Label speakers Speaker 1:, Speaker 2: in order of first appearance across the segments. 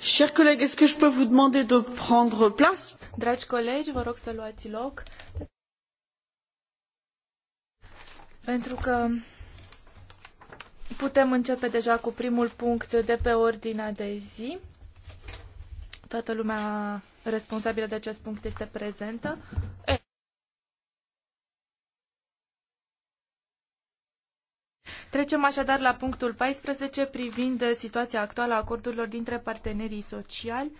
Speaker 1: Chers collègues, est-ce que je peux vous demander de prendre place Dragi colegi, vă rog să luați loc. Pentru că putem începe deja cu primul punct de pe ordinea de zi. Toată lumea responsabilă de acest punct este prezentă. Trecem așadar la punctul 14 privind situația actuală a acordurilor dintre partenerii sociali.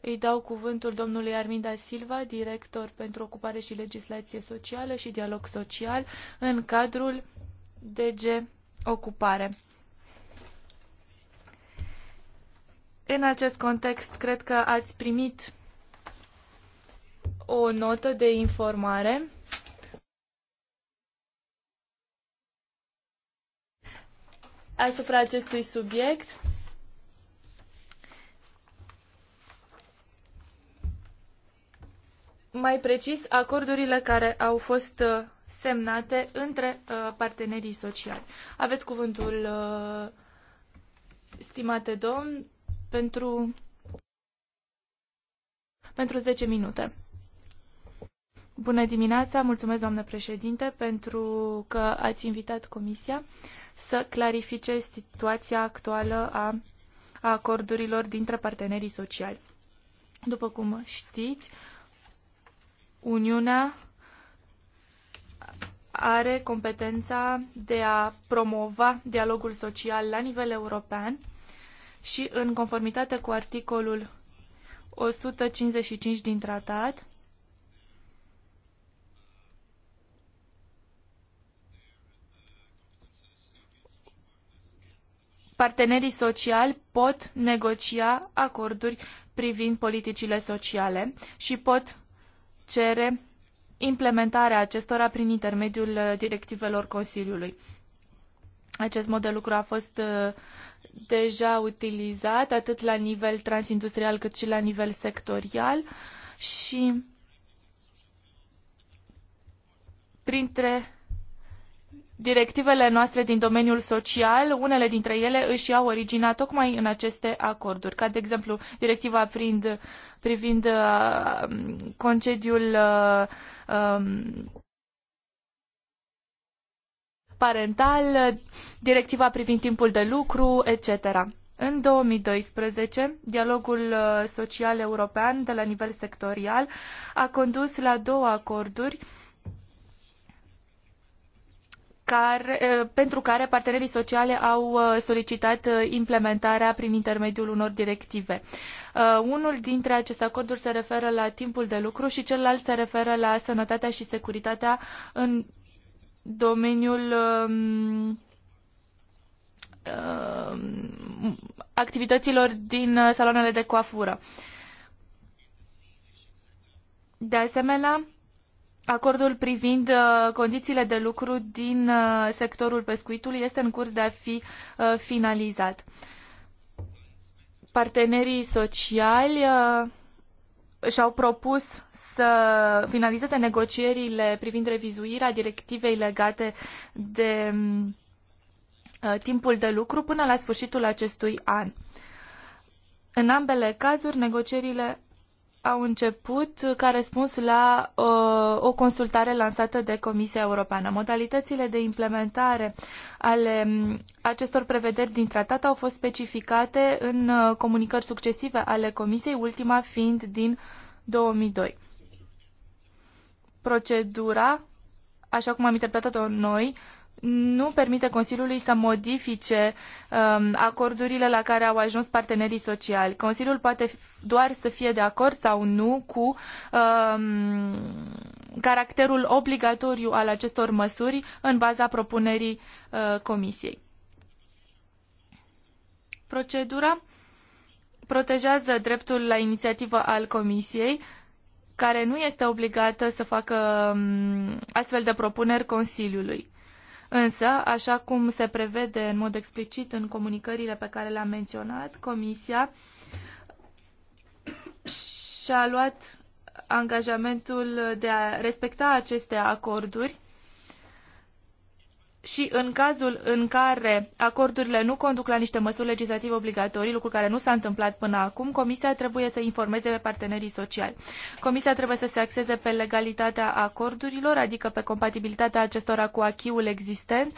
Speaker 1: Îi dau cuvântul domnului Arminda Silva, director pentru ocupare și legislație socială și dialog social, în cadrul DG Ocupare. În acest context, cred că ați primit o notă de informare asupra acestui subiect. Mai precis, acordurile care au fost uh, semnate între uh, partenerii sociali. Aveți cuvântul, uh, stimate domn, pentru, pentru 10 minute. Bună dimineața, mulțumesc, doamnă președinte, pentru că ați invitat comisia. Uh, să clarifice situația actuală a, a acordurilor dintre partenerii sociali. După cum știți, Uniunea are competența de a promova dialogul social la nivel european și în conformitate cu articolul 155 din tratat, partenerii sociali pot negocia acorduri privind politicile sociale și pot cere implementarea acestora prin intermediul uh, directivelor Consiliului. Acest mod de lucru a fost uh, deja utilizat atât la nivel transindustrial cât și la nivel sectorial și printre directivele noastre din domeniul social, unele dintre ele își au originea tocmai în aceste acorduri, ca de exemplu directiva prind, privind uh, concediul uh, um, parental, directiva privind timpul de lucru, etc. În 2012, dialogul uh, social european de la nivel sectorial a condus la două acorduri uh, care, eh, pentru care partenerii sociale au eh, solicitat eh, implementarea prin intermediul unor directive. Unul dintre aceste acorduri se referă la timpul de lucru și celălalt se referă la sănătatea și securitatea în domeniul ehm, ehm, activităților din saloanele de coafură. De asemenea, Acordul privind uh, condițiile de lucru din uh, sectorul pescuitului este în curs de a fi uh, finalizat. Partenerii sociali și-au propus să finalizeze negocierile privind revizuirea directivei legate de mm, timpul de lucru până la sfârșitul acestui an. În ambele cazuri, negocierile au început ca răspuns la uh, o consultare lansată de Comisia Europeană. Modalitățile de implementare ale mm, acestor prevederi din tratat au fost specificate în uh, comunicări succesive ale Comisiei, ultima fiind din 2002. Procedura, așa cum am interpretat-o noi, uh, nu permite Consiliului să modifice um, acordurile la care au ajuns partenerii sociali. Consiliul poate doar să fie de acord sau nu cu um, caracterul obligatoriu al acestor măsuri în baza propunerii uh, Comisiei. Procedura protejează dreptul la inițiativă al Comisiei, care nu este obligată să facă um, astfel de propuneri Consiliului. Însă, așa cum se prevede în mod explicit în comunicările pe care le-am menționat, Comisia și-a luat angajamentul de a respecta aceste acorduri și în cazul în care acordurile nu conduc la niște măsuri legislative obligatorii, lucru care nu s-a întâmplat până acum, Comisia trebuie să informeze pe partenerii sociali. Comisia trebuie să se axeze pe legalitatea acordurilor, adică pe compatibilitatea acestora cu achiul existent,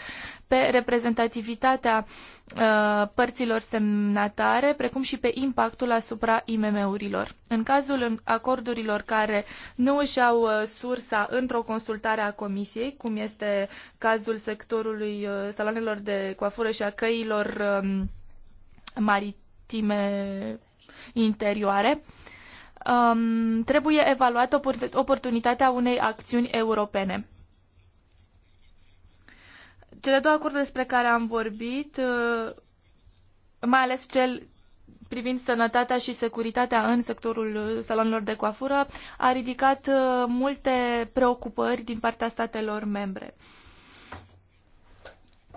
Speaker 1: pe reprezentativitatea Uh, părților semnatare, precum și pe impactul asupra IMM-urilor. În cazul acordurilor care nu își au uh, sursa într-o consultare a Comisiei, cum este cazul sectorului uh, saloanelor de coafură și a căilor um, maritime interioare, um, trebuie evaluată oportunitatea unei acțiuni europene. Cele două acorduri despre care am vorbit, uh, mai ales cel privind sănătatea și securitatea în sectorul uh, salonilor de coafură, a ridicat uh, multe preocupări din partea statelor membre.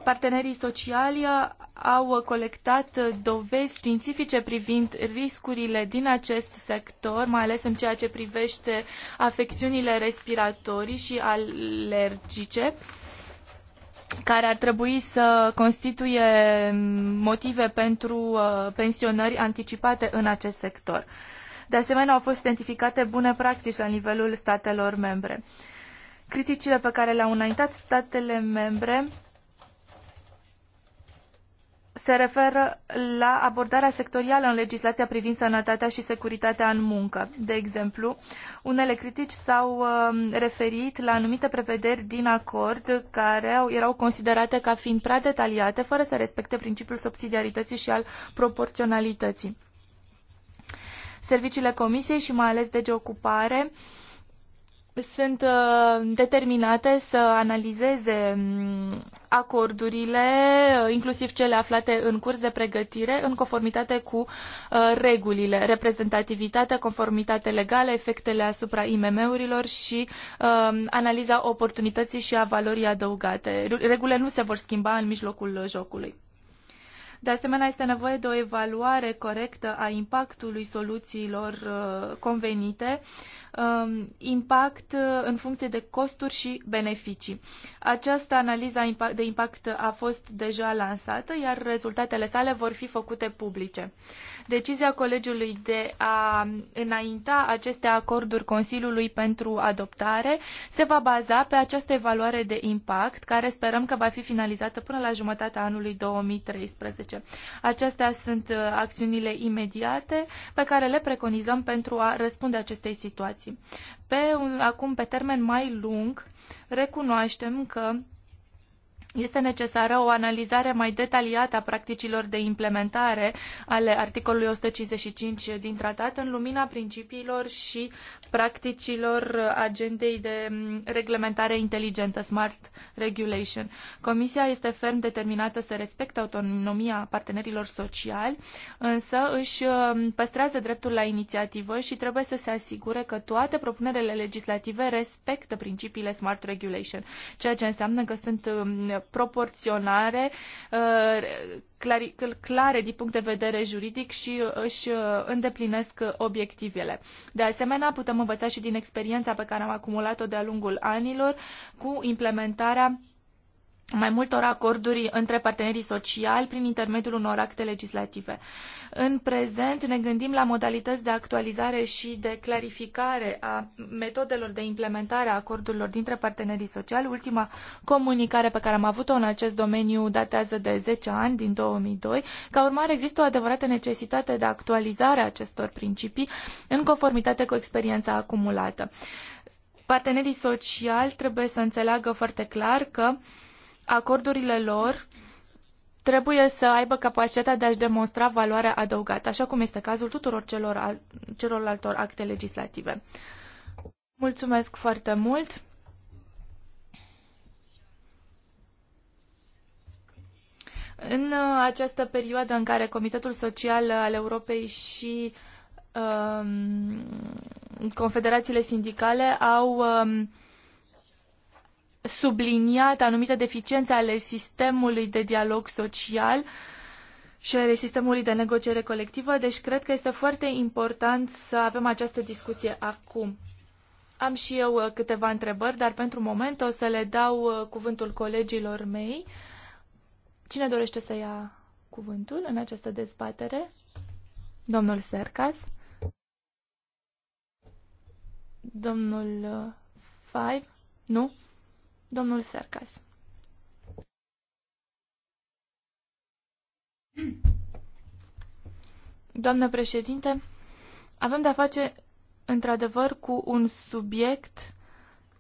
Speaker 1: Partenerii sociali au colectat dovezi științifice privind riscurile din acest sector, mai ales în ceea ce privește afecțiunile respiratorii și alergice care ar trebui să constituie motive pentru uh, pensionări anticipate în acest sector. De asemenea, au fost identificate bune practici la nivelul statelor membre. Criticile pe care le-au înaintat statele membre se referă la abordarea sectorială în legislația privind sănătatea și securitatea în muncă. De exemplu, unele critici s-au um, referit la anumite prevederi din acord care erau considerate ca fiind prea detaliate, fără să respecte principiul subsidiarității și al proporționalității. Serviciile Comisiei și mai ales de Ocupare sunt uh, determinate să analizeze mm, acordurile, uh, inclusiv cele aflate în curs de pregătire, în conformitate cu uh, regulile, reprezentativitatea, conformitate legală, efectele asupra IMM-urilor și analiza oportunității și a valorii adăugate. Regulile nu se vor schimba în mijlocul jocului. De asemenea, este nevoie de o evaluare corectă a impactului soluțiilor convenite Um, impact uh, în funcție de costuri și beneficii. Această analiză de impact a fost deja lansată, iar rezultatele sale vor fi făcute publice. Decizia colegiului de a înainta aceste acorduri Consiliului pentru adoptare se va baza pe această evaluare de impact, care sperăm că va fi finalizată până la jumătatea anului 2013. Acestea sunt uh, acțiunile imediate pe care le preconizăm pentru a răspunde acestei situații. Pe un, acum, pe termen mai lung, recunoaștem că este necesară o analizare mai detaliată a practicilor de implementare ale articolului 155 din tratat în lumina principiilor și practicilor agendei de mm, reglementare inteligentă, Smart Regulation. Comisia este ferm determinată să respecte autonomia partenerilor sociali, însă își mm, păstrează dreptul la inițiativă și trebuie să se asigure că toate propunerile legislative respectă principiile Smart Regulation, ceea ce înseamnă că sunt mm, proporționare, uh, clare, din punct de vedere juridic și uh, își uh, îndeplinesc obiectivele. De asemenea, putem învăța și din experiența pe care am acumulat-o de-a lungul anilor cu implementarea mai multor acorduri între partenerii sociali prin intermediul unor acte legislative. În prezent ne gândim la modalități de actualizare și de clarificare a metodelor de implementare a acordurilor dintre partenerii sociali. Ultima comunicare pe care am avut-o în acest domeniu datează de 10 ani, din 2002. Ca urmare, există o adevărată necesitate de actualizare a acestor principii în conformitate cu experiența acumulată. Partenerii sociali trebuie să înțeleagă foarte clar că acordurile lor trebuie să aibă capacitatea de a-și demonstra valoarea adăugată, așa cum este cazul tuturor celor al, celorlaltor acte legislative. Mulțumesc foarte mult! În această perioadă în care Comitetul Social al Europei și um, confederațiile sindicale au um, subliniat anumite deficiențe ale sistemului de dialog social și ale sistemului de negociere colectivă, deci cred că este foarte important să avem această discuție acum. Am și eu uh, câteva întrebări, dar pentru moment o să le dau uh, cuvântul colegilor mei. Cine dorește să ia cuvântul în această dezbatere? Domnul Sercas? Domnul uh, Five? Nu? Domnul Sercas. Doamnă președinte, avem de-a face într-adevăr cu un subiect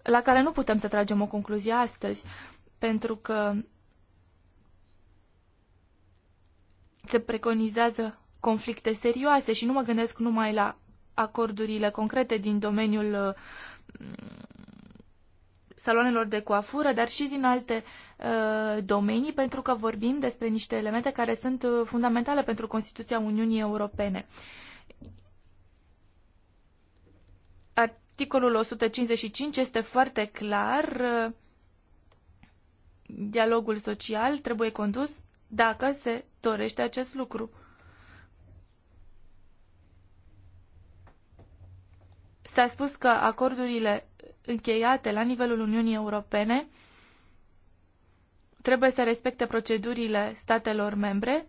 Speaker 1: la care nu putem să tragem o concluzie astăzi, pentru că se preconizează conflicte serioase și nu mă gândesc numai la acordurile concrete din domeniul saloanelor de coafură, dar și din alte uh, domenii, pentru că vorbim despre niște elemente care sunt uh, fundamentale pentru Constituția Uniunii Europene. Articolul 155 este foarte clar. Uh, dialogul social trebuie condus dacă se dorește acest lucru. S-a spus că acordurile încheiate la nivelul Uniunii Europene trebuie să respecte procedurile statelor membre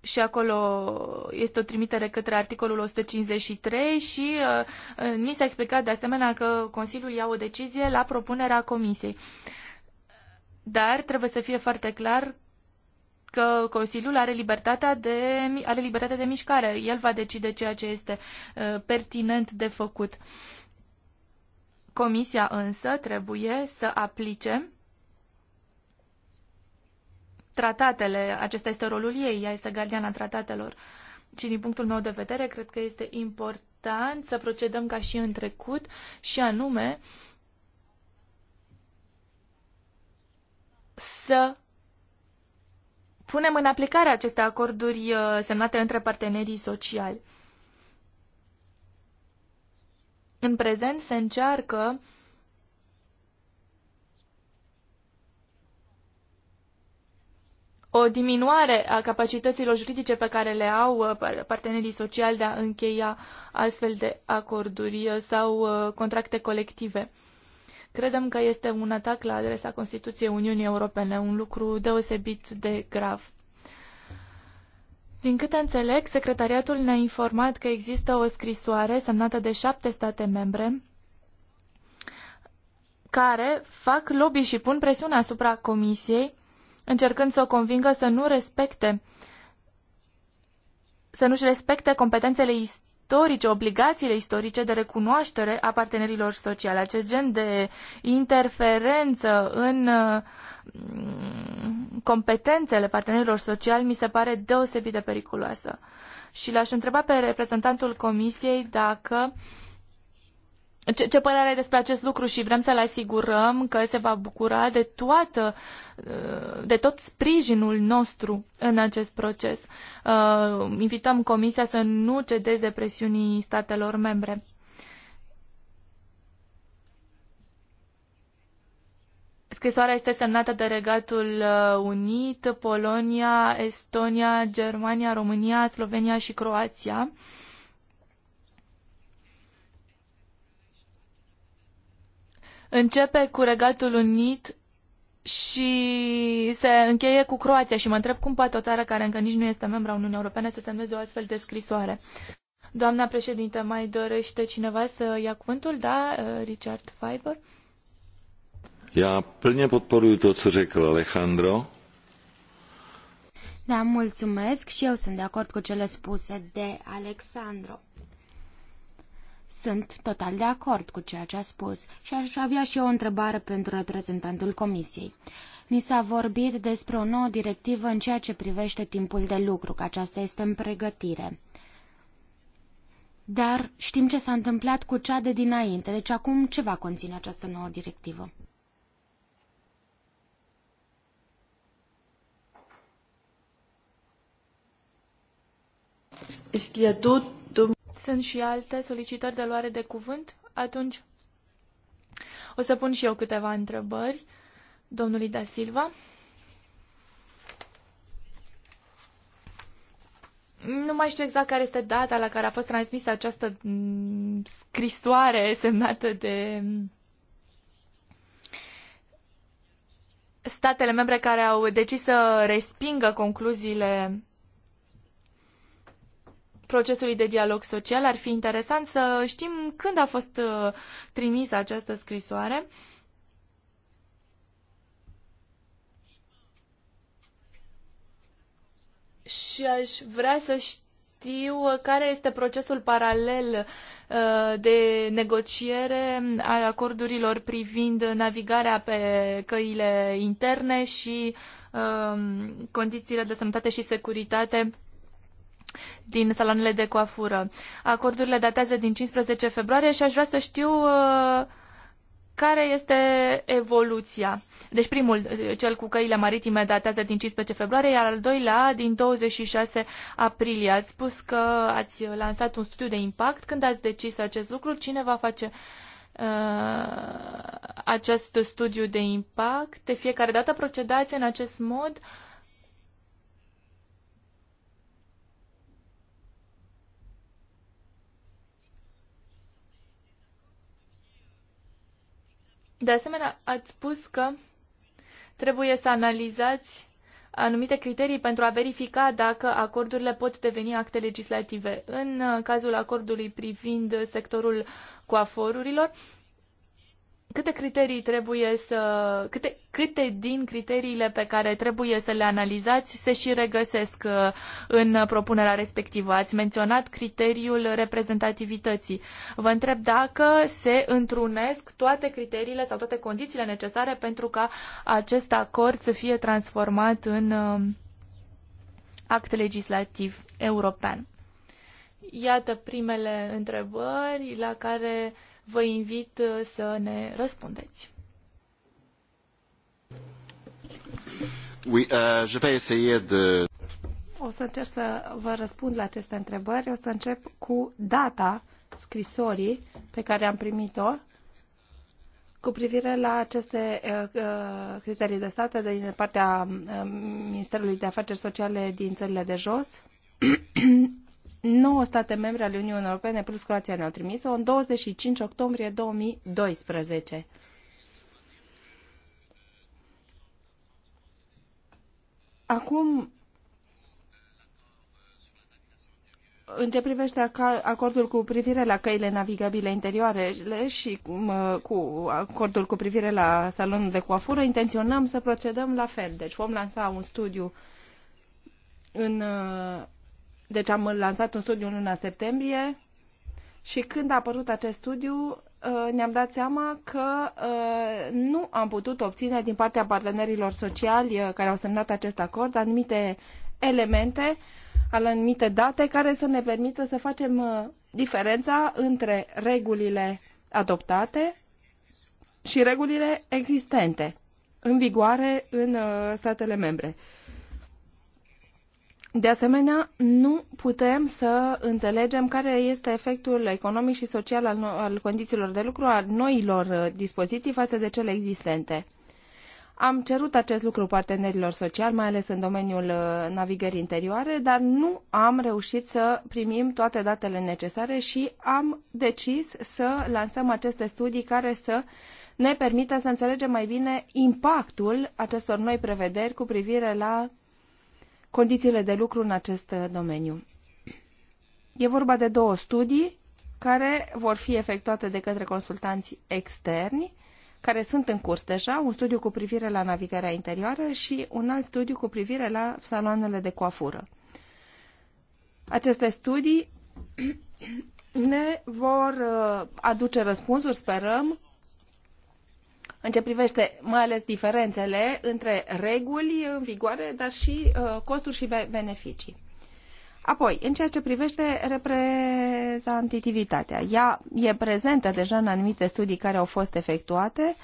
Speaker 1: și acolo este o trimitere către articolul 153 și uh, uh, ni s-a explicat de asemenea că Consiliul ia o decizie la propunerea Comisiei. Dar trebuie să fie foarte clar că Consiliul are libertatea de, are libertatea de mișcare. El va decide ceea ce este uh, pertinent de făcut. Uh, Comisia însă trebuie să aplice tratatele. Acesta este rolul ei, ea este gardiana tratatelor. Și din punctul meu de vedere, cred că este important să procedăm ca și în trecut și anume să punem în aplicare aceste acorduri uh, semnate între partenerii sociali. În prezent se încearcă o diminuare a capacităților juridice pe care le au uh, partenerii sociali de a încheia astfel de acorduri uh, sau uh, contracte colective. Credem că este un atac la adresa Constituției Uniunii Europene, un lucru deosebit de grav. Din câte înțeleg, secretariatul ne-a informat că există o scrisoare semnată de șapte state membre care fac lobby și pun presiune asupra Comisiei, încercând să o convingă să nu respecte să nu-și respecte competențele istorice istorice, obligațiile istorice de recunoaștere a partenerilor sociale. Acest gen de interferență în mm, competențele partenerilor sociali mi se pare deosebit de periculoasă. Și l-aș întreba pe reprezentantul Comisiei dacă uh, ce, ce părere are despre acest lucru și vrem să-l asigurăm că se va bucura de toată, uh, de tot sprijinul nostru în acest proces. Uh, invităm Comisia să nu cedeze presiunii statelor membre. Scrisoarea este semnată de Regatul uh, Unit, Polonia, Estonia, Germania, România, Slovenia și Croația. începe cu Regatul Unit și se încheie cu Croația și mă întreb cum poate o țară care încă nici nu este membra Uniunii Europene să semneze o astfel de scrisoare. Doamna președinte, mai dorește cineva să ia cuvântul? Da, uh,
Speaker 2: Richard Fiber.
Speaker 1: Ja plně podporuji to, co řekl Alejandro.
Speaker 2: Da, mulțumesc și eu sunt de acord cu cele spuse de Alexandro. Sunt total de acord cu ceea ce a spus și aș avea și eu o întrebare pentru reprezentantul Comisiei. Ni s-a vorbit despre o nouă directivă în ceea ce privește timpul de lucru, că aceasta este în pregătire. Dar știm ce s-a întâmplat cu cea de dinainte, deci acum ce va conține această nouă directivă?
Speaker 1: Este a sunt și alte solicitări de luare de cuvânt, atunci o să pun și eu câteva întrebări domnului Da Silva. Nu mai știu exact care este data la care a fost transmisă această mm, scrisoare semnată de mm, statele membre care au decis să respingă concluziile procesului de dialog social. Ar fi interesant să știm când a fost uh, trimisă această scrisoare. Și aș vrea să știu care este procesul paralel uh, de negociere a acordurilor privind navigarea pe căile interne și um, condițiile de sănătate și securitate din saloanele de coafură. Acordurile datează din 15 februarie și aș vrea să știu uh, care este evoluția. Deci primul, uh, cel cu căile maritime, datează din 15 februarie, iar al doilea din 26 aprilie. Ați spus că ați lansat un studiu de impact. Când ați decis acest lucru? Cine va face uh, acest studiu de impact? De fiecare dată procedați în acest mod? Uh, De asemenea, ați spus că trebuie să analizați anumite criterii pentru a verifica dacă acordurile pot deveni acte legislative. În uh, cazul acordului privind sectorul coaforurilor, câte criterii trebuie să. Câte, câte din criteriile pe care trebuie să le analizați se și regăsesc uh, în propunerea respectivă? Ați menționat criteriul reprezentativității. Vă întreb dacă se întrunesc toate criteriile sau toate condițiile necesare pentru ca acest acord să fie transformat în uh, act legislativ european. Iată primele întrebări la care vă invit uh, să ne răspundeți. Oui, uh, je vais essayer de... O să încerc să vă răspund la aceste
Speaker 3: întrebări. O să încep cu data scrisorii pe care am primit-o cu privire la aceste uh, uh criterii de state din partea uh, Ministerului de Afaceri Sociale din țările de jos. 9 state membre ale Uniunii Europene plus Croația ne-au trimis-o în 25 octombrie 2012. Acum, în ce privește acordul cu privire la căile navigabile interioare și cu acordul cu privire la salonul de coafură, intenționăm să procedăm la fel. Deci vom lansa un studiu în deci am lansat un studiu în luna septembrie și când a apărut acest studiu, uh, ne-am dat seama că uh, nu am putut obține din partea partenerilor sociali uh, care au semnat acest acord anumite elemente, anumite date care să ne permită să facem diferența între regulile adoptate și regulile existente în vigoare în statele membre. De asemenea, nu putem să înțelegem care este efectul economic și social al, al condițiilor de lucru al noilor uh, dispoziții față de cele existente. Am cerut acest lucru partenerilor sociali, mai ales în domeniul uh, navigării interioare, dar nu am reușit să primim toate datele necesare și am decis să lansăm aceste studii care să ne permită să înțelegem mai bine impactul acestor noi prevederi cu privire la condițiile de lucru în acest uh, domeniu. E vorba de două studii care vor fi efectuate de către consultanți externi, care sunt în curs deja, un studiu cu privire la navigarea interioară și un alt studiu cu privire la saloanele de coafură. Aceste studii ne vor uh, aduce răspunsuri, sperăm, în ce privește mai ales diferențele între reguli în vigoare, dar și uh, costuri și beneficii. Apoi, în ceea ce privește reprezentativitatea, ea e prezentă deja în anumite studii care au fost efectuate.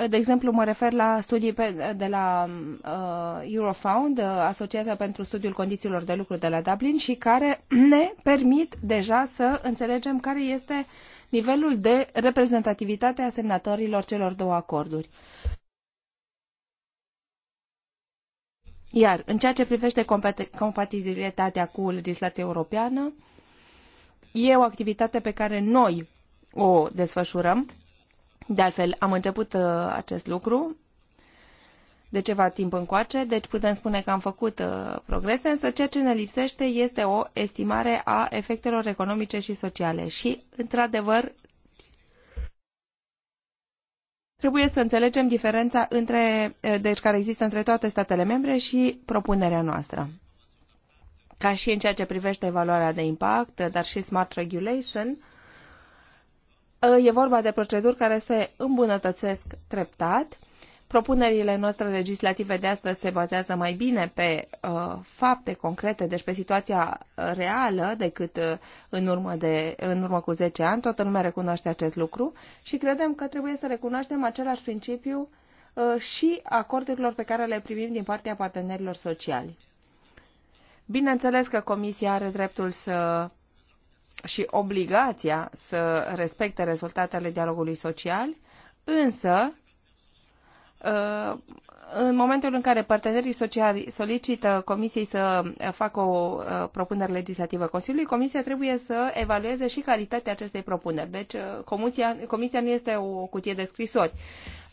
Speaker 3: Uh, de exemplu, mă refer la studii pe, de la uh, Eurofound, uh, Asociația pentru Studiul Condițiilor de Lucru de la Dublin, și care ne permit deja să înțelegem care este uh, nivelul de reprezentativitate a semnatorilor celor două acorduri. Iar în ceea ce privește compatibilitatea cu legislația europeană, e o activitate pe care noi o desfășurăm. De altfel, am început uh, acest lucru de ceva timp încoace, deci putem spune că am făcut uh, progrese, însă ceea ce ne lipsește este o estimare a efectelor economice și sociale. Și, într-adevăr, trebuie să înțelegem diferența între, uh, deci, care există între toate statele membre și propunerea noastră. Ca și în ceea ce privește evaluarea de impact, uh, dar și smart regulation, uh, e vorba de proceduri care se îmbunătățesc treptat Propunerile noastre legislative de astăzi se bazează mai bine pe uh, fapte concrete, deci pe situația reală, decât uh, în, urmă de, în urmă cu 10 ani. Toată lumea recunoaște acest lucru și credem că trebuie să recunoaștem același principiu uh, și acordurilor pe care le primim din partea partenerilor sociali. Bineînțeles că Comisia are dreptul să și obligația să respecte rezultatele dialogului social, însă Uh, în momentul în care partenerii sociali solicită Comisiei să uh, facă o uh, propunere legislativă Consiliului, Comisia trebuie să evalueze și calitatea acestei propuneri. Deci, Comisia, comisia nu este o cutie de scrisori.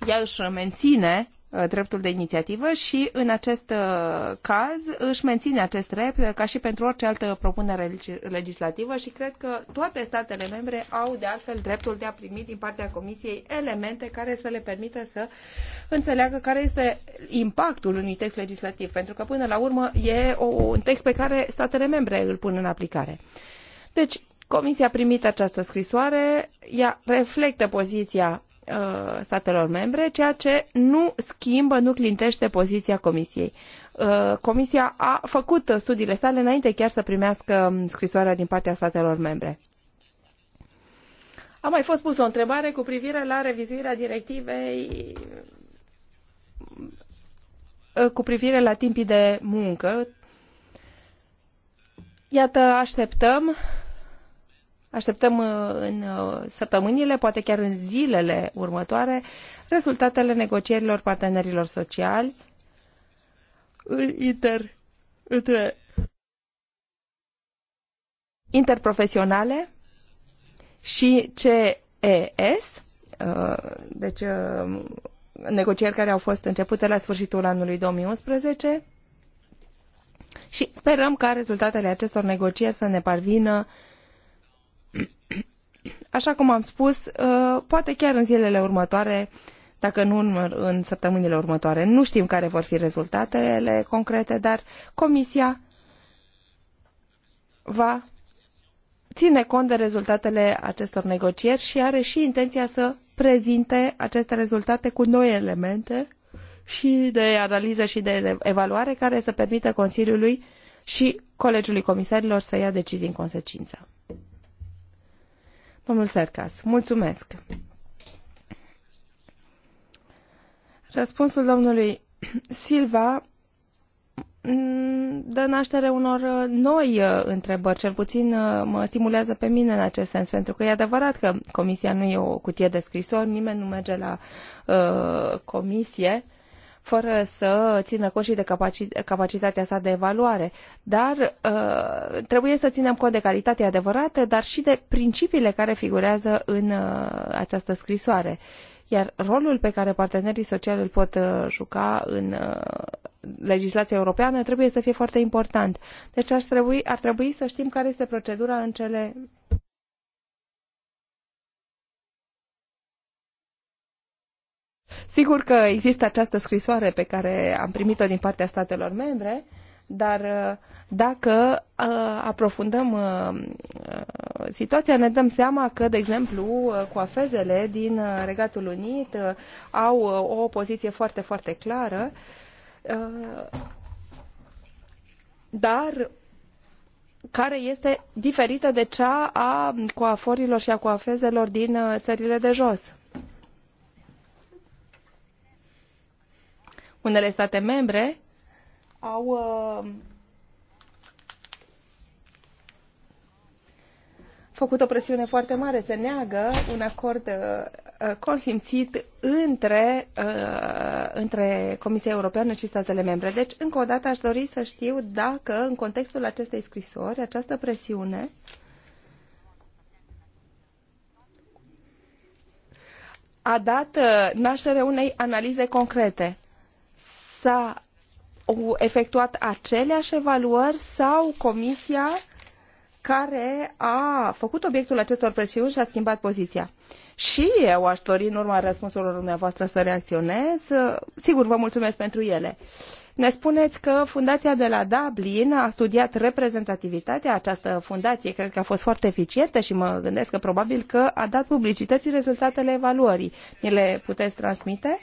Speaker 3: Ea își menține Uh, dreptul de inițiativă și în acest uh, caz își menține acest drept ca și pentru orice altă propunere legislativă și cred că toate statele membre au de altfel dreptul de a primi din partea Comisiei elemente care să le permită să înțeleagă care este impactul unui text legislativ, pentru că până la urmă e un text pe care statele membre îl pun în aplicare. Deci, Comisia a primit această scrisoare, ea reflectă poziția Uh, statelor membre, ceea ce nu schimbă, nu clintește poziția Comisiei. Uh, Comisia a făcut studiile sale înainte chiar să primească um, scrisoarea din partea statelor membre. A mai fost pusă o întrebare cu privire la revizuirea directivei uh, cu privire la timpii de muncă. Iată, așteptăm Așteptăm uh, în uh, săptămânile, poate chiar în zilele următoare, rezultatele negocierilor partenerilor sociali
Speaker 1: inter, între
Speaker 3: interprofesionale și CES, uh, deci negocieri care au fost începute la sfârșitul anului 2011 și sperăm ca rezultatele acestor negocieri să ne parvină uh, Așa cum am spus, uh, poate chiar în zilele următoare, dacă nu în săptămânile următoare, nu știm care vor fi rezultatele concrete, dar Comisia va ține cont de rezultatele acestor negocieri și are și intenția să prezinte aceste rezultate cu noi elemente și de analiză și de evaluare care să permită Consiliului și Colegiului Comisarilor să ia decizii în consecință. Domnul Sercas, mulțumesc. Răspunsul domnului Silva mm, dă naștere unor uh, noi uh, întrebări, cel puțin uh, mă stimulează pe mine în acest sens, pentru că e adevărat că comisia nu e o cutie de scrisori, nimeni nu merge la uh, comisie uh, fără să țină cont și de capacitatea sa de evaluare. Dar uh, trebuie să ținem cont de calitatea adevărată, dar și de principiile care figurează în uh, această scrisoare. Iar rolul pe care partenerii sociali îl pot uh, juca în uh, legislația europeană trebuie să fie foarte important. Deci ar trebui, ar trebui să știm care este procedura în cele Sigur că există această scrisoare pe care am primit-o din partea statelor membre, dar uh, dacă uh, aprofundăm uh, situația, ne dăm seama că, de exemplu, coafezele din Regatul Unit au o poziție foarte, foarte clară, dar care este diferită de cea a coaforilor și a coafezelor din țările de jos Unele state membre au uh, făcut o presiune foarte mare să neagă un acord uh, uh, consimțit între, uh, între Comisia Europeană și statele membre. Deci, încă o dată, aș dori să știu dacă, în contextul acestei scrisori, această presiune a dat uh, naștere unei analize concrete s-a efectuat aceleași evaluări sau comisia care a făcut obiectul acestor presiuni și a schimbat poziția. Și eu aș dori, în urma răspunsurilor dumneavoastră, să reacționez. Sigur, vă mulțumesc pentru ele. Ne spuneți că fundația de la Dublin a studiat reprezentativitatea, această fundație cred că a fost foarte eficientă și mă gândesc că probabil că a dat publicității rezultatele evaluării. Ni le puteți transmite?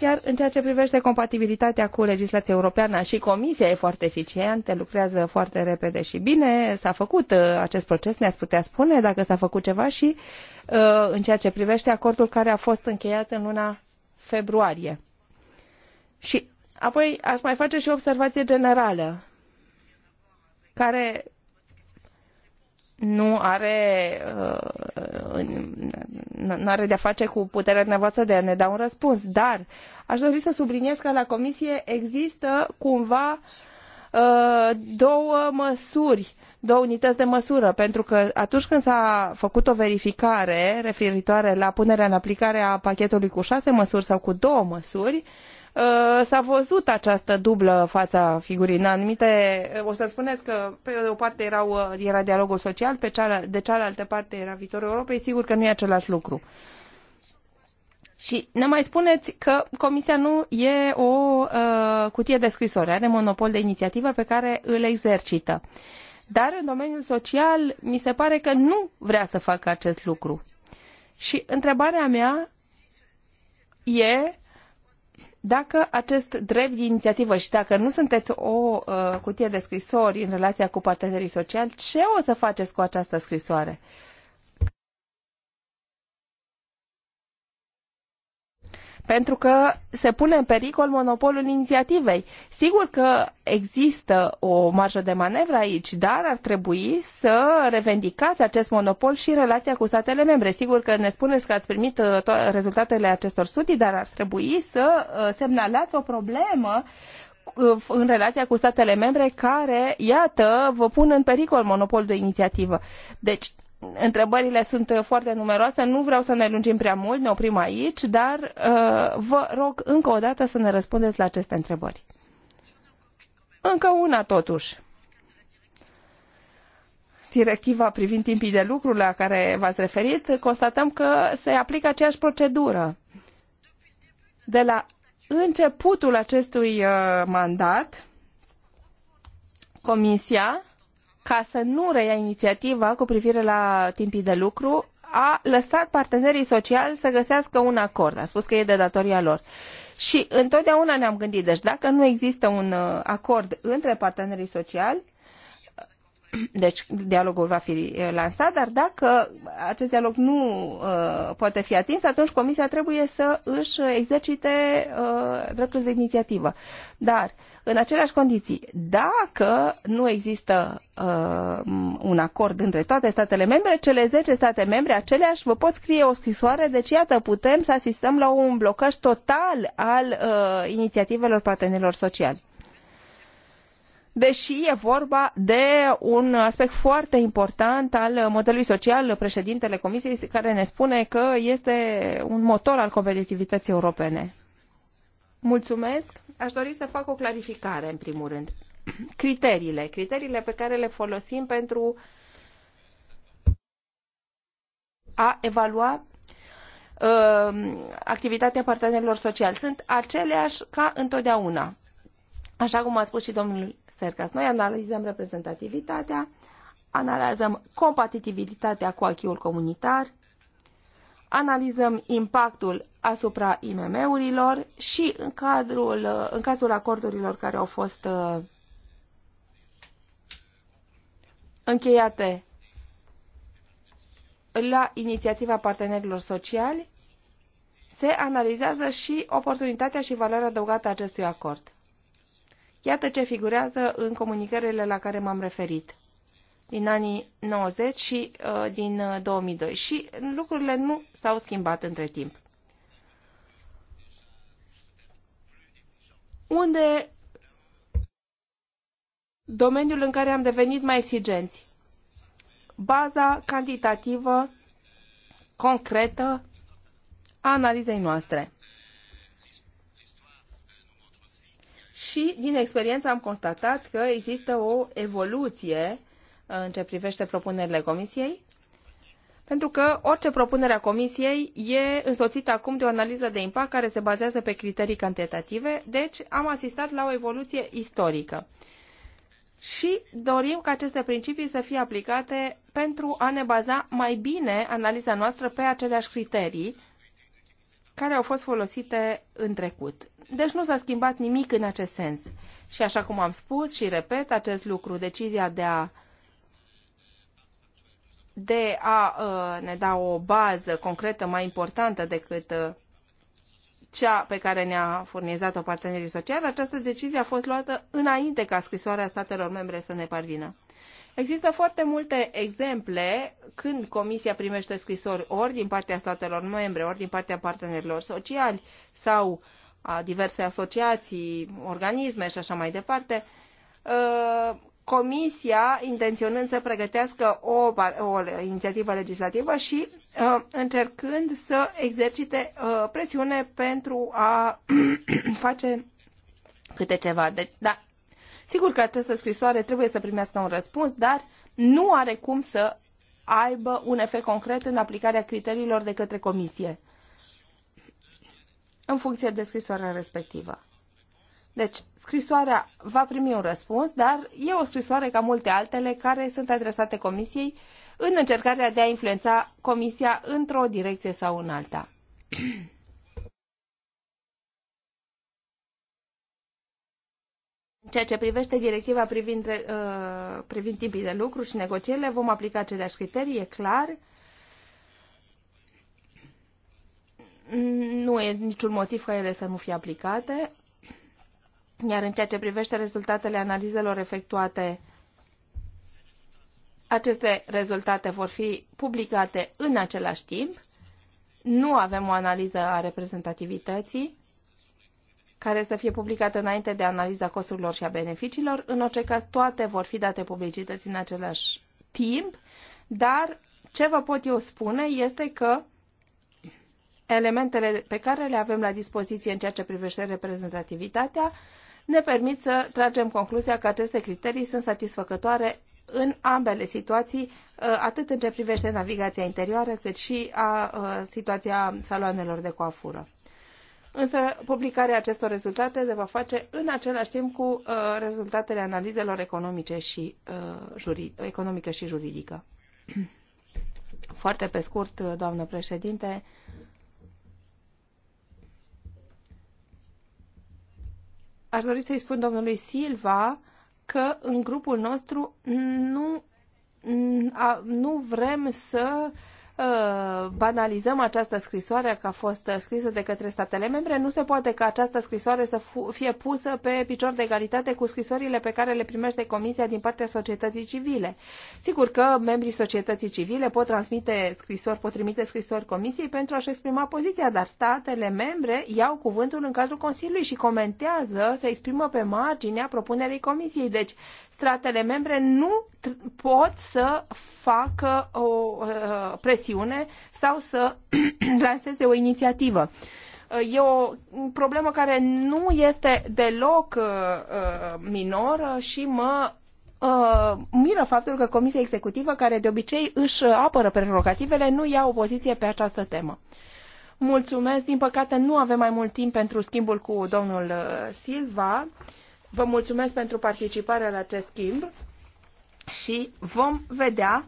Speaker 3: Iar în ceea ce privește compatibilitatea cu legislația europeană și Comisia e foarte eficientă, lucrează foarte repede și bine. S-a făcut uh, acest proces, ne-ați putea spune dacă s-a făcut ceva și uh, în ceea ce privește acordul care a fost încheiat în luna februarie. Și apoi aș mai face și o observație generală care nu are, uh, nu are de-a face cu puterea dumneavoastră de a ne da un răspuns, dar aș dori să subliniez că la Comisie există cumva uh, două măsuri, două unități de măsură, pentru că atunci când s-a făcut o verificare referitoare la punerea în aplicare a pachetului cu șase măsuri sau cu două măsuri, uh, Uh, s-a văzut această dublă fața figurii. În anumite, uh, o să spuneți că pe o parte erau, uh, era dialogul social, pe cealaltă, de cealaltă parte era viitorul Europei, sigur că nu e același lucru. Și ne mai spuneți că Comisia nu e o uh, cutie de scrisoare, are monopol de inițiativă pe care îl exercită. Dar în domeniul social mi se pare că nu vrea să facă acest lucru. Și întrebarea mea e dacă acest drept de inițiativă și dacă nu sunteți o uh, cutie de scrisori în relația cu partenerii sociali, ce o să faceți cu această scrisoare? Uh, pentru că se pune în pericol monopolul inițiativei. Sigur că există o marjă de manevră aici, dar ar trebui să revendicați acest monopol și relația cu statele membre. Sigur că ne spuneți că ați primit uh, rezultatele acestor studii, dar ar trebui să uh, semnalați o problemă uh, în relația cu statele membre care, iată, vă pun în pericol monopolul de inițiativă. Deci, întrebările sunt foarte numeroase, nu vreau să ne lungim prea mult, ne oprim aici, dar uh, vă rog încă o dată să ne răspundeți la aceste întrebări. Încă una totuși. Directiva privind timpii de lucru la care v-ați referit, constatăm că se aplică aceeași procedură. De la începutul acestui uh, mandat, Comisia ca să nu reia inițiativa cu privire la timpii de lucru, a lăsat partenerii sociali să găsească un acord. A spus că e de datoria lor. Și întotdeauna ne-am gândit, deci dacă nu există un uh, acord între partenerii sociali, deci dialogul va fi eh, lansat, dar dacă acest dialog nu uh, poate fi atins, atunci Comisia trebuie să își exercite uh, dreptul de inițiativă. Dar, în aceleași condiții, dacă nu există uh, un acord între toate statele membre, cele 10 state membre, aceleași, vă pot scrie o scrisoare, deci iată, putem să asistăm la un blocaj total al uh, inițiativelor partenerilor sociali deși e vorba de un aspect foarte important al modelului social, președintele Comisiei care ne spune că este un motor al competitivității europene. Mulțumesc. Aș dori să fac o clarificare, în primul rând. Criteriile, criteriile pe care le folosim pentru a evalua uh, activitatea partenerilor sociali sunt aceleași ca întotdeauna. Așa cum a spus și domnul Sercas. Noi analizăm reprezentativitatea, analizăm compatibilitatea cu achiul comunitar, analizăm impactul asupra IMM-urilor și în, cadrul, în cazul acordurilor care au fost uh, încheiate la inițiativa partenerilor sociali, se analizează și oportunitatea și valoarea adăugată a acestui acord. Iată ce figurează în comunicările la care m-am referit din anii 90 și uh, din 2002 uh, și lucrurile nu s-au schimbat între timp. Unde domeniul în care am devenit mai exigenți? Baza cantitativă concretă a analizei noastre. și din experiență am constatat că există o evoluție uh, în ce privește propunerile Comisiei, pentru că orice propunere a Comisiei e însoțită acum de o analiză de impact care se bazează pe criterii cantitative, deci am asistat la o evoluție istorică. Și dorim ca aceste principii să fie aplicate pentru a ne baza mai bine analiza noastră pe aceleași criterii, care au fost folosite în trecut. Deci nu s-a schimbat nimic în acest sens. Și așa cum am spus și repet acest lucru, decizia de a de a uh, ne da o bază concretă mai importantă decât uh, cea pe care ne-a furnizat-o partenerii sociali, această decizie a fost luată înainte ca scrisoarea statelor membre să ne parvină. Există foarte multe exemple când Comisia primește scrisori ori din partea statelor membre, ori din partea partenerilor sociali sau a diverse asociații, organisme și așa mai departe, uh, Comisia intenționând să pregătească o, o inițiativă legislativă și uh, încercând să exercite uh, presiune pentru a face câte ceva. Deci, da, Sigur că această scrisoare trebuie să primească un răspuns, dar nu are cum să aibă un efect concret în aplicarea criteriilor de către comisie în funcție de scrisoarea respectivă. Deci, scrisoarea va primi un răspuns, dar e o scrisoare ca multe altele care sunt adresate comisiei în încercarea de a influența comisia într-o direcție sau în alta. ceea ce privește directiva privind, uh, privind timpii de lucru și negocierile, vom aplica aceleași criterii, e clar. Nu e niciun motiv ca ele să nu fie aplicate. Iar în ceea ce privește rezultatele analizelor efectuate, aceste rezultate vor fi publicate în același timp. Nu avem o analiză a reprezentativității care să fie publicată înainte de analiza costurilor și a beneficiilor. În orice caz, toate vor fi date publicității în același timp, dar ce vă pot eu spune este că elementele pe care le avem la dispoziție în ceea ce privește reprezentativitatea ne permit să tragem concluzia că aceste criterii sunt satisfăcătoare în ambele situații, uh, atât în ce privește navigația interioară, cât și a, a uh, situația saloanelor de coafură însă publicarea acestor rezultate se va face în același timp cu uh, rezultatele analizelor economice și, uh, juri, economică și juridică. Foarte pe scurt, uh, doamnă președinte, aș dori să-i spun domnului Silva că în grupul nostru nu, nu vrem să uh, Uh, banalizăm această scrisoare că a fost scrisă de către statele membre, nu se poate ca această scrisoare să fie pusă pe picior de egalitate cu scrisorile pe care le primește Comisia din partea societății civile. Sigur că membrii societății civile pot transmite scrisori, pot trimite scrisori Comisiei pentru a-și exprima poziția, dar statele membre iau cuvântul în cadrul Consiliului și comentează, se exprimă pe marginea propunerii Comisiei. Deci statele membre nu pot să facă o uh, presiune sau să lanseze o inițiativă. Uh, e o problemă care nu este deloc uh, minoră și mă uh, miră faptul că Comisia Executivă, care de obicei își apără prerogativele, nu ia o poziție pe această temă. Mulțumesc, din păcate nu avem mai mult timp pentru schimbul cu domnul Silva. Uh, Vă mulțumesc pentru participarea la acest schimb și vom vedea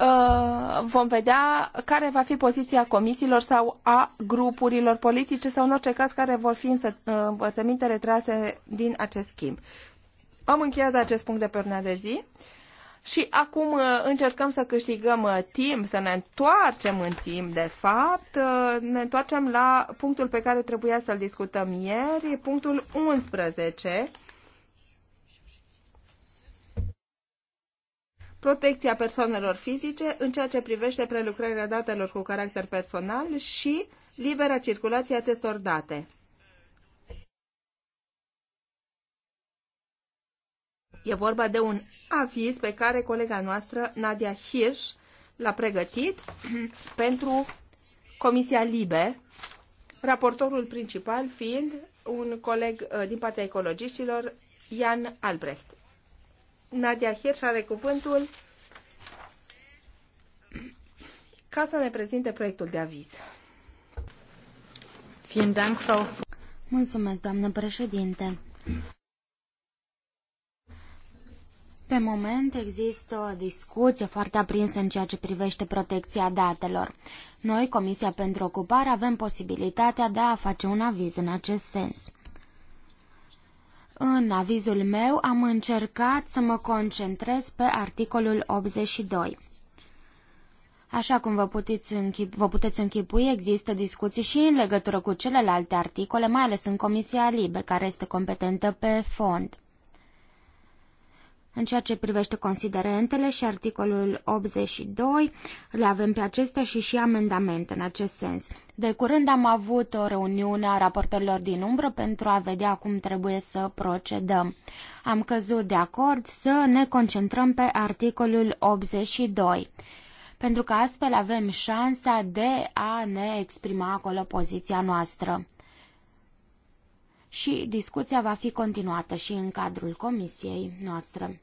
Speaker 3: uh, vom vedea care va fi poziția comisiilor sau a grupurilor politice sau în orice caz care vor fi uh, învățăminte retrase din acest schimb. Am încheiat acest punct de pe de zi și acum uh, încercăm să câștigăm uh, timp, să ne întoarcem în timp, de fapt. Uh, ne întoarcem la punctul pe care trebuia să-l discutăm ieri, punctul 11. protecția persoanelor fizice în ceea ce privește prelucrarea datelor cu caracter personal și libera circulație acestor date. E vorba de un aviz pe care colega noastră, Nadia Hirsch, l-a pregătit pentru Comisia Libe, raportorul principal fiind un coleg uh, din partea ecologiștilor, Jan Albrecht. Nadia Hirsch are cuvântul
Speaker 2: ca să ne prezinte proiectul de aviz. Mulțumesc, doamnă președinte. Pe moment există o discuție foarte aprinsă în ceea ce privește protecția datelor. Noi, Comisia pentru Ocupare, avem posibilitatea de a face un aviz în acest sens. În avizul meu am încercat să mă concentrez pe articolul 82. Așa cum vă puteți, închip, vă puteți închipui, există discuții și în legătură cu celelalte articole, mai ales în Comisia Libe, care este competentă pe fond. În ceea ce privește considerentele și articolul 82, le avem pe acestea și și amendamente în acest sens. De curând am avut o reuniune a raportorilor din umbră pentru a vedea cum trebuie să procedăm. Am căzut de acord să ne concentrăm pe articolul 82 pentru că astfel avem șansa de a ne exprima acolo poziția noastră. Și discuția va fi continuată și în cadrul comisiei noastre.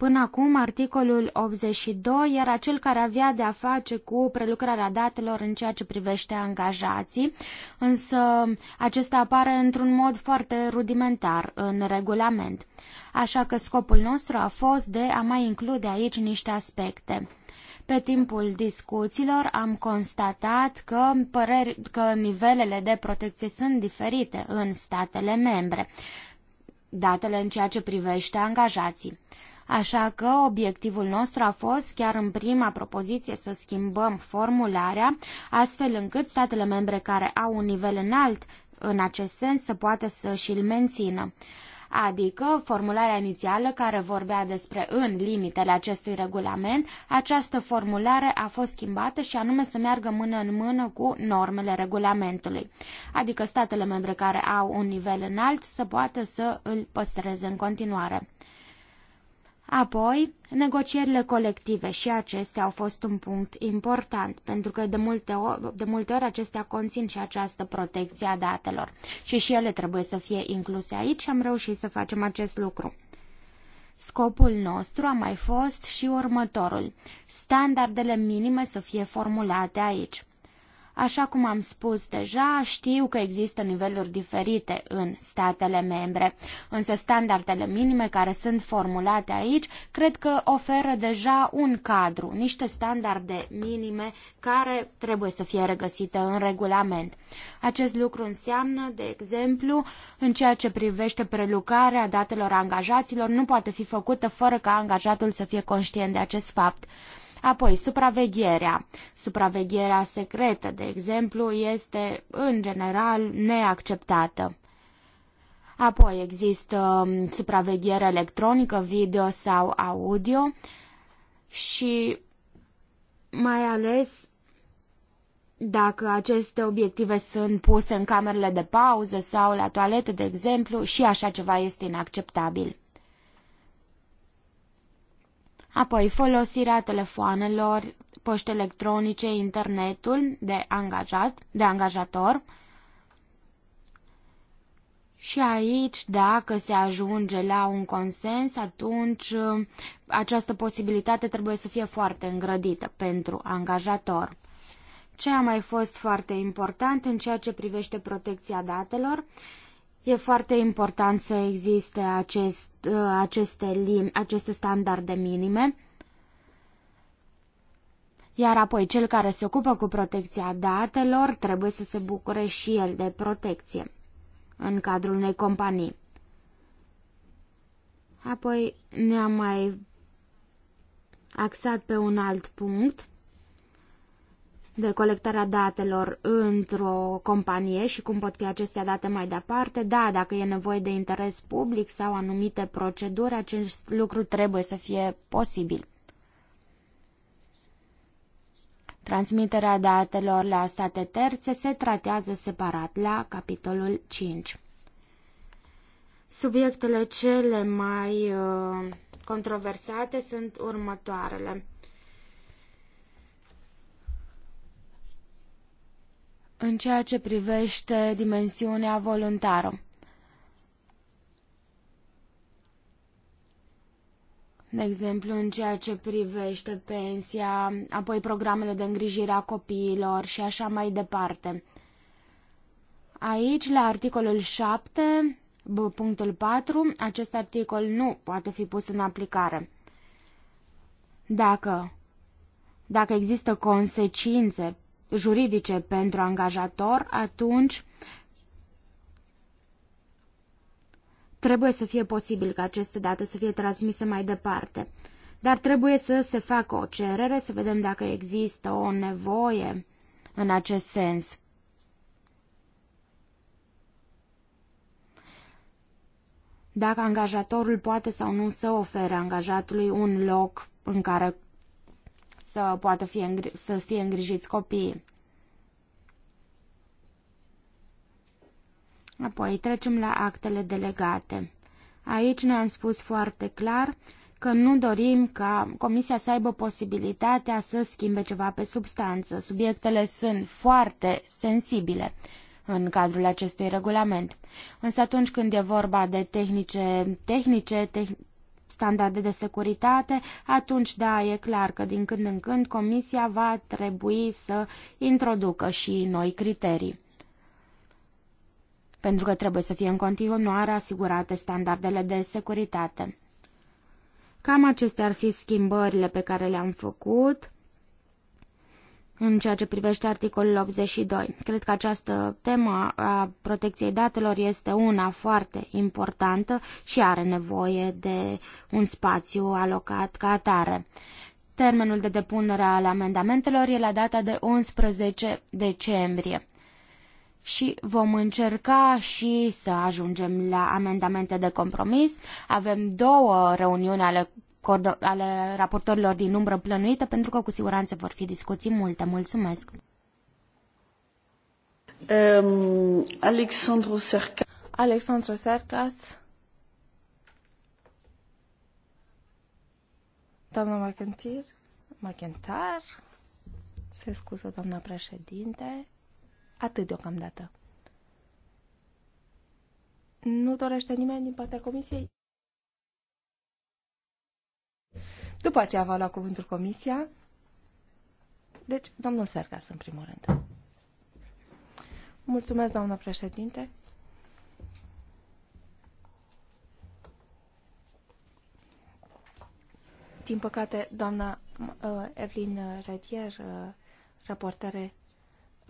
Speaker 2: Până acum, articolul 82 era cel care avea de a face cu prelucrarea datelor în ceea ce privește angajații, însă acesta apare într-un mod foarte rudimentar în regulament. Așa că scopul nostru a fost de a mai include aici niște aspecte. Pe timpul discuțiilor am constatat că, păreri, că nivelele de protecție sunt diferite în statele membre, datele în ceea ce privește angajații. Așa că obiectivul nostru a fost chiar în prima propoziție să schimbăm formularea, astfel încât statele membre care au un nivel înalt în acest sens să poată să și-l mențină adică formularea inițială care vorbea despre în limitele acestui regulament, această formulare a fost schimbată și anume să meargă mână în mână cu normele regulamentului, adică statele membre care au un nivel înalt să poată să îl păstreze în continuare. Apoi, negocierile colective și acestea au fost un punct important, pentru că de multe, ori, de multe ori acestea conțin și această protecție a datelor și și ele trebuie să fie incluse aici și am reușit să facem acest lucru. Scopul nostru a mai fost și următorul, standardele minime să fie formulate aici. Așa cum am spus deja, știu că există niveluri diferite în statele membre, însă standardele minime care sunt formulate aici cred că oferă deja un cadru, niște standarde minime care trebuie să fie regăsite în regulament. Acest lucru înseamnă, de exemplu, în ceea ce privește prelucrarea datelor angajaților, nu poate fi făcută fără ca angajatul să fie conștient de acest fapt. Apoi, supravegherea. Supravegherea secretă, de exemplu, este în general neacceptată. Apoi există um, supraveghere electronică, video sau audio și mai ales dacă aceste obiective sunt puse în camerele de pauză sau la toaletă, de exemplu, și așa ceva este inacceptabil apoi folosirea telefoanelor, poști electronice, internetul de angajat, de angajator. Și aici, dacă se ajunge la un consens, atunci uh, această posibilitate trebuie să fie foarte îngrădită pentru angajator. Ce a mai fost foarte important în ceea ce privește protecția datelor? Uh, E foarte important să existe acest, uh, aceste, lim, aceste standarde minime. Iar apoi cel care se ocupă cu protecția datelor trebuie să se bucure și el de protecție în cadrul unei companii. Apoi ne-am mai axat pe un alt punct de colectarea datelor într-o companie și cum pot fi acestea date mai departe. Da, dacă e nevoie de interes public sau anumite proceduri, acest lucru trebuie să fie posibil. Transmiterea datelor la state terțe se tratează separat la capitolul 5. Subiectele cele mai uh, controversate sunt următoarele. în ceea ce privește dimensiunea voluntară. de exemplu în ceea ce privește pensia, apoi programele de îngrijire a copiilor și așa mai departe. Aici, la articolul 7, punctul 4, acest articol nu poate fi pus în aplicare. Dacă, dacă există consecințe juridice pentru angajator, atunci trebuie să fie posibil ca aceste date să fie transmise mai departe. Dar trebuie să se facă o cerere, să vedem dacă există o nevoie în acest sens. Dacă angajatorul poate sau nu să ofere angajatului un loc în care să poată fi îngri- să fie îngrijiți copiii. Apoi trecem la actele delegate. Aici ne-am spus foarte clar că nu dorim ca Comisia să aibă posibilitatea să schimbe ceva pe substanță. Subiectele sunt foarte sensibile în cadrul acestui regulament. Însă atunci când e vorba de tehnice, tehnice, standarde de securitate, atunci da, e clar că din când în când Comisia va trebui să introducă și noi criterii. Pentru că trebuie să fie în continuare asigurate standardele de securitate. Cam acestea ar fi schimbările pe care le-am făcut în ceea ce privește articolul 82. Cred că această temă a protecției datelor este una foarte importantă și are nevoie de un spațiu alocat ca atare. Termenul de depunere al amendamentelor e la data de 11 decembrie și vom încerca și să ajungem la amendamente de compromis. Avem două reuniuni ale ale raportorilor din umbră plănuită, pentru că cu siguranță vor fi discuții multe. Mulțumesc! Um, Alexandru Sercas. Alexandru Sercas.
Speaker 3: Doamna McIntyre. McIntyre. Se scuză, doamna președinte. Atât deocamdată. Nu dorește nimeni din partea comisiei? După aceea va lua cuvântul comisia. Deci, domnul Sergas, în primul rând. Mulțumesc, doamnă președinte. Din păcate, doamna uh, Evelyn Redier, uh, raportare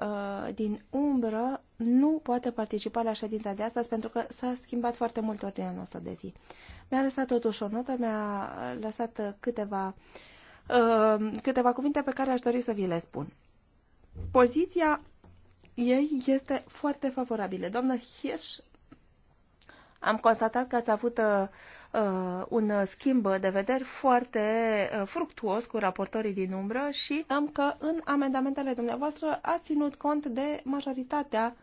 Speaker 3: uh, din umbră, nu poate participa la ședința de astăzi pentru că s-a schimbat foarte mult ordinea noastră de zi. Uh, mi-a lăsat totuși o notă, mi-a lăsat câteva, uh, câteva cuvinte pe care aș dori să vi le spun. Poziția ei este foarte favorabilă. Doamnă Hirsch, am constatat că ați avut uh, un schimb de vederi foarte uh, fructuos cu raportorii din umbră și am că în amendamentele dumneavoastră ați ținut cont de majoritatea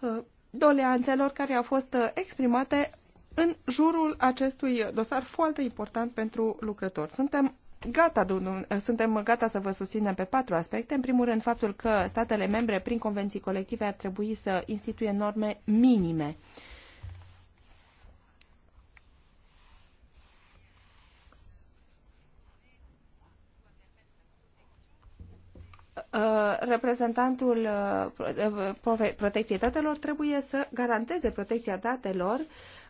Speaker 3: uh, doleanțelor care au fost uh, exprimate în jurul acestui dosar foarte important pentru lucrători. Suntem Gata, suntem gata să vă susținem pe patru aspecte. În primul rând, faptul că statele membre, prin convenții colective, ar trebui să instituie norme minime. Uh, reprezentantul uh, protecției datelor trebuie să garanteze protecția datelor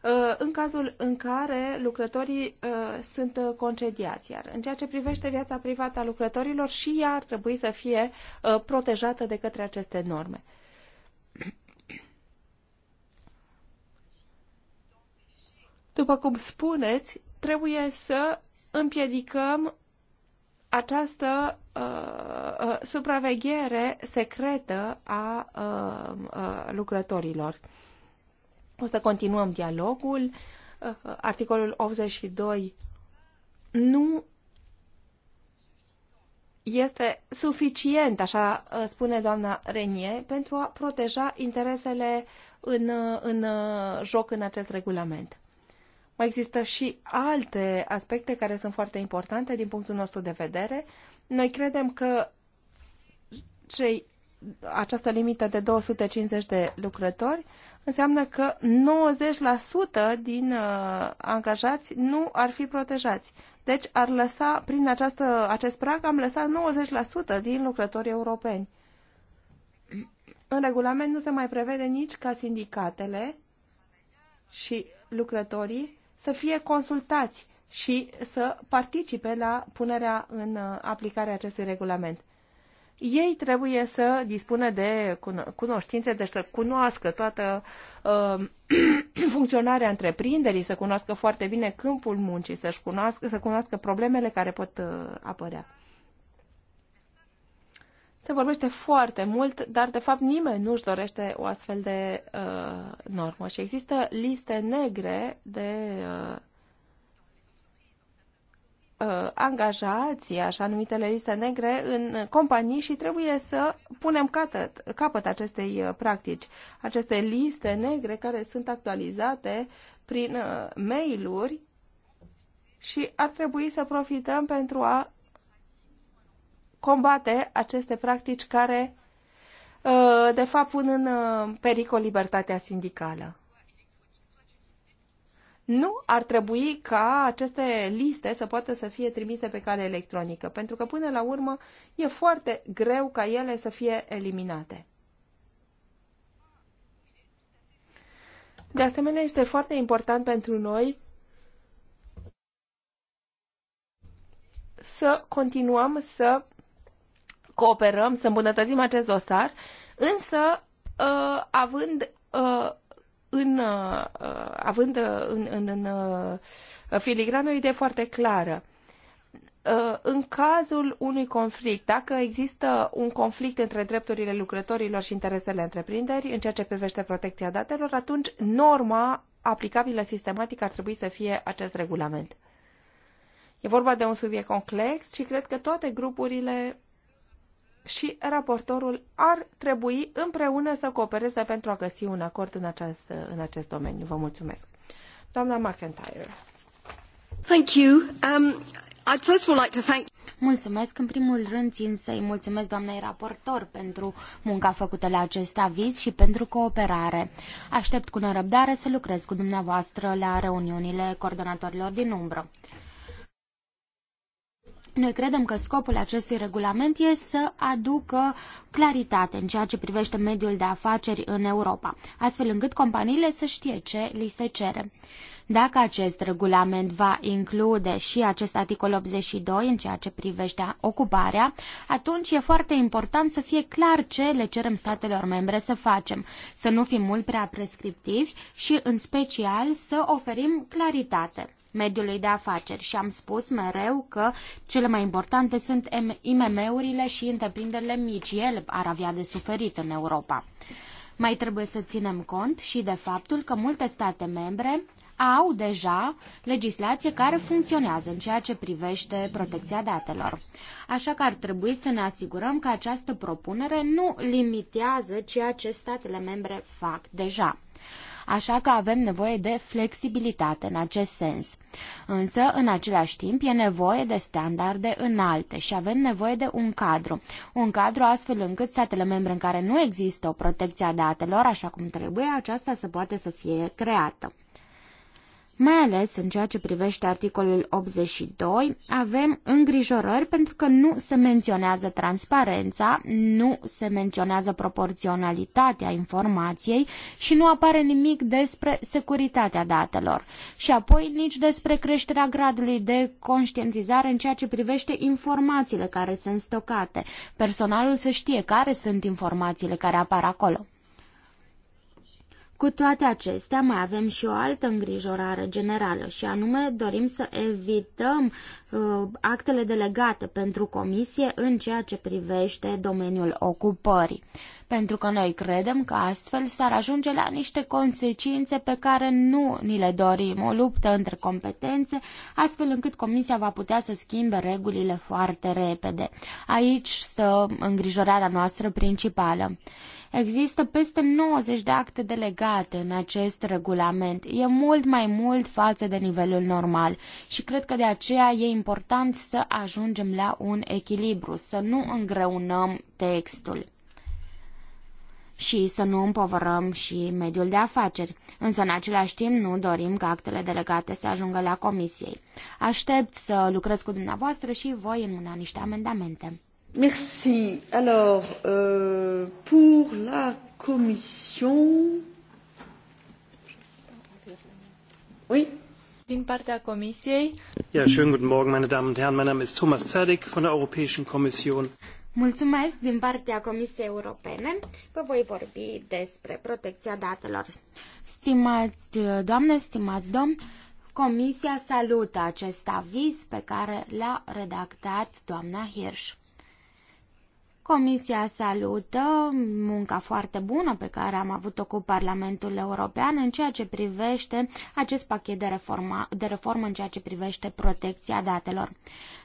Speaker 3: Uh, în cazul în care lucrătorii uh, sunt concediați. Iar în ceea ce privește viața privată a lucrătorilor, și ea ar trebui să fie uh, protejată de către aceste norme. După cum spuneți, trebuie să împiedicăm această uh, supraveghere secretă a uh, uh, lucrătorilor. Uh, o să continuăm dialogul. Uh, articolul 82 nu este suficient, așa uh, spune doamna Renier, pentru a proteja interesele în, uh, în joc în acest regulament. Mai există și alte aspecte care sunt foarte importante din punctul nostru de vedere. Noi credem că cei, această limită de 250 de lucrători înseamnă că 90% din uh, angajați nu ar fi protejați. Deci ar lăsa, prin această, acest prag, am lăsat 90% din lucrătorii europeni. În regulament nu se mai prevede nici ca sindicatele și lucrătorii să fie consultați și să participe la punerea în uh, aplicare acestui regulament ei trebuie să dispună de cunoștințe, deci să cunoască toată uh, funcționarea întreprinderii, să cunoască foarte bine câmpul muncii, să-și cunoască, să cunoască problemele care pot uh, apărea. Se vorbește foarte mult, dar de fapt nimeni nu-și dorește o astfel de uh, normă și există liste negre de uh, uh, angajații, așa numitele liste negre, în companii și trebuie să punem catăt, capăt acestei uh, practici. Aceste liste negre care sunt actualizate prin uh, mail-uri și ar trebui să profităm pentru a combate aceste practici care, uh, de fapt, pun în uh, pericol libertatea sindicală nu ar trebui ca aceste liste să poată să fie trimise pe cale electronică, pentru că până la urmă e foarte greu ca ele să fie eliminate. De asemenea, este foarte important pentru noi să continuăm să cooperăm, să îmbunătățim acest dosar, însă uh, având uh, în, uh, uh, având uh, în, în, în filigrană o idee foarte clară în cazul unui conflict, dacă există un conflict între drepturile lucrătorilor și interesele întreprinderii în ceea ce privește protecția datelor, atunci norma aplicabilă sistematic ar trebui să fie acest regulament. E vorba de un subiect complex și cred că toate grupurile și raportorul ar trebui împreună să coopereze pentru a găsi un acord în acest, în acest domeniu. Vă mulțumesc. Doamna McIntyre.
Speaker 2: Thank you. Um, I'd first of all like to thank Mulțumesc. În primul rând țin să-i mulțumesc doamnei raportor pentru munca făcută la acest aviz și pentru cooperare. Aștept cu nerăbdare să lucrez cu dumneavoastră la reuniunile coordonatorilor din umbră. Noi credem că scopul acestui regulament este să aducă claritate în ceea ce privește mediul de afaceri în Europa, astfel încât companiile să știe ce li se cere. Dacă acest regulament va include și acest articol 82 în ceea ce privește ocuparea, atunci e foarte important să fie clar ce le cerem statelor membre să facem, să nu fim mult prea prescriptivi și, în special, să oferim claritate mediului de afaceri și am spus mereu că cele mai importante sunt IMM-urile și întreprinderile mici. Ele ar avea de suferit în Europa. Mai trebuie să ținem cont și de faptul că multe state membre au deja legislație care funcționează în ceea ce privește protecția datelor. Așa că ar trebui să ne asigurăm că această propunere nu limitează ceea ce statele membre fac deja așa că avem nevoie de flexibilitate în acest sens. Însă, în același timp, e nevoie de standarde înalte și avem nevoie de un cadru. Un cadru astfel încât statele membre în care nu există o protecție a datelor așa cum trebuie, aceasta să poate să fie creată. Mai ales în ceea ce privește articolul 82, avem îngrijorări pentru că nu se menționează transparența, nu se menționează proporționalitatea informației și nu apare nimic despre securitatea datelor. Și apoi nici despre creșterea gradului de conștientizare în ceea ce privește informațiile care sunt stocate. Personalul să știe care sunt informațiile care apar acolo. Cu toate acestea, mai avem și o altă îngrijorare generală și anume dorim să evităm uh, actele delegate pentru comisie în ceea ce privește domeniul ocupării pentru că noi credem că astfel s-ar ajunge la niște consecințe pe care nu ni le dorim, o luptă între competențe, astfel încât Comisia va putea să schimbe regulile foarte repede. Aici stă îngrijorarea noastră principală. Există peste 90 de acte delegate în acest regulament. E mult mai mult față de nivelul normal și cred că de aceea e important să ajungem la un echilibru, să nu îngreunăm textul și să nu împovărăm și mediul de afaceri, însă în același timp nu dorim ca actele delegate să ajungă la comisiei. Aștept să lucrez cu dumneavoastră și voi înmâna niște amendamente. Merci. Alors, euh, pour la commission...
Speaker 1: Oui din partea Comisiei.
Speaker 2: Ja, schönen guten Morgen, meine Damen und Herren. Mein Name ist Thomas Zerdik von der Europäischen Kommission. Mulțumesc din partea Comisiei Europene. Vă voi vorbi despre protecția datelor. Stimați uh, doamne, stimați domn, Comisia salută acest aviz pe care l-a redactat doamna Hirsch. Comisia salută munca foarte bună pe care am avut-o cu Parlamentul European în ceea ce privește acest pachet de, reforma, de reformă în ceea ce privește protecția datelor.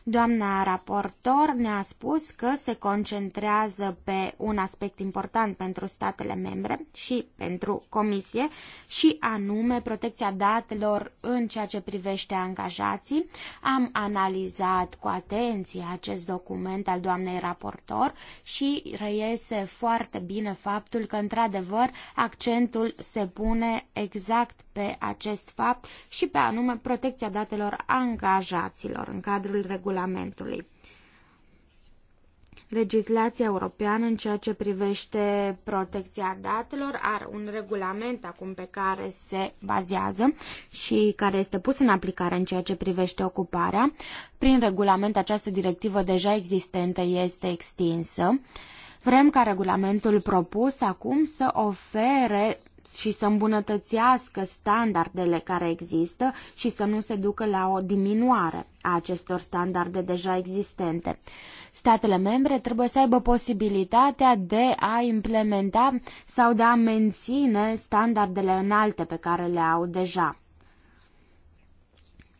Speaker 2: Doamna raportor ne-a spus că se concentrează pe un aspect important pentru statele membre și pentru comisie și anume protecția datelor în ceea ce privește angajații. Am analizat cu atenție acest document al doamnei raportor și reiese foarte bine faptul că într-adevăr accentul se pune exact pe acest fapt și pe anume protecția datelor angajaților în cadrul regulamentului. Legislația europeană în ceea ce privește protecția datelor are un regulament acum pe care se bazează și care este pus în aplicare în ceea ce privește ocuparea. Prin regulament această directivă deja existentă este extinsă. Vrem ca regulamentul propus acum să ofere și să îmbunătățească standardele care există și să nu se ducă la o diminuare a acestor standarde deja existente. Statele membre trebuie să aibă posibilitatea de a implementa sau de a menține standardele înalte pe care le au deja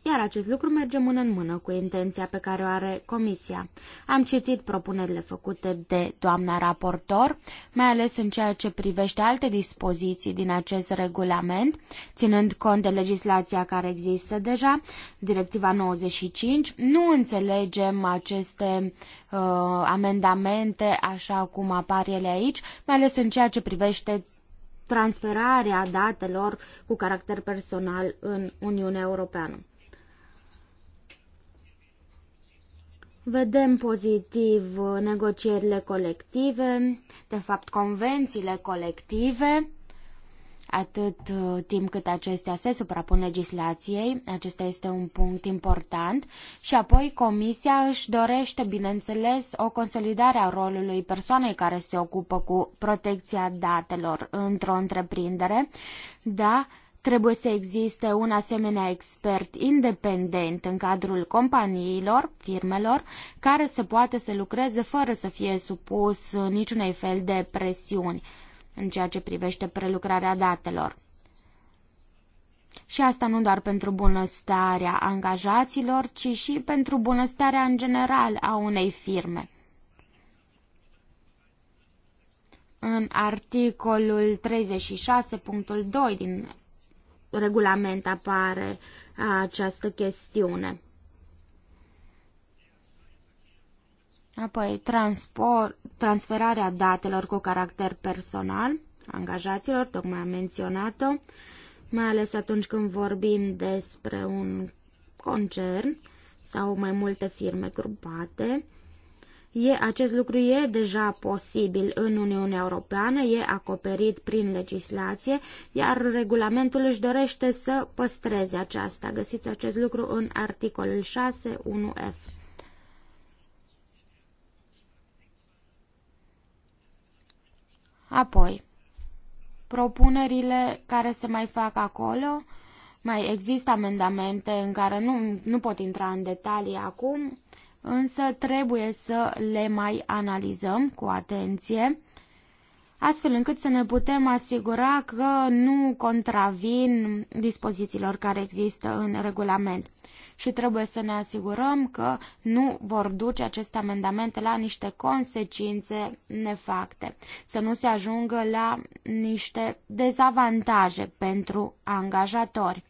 Speaker 2: iar acest lucru merge mână în mână cu intenția pe care o are Comisia. Am citit propunerile făcute de doamna raportor, mai ales în ceea ce privește alte dispoziții din acest regulament, ținând cont de legislația care există deja, Directiva 95. Nu înțelegem aceste uh, amendamente așa cum apar ele aici, mai ales în ceea ce privește transferarea datelor cu caracter personal în Uniunea Europeană. Vedem pozitiv negocierile colective, de fapt convențiile colective, atât uh, timp cât acestea se suprapun legislației, acesta este un punct important, și apoi Comisia își dorește, bineînțeles, o consolidare a rolului persoanei care se ocupă cu protecția datelor într-o întreprindere, da, Trebuie să existe un asemenea expert independent în cadrul companiilor, firmelor, care să poată să lucreze fără să fie supus niciunei fel de presiuni în ceea ce privește prelucrarea datelor. Și asta nu doar pentru bunăstarea angajaților, ci și pentru bunăstarea în general a unei firme. În articolul 36.2 din regulament apare această chestiune. Apoi, transport, transferarea datelor cu caracter personal, angajaților, tocmai am menționat-o, mai ales atunci când vorbim despre un concern sau mai multe firme grupate, E, acest lucru e deja posibil în Uniunea Europeană, e acoperit prin legislație, iar regulamentul își dorește să păstreze aceasta. Găsiți acest lucru în articolul 61 f Apoi, propunerile care se mai fac acolo, mai există amendamente în care nu, nu pot intra în detalii acum, însă trebuie să le mai analizăm cu atenție, astfel încât să ne putem asigura că nu contravin dispozițiilor care există în regulament. Și trebuie să ne asigurăm că nu vor duce aceste amendamente la niște consecințe nefacte, să nu se ajungă la niște dezavantaje pentru angajatori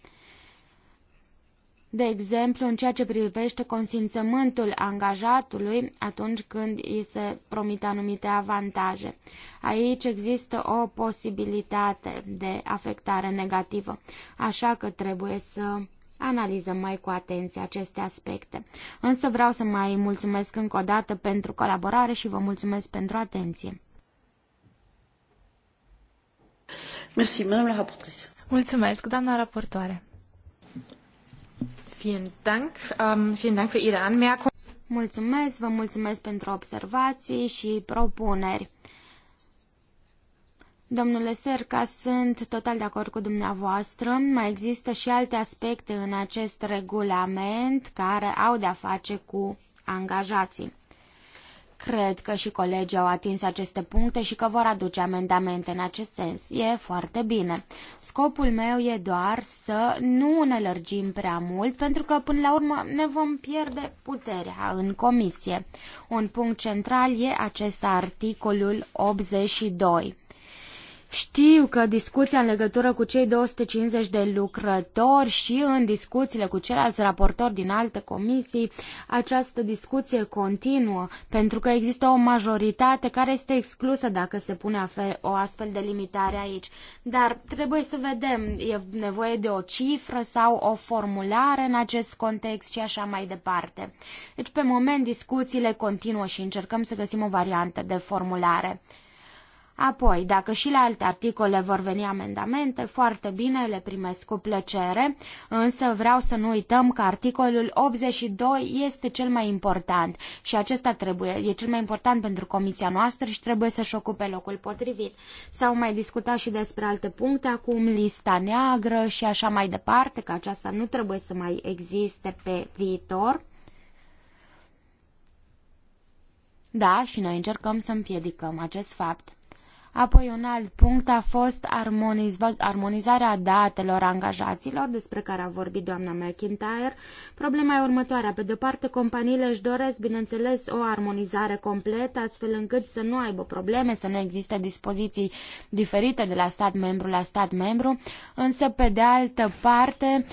Speaker 2: de exemplu în ceea ce privește consimțământul angajatului atunci când îi se promit anumite avantaje. Aici există o posibilitate de afectare negativă, așa că trebuie să analizăm mai cu atenție aceste aspecte. Însă vreau să mai mulțumesc încă o dată pentru colaborare și vă mulțumesc pentru atenție. Mulțumesc, doamna raportoare. Vielen Dank. Um, vielen Dank für Ihre Anmerkung. Mulțumesc, vă mulțumesc pentru observații și propuneri. Domnule Serca, sunt total de acord cu dumneavoastră. Mai există și alte aspecte în acest regulament care au de-a face cu angajații. Cred că și colegii au atins aceste puncte și că vor aduce amendamente în acest sens. E foarte bine. Scopul meu e doar să nu ne lărgim prea mult, pentru că până la urmă ne vom pierde puterea în comisie. Un punct central e acesta articolul 82. Știu că discuția în legătură cu cei 250 de lucrători și în discuțiile cu ceilalți raportori din alte comisii, această discuție continuă, pentru că există o majoritate care este exclusă dacă se pune o astfel de limitare aici. Dar trebuie să vedem, e nevoie de o cifră sau o formulare în acest context și așa mai departe. Deci, pe moment, discuțiile continuă și încercăm să găsim o variantă de formulare. Apoi, dacă și la alte articole vor veni amendamente, foarte bine, le primesc cu plăcere, însă vreau să nu uităm că articolul 82 este cel mai important și acesta trebuie, e cel mai important pentru comisia noastră și trebuie să-și ocupe locul potrivit. S-au mai discutat și despre alte puncte, acum lista neagră și așa mai departe, că aceasta nu trebuie să mai existe pe viitor. Da, și noi încercăm să împiedicăm acest fapt. Apoi un alt punct a fost armoniz armonizarea datelor angajaților, despre care a vorbit doamna McIntyre. Problema e următoarea. Pe de parte, companiile își doresc, bineînțeles, o armonizare completă, astfel încât să nu aibă probleme, să nu existe dispoziții diferite de la stat membru la stat membru, însă, pe de altă parte,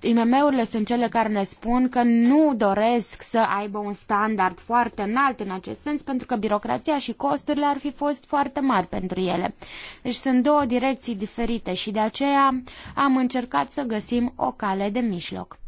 Speaker 2: IMM-urile sunt cele care ne spun că nu doresc să aibă un standard foarte înalt în acest sens, pentru că birocrația și costurile ar fi fost foarte foarte mari pentru ele. Deci sunt două direcții diferite și de aceea am încercat să găsim o cale de mijloc.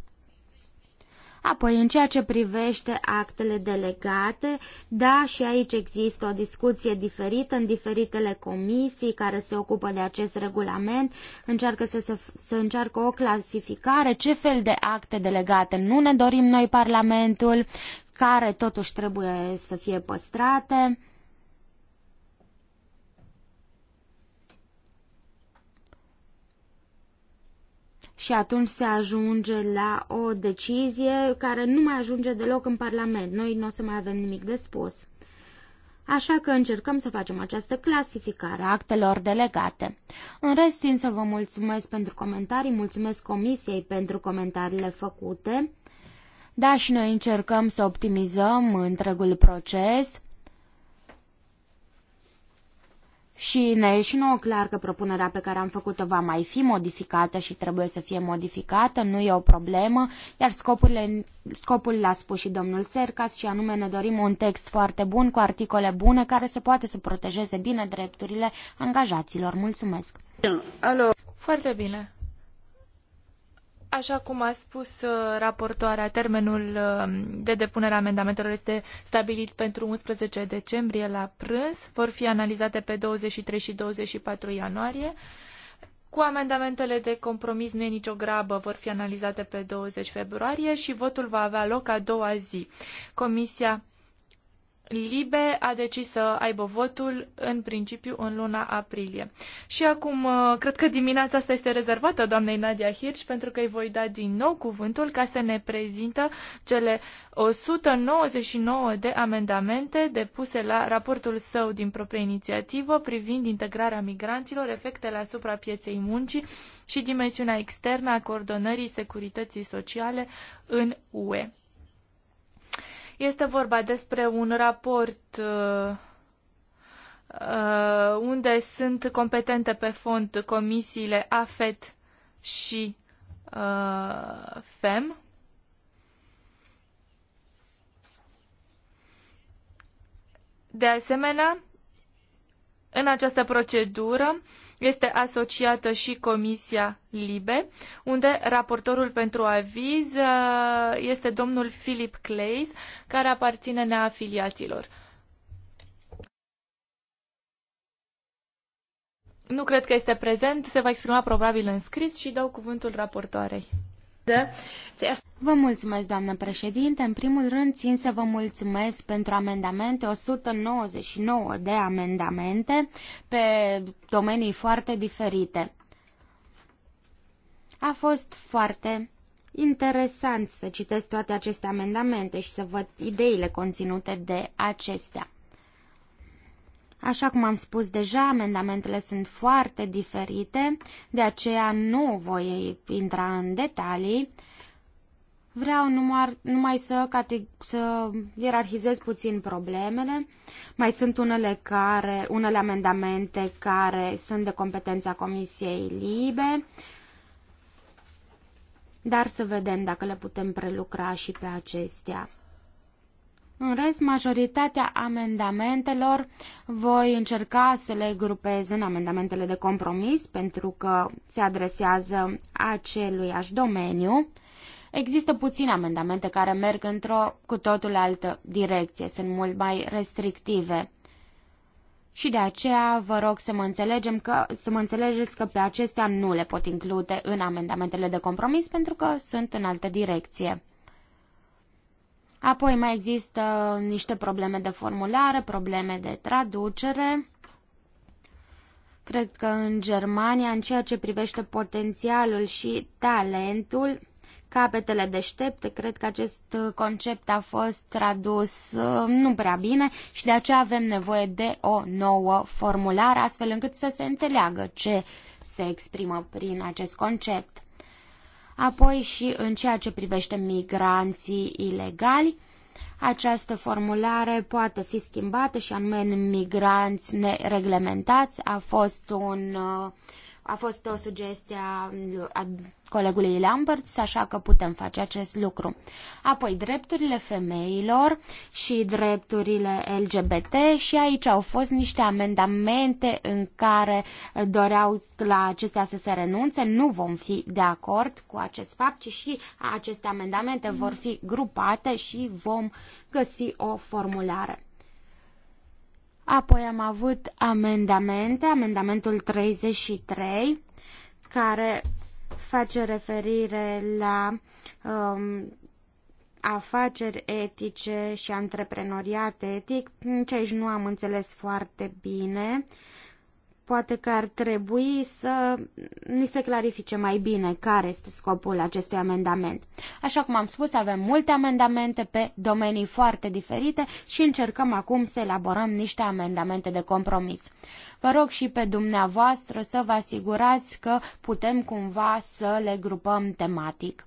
Speaker 2: Apoi, în ceea ce privește actele delegate, da, și aici există o discuție diferită în diferitele comisii care se ocupă de acest regulament, încearcă să, se, să încearcă o clasificare, ce fel de acte delegate nu ne dorim noi Parlamentul, care totuși trebuie să fie păstrate. și atunci se ajunge la o decizie care nu mai ajunge deloc în Parlament. Noi nu o să mai avem nimic de spus. Așa că încercăm să facem această clasificare a actelor delegate. În rest, țin să vă mulțumesc pentru comentarii, mulțumesc Comisiei pentru comentariile făcute. Da, și noi încercăm să optimizăm întregul proces și ne e și nouă clar că propunerea pe care am făcut-o va mai fi modificată și trebuie să fie modificată, nu e o problemă, iar scopurile, scopul l-a spus și domnul Sercas și anume ne dorim un text foarte bun, cu articole bune, care să poate să protejeze bine drepturile angajaților. Mulțumesc! Alo. Foarte bine!
Speaker 1: Așa cum a spus uh, raportoarea, termenul uh, de depunere a amendamentelor este stabilit pentru 11 decembrie la prânz. Vor fi analizate pe 23 și 24 ianuarie. Cu amendamentele de compromis nu e nicio grabă, vor fi analizate pe 20 februarie și votul va avea loc a doua zi. Comisia Libe a decis să aibă votul în principiu în luna aprilie. Și acum, uh, cred că dimineața asta este rezervată doamnei Nadia Hirsch, pentru că îi voi da din nou cuvântul ca să ne prezintă cele 199 de amendamente depuse la raportul său din proprie inițiativă privind integrarea migranților, efectele asupra pieței muncii și dimensiunea externă a coordonării securității sociale în UE. Este vorba despre un raport uh, uh, unde sunt competente pe fond comisiile AFET și uh, FEM. De asemenea, în această procedură este asociată și Comisia Libe, unde raportorul pentru aviz uh, este domnul Philip Clays, care aparține neafiliaților. Nu cred că este prezent, se va exprima probabil în scris și dau cuvântul raportoarei.
Speaker 2: Vă mulțumesc, doamnă președinte. În primul rând, țin să vă mulțumesc pentru amendamente, 199 de amendamente pe domenii foarte diferite. A fost foarte interesant să citesc toate aceste amendamente și să văd ideile conținute de acestea. Așa cum am spus deja, amendamentele sunt foarte diferite, de aceea nu voi intra în detalii. Vreau numai, numai să, să ierarhizez puțin problemele. Mai sunt unele, care, unele amendamente care sunt de competența Comisiei Libe, dar să vedem dacă le putem prelucra și pe acestea. În rest, majoritatea amendamentelor voi încerca să le grupez în amendamentele de compromis pentru că se adresează aceluiași domeniu. Există puține amendamente care merg într-o cu totul altă direcție, sunt mult mai restrictive. Și de aceea vă rog să mă, înțelegem că, să mă înțelegeți că pe acestea nu le pot include în amendamentele de compromis pentru că sunt în altă direcție. Apoi mai există niște probleme de formulare, probleme de traducere. Cred că în Germania, în ceea ce privește potențialul și talentul, capetele deștepte, cred că acest concept a fost tradus uh, nu prea bine și de aceea avem nevoie de o nouă formulare, astfel încât să se înțeleagă ce se exprimă prin acest concept. Apoi și în ceea ce privește migranții ilegali, această formulare poate fi schimbată și anume migranți nereglementați a fost un uh, a fost o sugestie a colegului Lambert, așa că putem face acest lucru. Apoi, drepturile femeilor și drepturile LGBT și aici au fost niște amendamente în care doreau la acestea să se renunțe. Nu vom fi de acord cu acest fapt, ci și aceste amendamente vor fi grupate și vom găsi o formulare. Apoi am avut amendamente, amendamentul 33, care face referire la um, afaceri etice și antreprenoriat etic, nici aici nu am înțeles foarte bine. Uh, Poate că ar trebui să ni se clarifice mai bine care este scopul acestui amendament. Așa cum am spus, avem multe amendamente pe domenii foarte diferite și încercăm acum să elaborăm niște amendamente de compromis. Vă rog și pe dumneavoastră să vă asigurați că putem cumva să le grupăm tematic.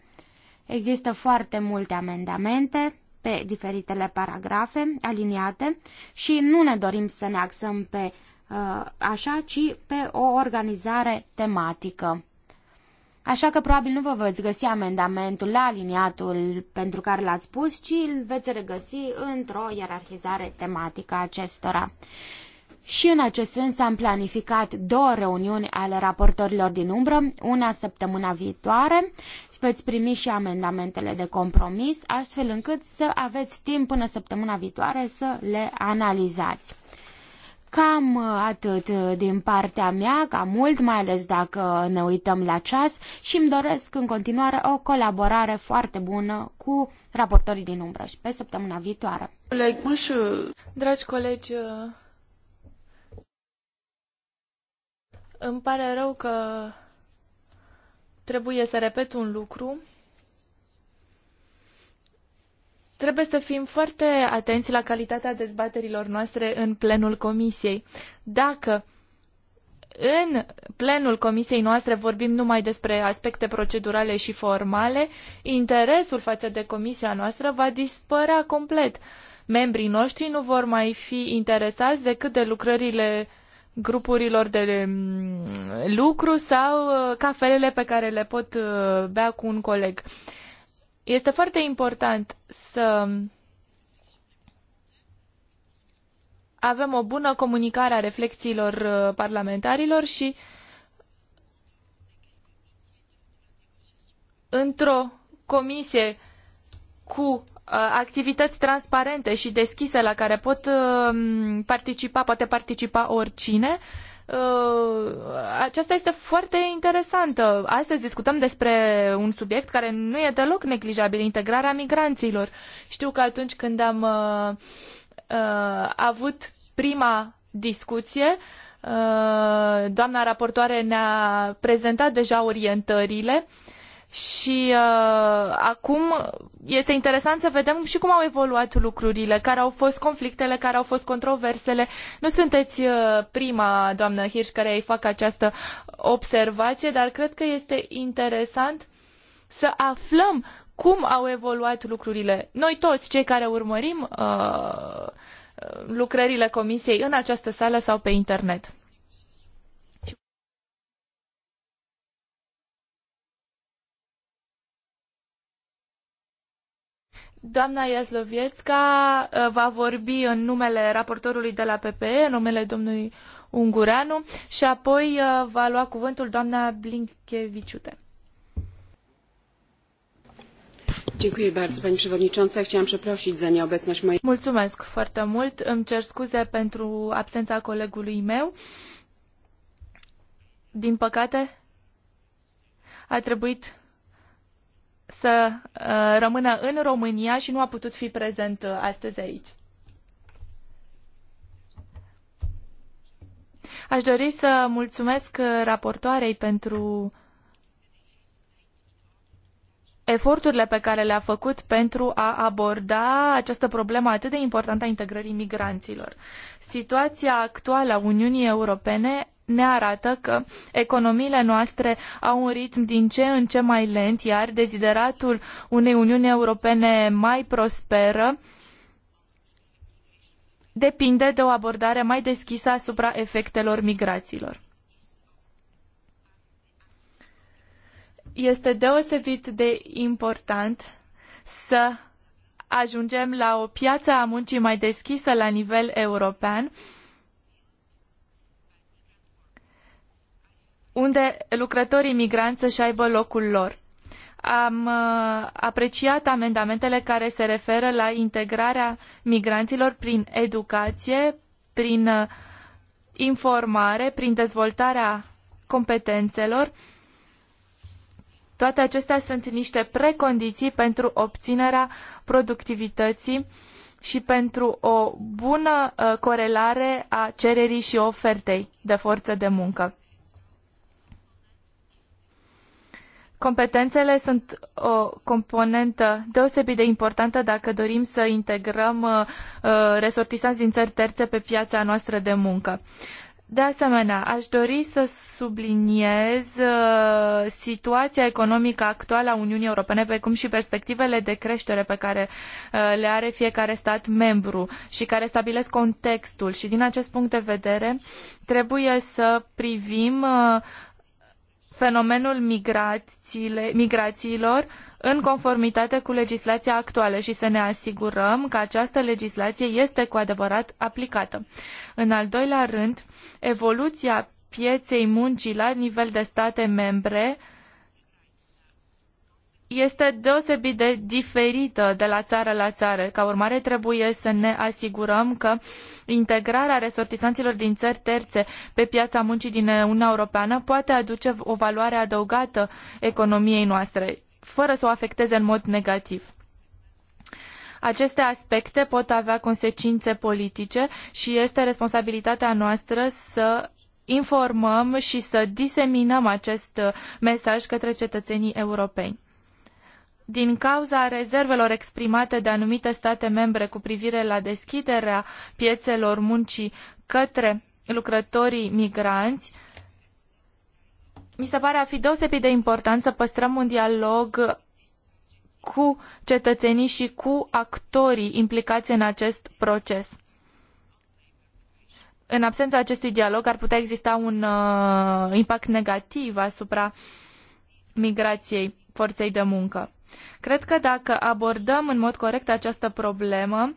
Speaker 2: Există foarte multe amendamente pe diferitele paragrafe aliniate și nu ne dorim să ne axăm pe Uh, așa, ci pe o organizare tematică. Așa că probabil nu vă veți găsi amendamentul la aliniatul pentru care l-ați pus, ci îl veți regăsi într-o ierarhizare tematică acestora. Și în acest sens am planificat două reuniuni ale raportorilor din umbră, una săptămâna viitoare veți primi și amendamentele de compromis, astfel încât să aveți timp până săptămâna viitoare să le analizați. Cam uh, atât uh, din partea mea, cam mult, mai ales dacă ne uităm la ceas și îmi doresc în continuare o colaborare foarte bună cu raportorii din umbră și pe săptămâna viitoare.
Speaker 1: Dragi colegi, uh, îmi pare rău că trebuie să repet un lucru. Trebuie să fim foarte atenți la calitatea dezbaterilor noastre în plenul comisiei. Dacă în plenul comisiei noastre vorbim numai despre aspecte procedurale și formale, interesul față de comisia noastră va dispărea complet. Membrii noștri nu vor mai fi interesați decât de lucrările grupurilor de mm, lucru sau uh, cafelele pe care le pot uh, bea cu un coleg. Este foarte important să avem o bună comunicare a reflexiilor uh, parlamentarilor și într-o comisie cu uh, activități transparente și deschise la care pot uh, participa, poate participa oricine, uh, Uh, aceasta este foarte interesantă. Astăzi discutăm despre un subiect care nu e deloc neglijabil, integrarea migranților. Știu că atunci când am uh, uh, avut prima discuție, uh, doamna raportoare ne-a prezentat deja orientările uh, și uh, acum este interesant să vedem și cum au evoluat lucrurile, care au fost conflictele, care au fost controversele. Nu sunteți uh, prima, doamnă Hirsch, care îi fac această observație, dar cred că este interesant să aflăm cum au evoluat lucrurile. Noi toți, cei care urmărim uh, uh lucrările Comisiei în această sală sau pe internet. Doamna Iaslovietska uh, va vorbi în numele raportorului de la PPE, în numele domnului Ungureanu și apoi uh, va lua cuvântul doamna Blinkeviciute. Mulțumesc foarte mult. Îmi cer scuze pentru absența colegului meu. Din păcate, a trebuit să uh, rămână în România și nu a putut fi prezent uh, astăzi aici. Aș dori să mulțumesc uh, raportoarei pentru eforturile pe care le-a făcut pentru a aborda această problemă atât de importantă a integrării migranților. Situația actuală a Uniunii Europene ne arată că economiile noastre au un ritm din ce în ce mai lent, iar dezideratul unei Uniuni Europene mai prosperă depinde de o abordare mai deschisă asupra efectelor migrațiilor. Este deosebit de important să ajungem la o piață a muncii mai deschisă la nivel european, unde lucrătorii migranți să-și aibă locul lor. Am uh, apreciat amendamentele care se referă la integrarea migranților prin educație, prin uh, informare, prin dezvoltarea competențelor. Toate acestea sunt niște precondiții pentru obținerea productivității și pentru o bună uh, corelare a cererii și ofertei de forță de muncă. Competențele sunt o componentă deosebit de importantă dacă dorim să integrăm uh, uh resortisanți din țări terțe pe piața noastră de muncă. De asemenea, aș dori să subliniez uh, situația economică actuală a Uniunii Europene, precum și perspectivele de creștere pe care uh, le are fiecare stat membru și care stabilesc contextul. Și din acest punct de vedere, trebuie să privim uh, fenomenul migrațiilor în conformitate cu legislația actuală și să ne asigurăm că această legislație este cu adevărat aplicată. În al doilea rând, evoluția pieței muncii la nivel de state membre este deosebit de diferită de la țară la țară. Ca urmare, trebuie să ne asigurăm că integrarea resortisanților din țări terțe pe piața muncii din Uniunea Europeană poate aduce o valoare adăugată economiei noastre, fără să o afecteze în mod negativ. Aceste aspecte pot avea consecințe politice și este responsabilitatea noastră să informăm și să diseminăm acest mesaj către cetățenii europeni din cauza rezervelor exprimate de anumite state membre cu privire la deschiderea piețelor muncii către lucrătorii migranți, mi se pare a fi deosebit de important să păstrăm un dialog cu cetățenii și cu actorii implicați în acest proces. În absența acestui dialog ar putea exista un uh, impact negativ asupra migrației forței de muncă. Cred că dacă abordăm în mod corect această problemă,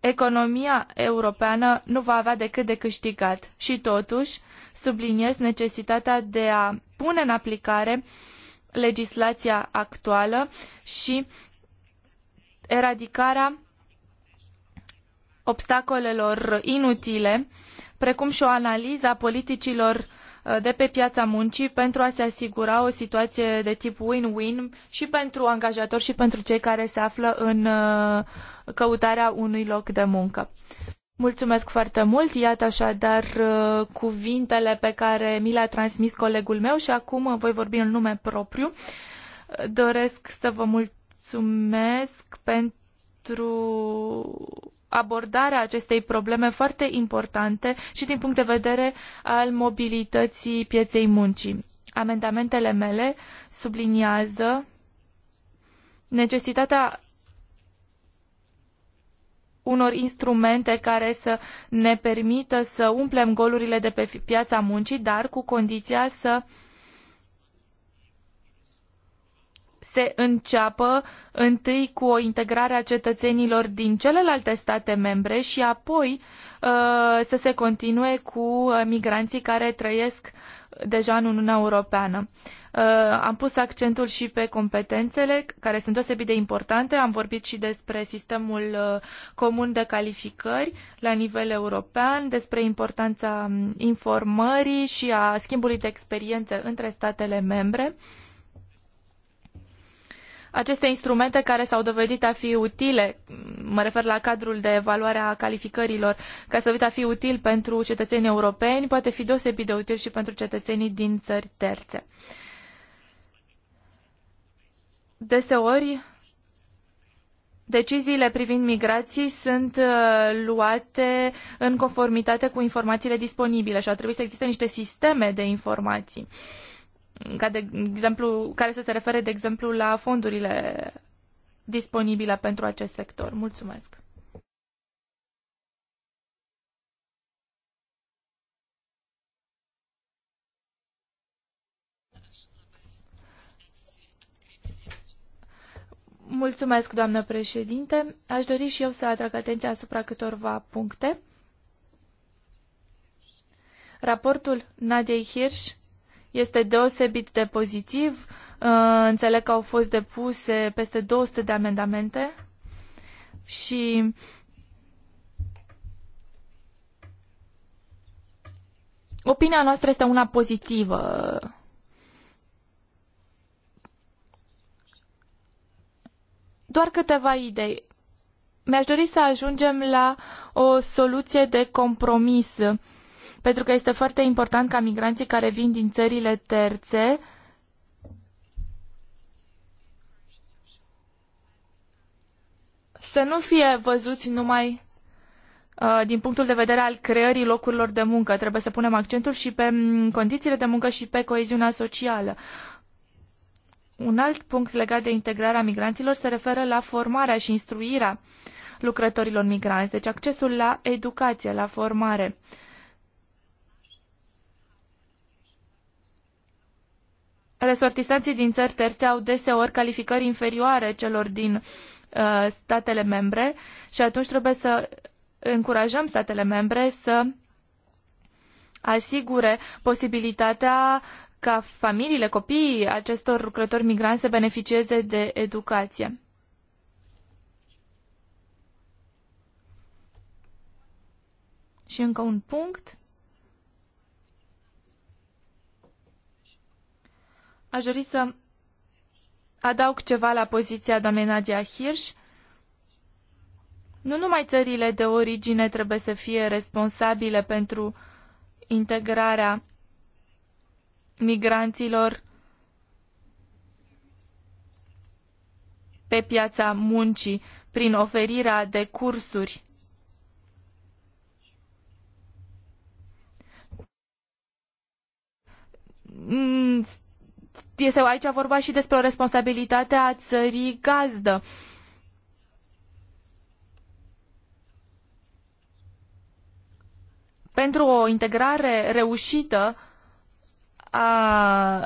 Speaker 1: economia europeană nu va avea decât de câștigat. Și totuși, subliniez necesitatea de a pune în aplicare legislația actuală și eradicarea obstacolelor inutile, precum și o analiză a politicilor Uh, de pe piața muncii pentru a se asigura o situație de tip win-win și pentru angajatori și pentru cei care se află în uh, căutarea unui loc de muncă. Mulțumesc foarte mult, iată așadar uh, cuvintele pe care mi le-a transmis colegul meu și acum voi vorbi în nume propriu. Doresc să vă mulțumesc pentru abordarea acestei probleme foarte importante și din punct de vedere al mobilității pieței muncii. Amendamentele mele subliniază necesitatea unor instrumente care să ne permită să umplem golurile de pe piața muncii, dar cu condiția să uh, se înceapă întâi cu o integrare a cetățenilor din celelalte state membre și apoi uh, să se continue cu uh, migranții care trăiesc deja în Uniunea Europeană. Uh, am pus accentul și pe competențele care sunt deosebit de importante. Am vorbit și despre sistemul comun de calificări la nivel european, despre importanța um, informării și a schimbului de experiențe între statele membre aceste instrumente care s-au dovedit a fi utile, mă refer la cadrul de evaluare a calificărilor, care s-a dovedit a fi util pentru cetățenii europeni, poate fi deosebit de util și pentru cetățenii din țări terțe. Deseori, deciziile privind migrații sunt uh, luate în conformitate cu informațiile disponibile și ar trebui să existe niște sisteme de informații. Uh, ca de exemplu, care să se refere, de exemplu, la fondurile disponibile pentru acest sector. Mulțumesc! Mulțumesc, doamnă președinte. Aș dori și eu să atrag atenția asupra câtorva puncte. Raportul Nadiei Hirsch este deosebit de pozitiv. Uh, înțeleg că au fost depuse peste 200 de amendamente și opinia noastră este una pozitivă. Doar câteva idei. Mi-aș dori să ajungem la o soluție de compromis uh, pentru că este foarte important ca migranții care vin din țările terțe să nu fie văzuți numai uh, din punctul de vedere al creării locurilor de muncă. Trebuie să punem accentul și pe mm, condițiile de muncă și pe coeziunea socială. Un alt punct legat de integrarea migranților se referă la formarea și instruirea lucrătorilor migranți, deci accesul la educație, la formare. Uh, resortisanții din țări terțe au deseori calificări inferioare celor din uh, statele membre și atunci trebuie să încurajăm statele membre să asigure posibilitatea ca familiile, copiii acestor lucrători migranți să beneficieze de educație. Și încă un punct. Aș dori să adaug ceva la poziția doamnei Nadia Hirsch. Nu numai țările de origine trebuie să fie responsabile pentru integrarea migranților pe piața muncii prin oferirea de cursuri. este aici vorba și despre o responsabilitate a țării gazdă. Pentru o integrare reușită a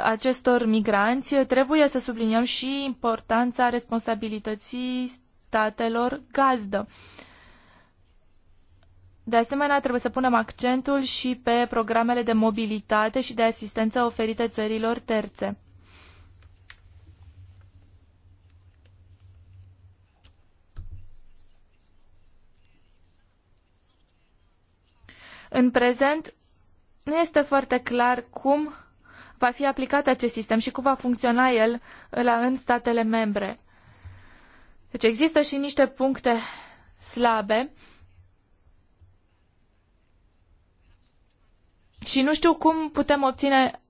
Speaker 1: acestor migranți, trebuie să subliniem și importanța responsabilității statelor gazdă. De asemenea, trebuie să punem accentul și pe programele de mobilitate și de asistență oferite țărilor terțe. În prezent, nu este foarte clar cum va fi aplicat acest sistem și cum va funcționa el la, în statele membre. Deci există și niște puncte slabe și nu știu cum putem obține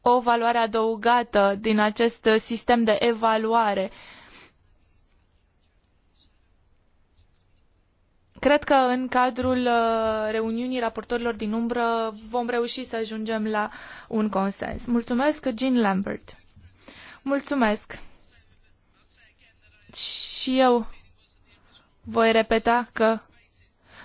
Speaker 1: o valoare adăugată din acest sistem de evaluare Cred că în cadrul uh, reuniunii raportorilor din umbră vom reuși să ajungem la un consens. Mulțumesc, Jean Lambert. Mulțumesc. Și eu voi repeta că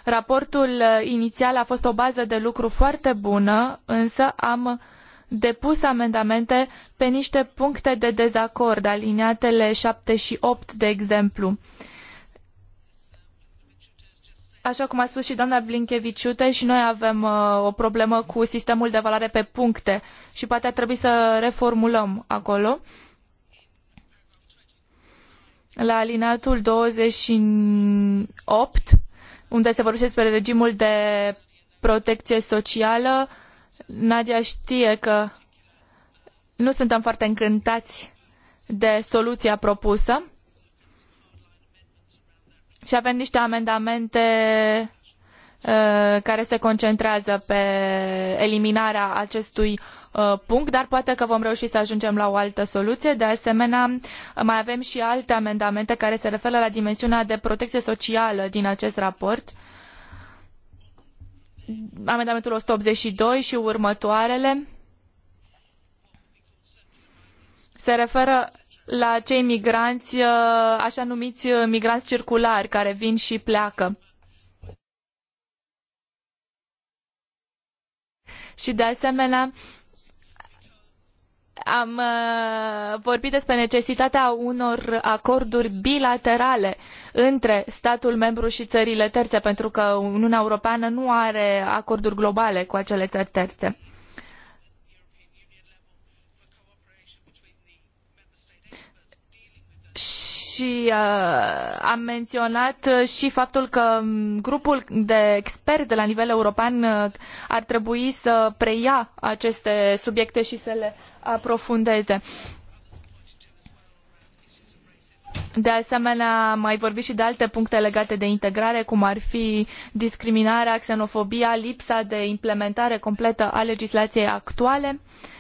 Speaker 1: raportul uh, inițial a fost o bază de lucru foarte bună, însă am depus amendamente pe niște puncte de dezacord, aliniatele 7 și 8, de exemplu. Uh, Așa cum a spus și doamna Blinkeviciute, și noi avem uh, o problemă cu sistemul de valare pe puncte și poate ar trebui să reformulăm acolo. La alineatul 28, unde se vorbește despre regimul de protecție socială, Nadia știe că nu suntem foarte încântați de soluția propusă și avem niște amendamente uh, care se concentrează pe eliminarea acestui uh, punct, dar poate că vom reuși să ajungem la o altă soluție. De asemenea, mai avem și alte amendamente care se referă la dimensiunea de protecție socială din acest raport. Amendamentul 182 și următoarele se referă la cei migranți, uh, așa numiți uh, migranți circulari, care vin și pleacă. Și de asemenea, am uh, vorbit despre necesitatea unor acorduri bilaterale între statul membru și țările terțe, pentru că Uniunea Europeană nu are acorduri globale cu acele țări terțe. și uh, am menționat uh, și faptul că mm, grupul de experți de la nivel european uh, ar trebui să preia aceste subiecte și să le aprofundeze. De asemenea, mai vorbit și de alte puncte legate de integrare, cum ar fi discriminarea, xenofobia, lipsa de implementare completă a legislației actuale. Uh,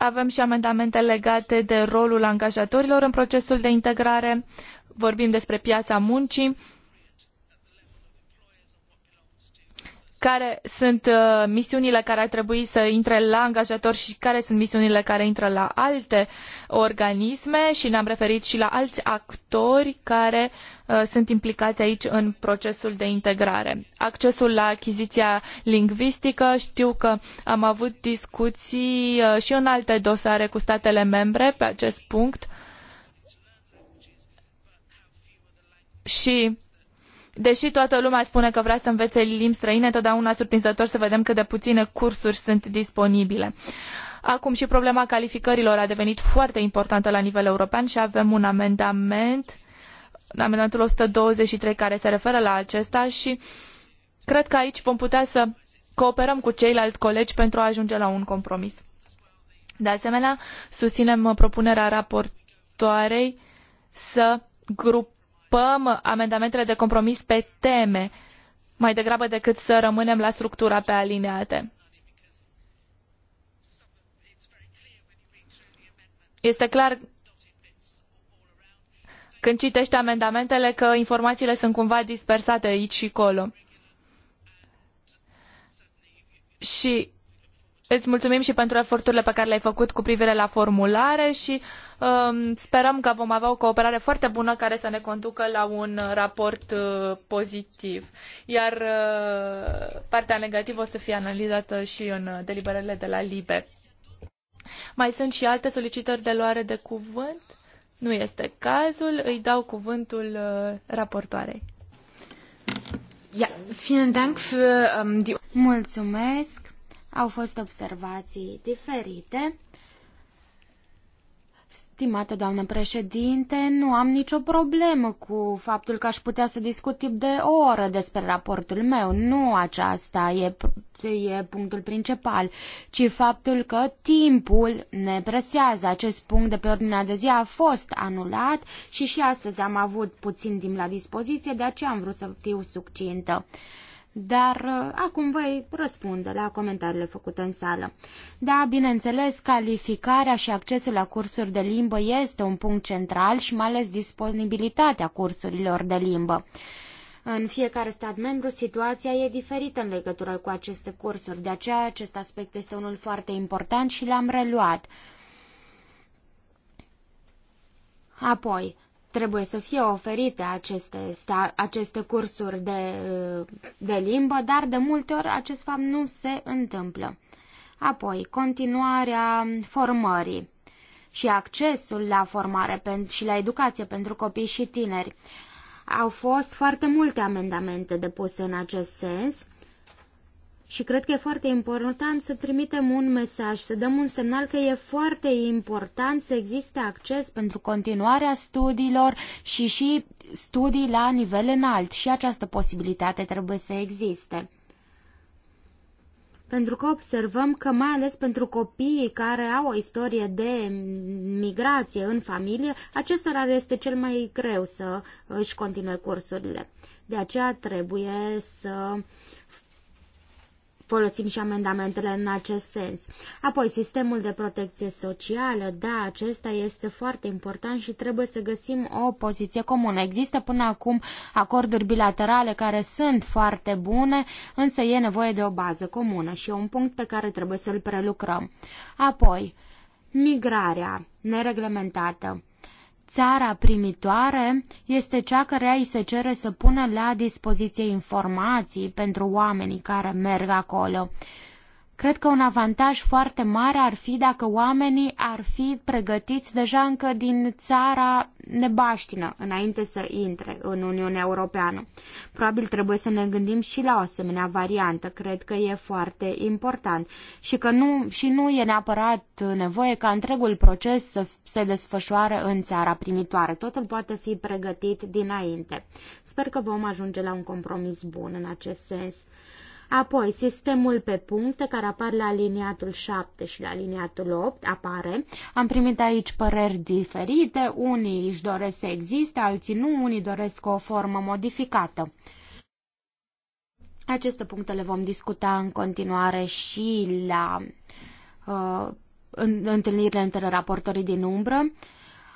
Speaker 1: avem și amendamente legate de rolul angajatorilor în procesul de integrare. Vorbim despre piața muncii care sunt uh, misiunile care ar trebui să intre la angajator și care sunt misiunile care intră la alte organisme și ne-am referit și la alți actori care uh, sunt implicați aici în procesul de integrare. Accesul la achiziția lingvistică, știu că am avut discuții uh, și în alte dosare cu statele membre pe acest punct. Și Deși toată lumea spune că vrea să învețe limbi străine, totdeauna surprinzător să vedem cât de puține cursuri sunt disponibile. Acum și problema calificărilor a devenit foarte importantă la nivel european și avem un amendament, amendamentul 123 care se referă la acesta și cred că aici vom putea să cooperăm cu ceilalți colegi pentru a ajunge la un compromis. De asemenea, susținem propunerea raportoarei să grupăm grupăm amendamentele de compromis pe teme, mai degrabă decât să rămânem la structura pe alineate. Este clar când citești amendamentele că informațiile sunt cumva dispersate aici și acolo. Și Îți mulțumim și pentru eforturile pe care le-ai făcut cu privire la formulare și um, sperăm că vom avea o cooperare foarte bună care să ne conducă la un raport uh, pozitiv. Iar uh, partea negativă o să fie analizată și în uh, deliberările de la LIBE. Mai sunt și alte solicitări de luare de cuvânt? Nu este cazul. Îi dau cuvântul uh,
Speaker 2: raportoarei. Ja, vielen Dank für, um, die... Mulțumesc au fost observații diferite. Stimată doamnă președinte, nu am nicio problemă cu faptul că aș putea să discut tip de o oră despre raportul meu. Nu aceasta e, e punctul principal, ci faptul că timpul ne presează. Acest punct de pe ordinea de zi a fost anulat și și astăzi am avut puțin timp la dispoziție, de aceea am vrut să fiu succintă. Uh, dar uh, acum voi răspunde la comentariile făcute în sală. Da, bineînțeles, calificarea și accesul la cursuri de limbă este un punct central și mai ales disponibilitatea cursurilor de limbă. În fiecare stat membru, situația e diferită în legătură cu aceste cursuri, de aceea acest aspect este unul foarte important și l-am reluat. Apoi, trebuie să fie oferite aceste, aceste cursuri de, de limbă, dar de multe ori acest fapt nu se întâmplă. Apoi, continuarea formării și accesul la formare și la educație pentru copii și tineri. Au fost foarte multe amendamente depuse în acest sens și cred că e foarte important să trimitem un mesaj, să dăm un semnal că e foarte important să existe acces pentru continuarea studiilor și și studii la nivel înalt și această posibilitate trebuie să existe pentru că observăm că mai ales pentru copiii care au o istorie de migrație în familie, acestora este cel mai greu să își continue cursurile. De aceea trebuie să folosim și amendamentele în acest sens. Apoi, sistemul de protecție socială, da, acesta este foarte important și trebuie să găsim o poziție comună. Există până acum acorduri bilaterale care sunt foarte bune, însă e nevoie de o bază comună și e un punct pe care trebuie să-l prelucrăm. Apoi, migrarea nereglementată țara primitoare este cea care îi se cere să pună la dispoziție informații pentru oamenii care merg acolo. Cred că un avantaj foarte mare ar fi dacă oamenii ar fi pregătiți deja încă din țara nebaștină, înainte să intre în Uniunea Europeană. Probabil trebuie să ne gândim și la o asemenea variantă. Cred că e foarte important și că nu, și nu e neapărat nevoie ca întregul proces să se desfășoare în țara primitoare. Totul poate fi pregătit dinainte. Sper că vom ajunge la un compromis bun în acest sens. Apoi, sistemul pe puncte care apar la aliniatul 7 și la aliniatul 8 apare. Am primit aici păreri diferite, unii își doresc să existe, alții nu, unii doresc o formă modificată. Aceste puncte le vom discuta în continuare și la uh, întâlnirile între raportorii din umbră. Uh,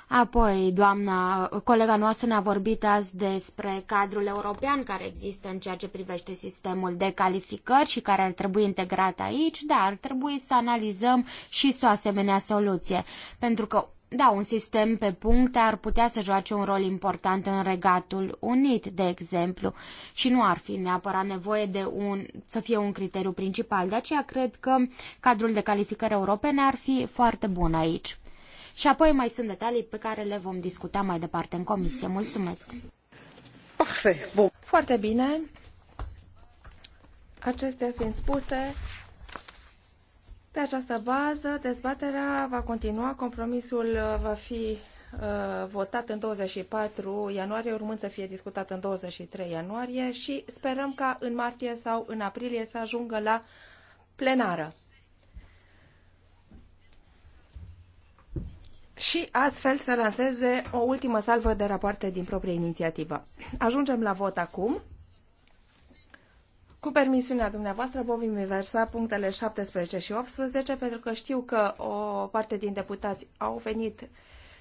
Speaker 2: Apoi, doamna, colega noastră ne-a vorbit azi despre cadrul european care există în ceea ce privește sistemul de calificări și care ar trebui integrat aici, dar ar trebui să analizăm și să o asemenea soluție, pentru că da, un sistem pe puncte ar putea să joace un rol important în Regatul Unit, de exemplu, și nu ar fi neapărat nevoie de un, să fie un criteriu principal. De aceea cred că cadrul de calificări europene ar fi foarte bun aici. Și apoi mai sunt detalii pe care le vom discuta mai departe în comisie. Mulțumesc! Foarte bine!
Speaker 3: Acestea fiind spuse, pe această bază, dezbaterea va continua, compromisul uh, va fi uh, votat în 24 ianuarie, urmând să fie discutat în 23 ianuarie și sperăm ca în martie sau în aprilie să ajungă la plenară. și astfel să lanseze o ultimă salvă de rapoarte din proprie inițiativă. Ajungem la vot acum. Cu permisiunea dumneavoastră, vom inversa punctele 17 și 18, pentru că știu că o parte din deputați au venit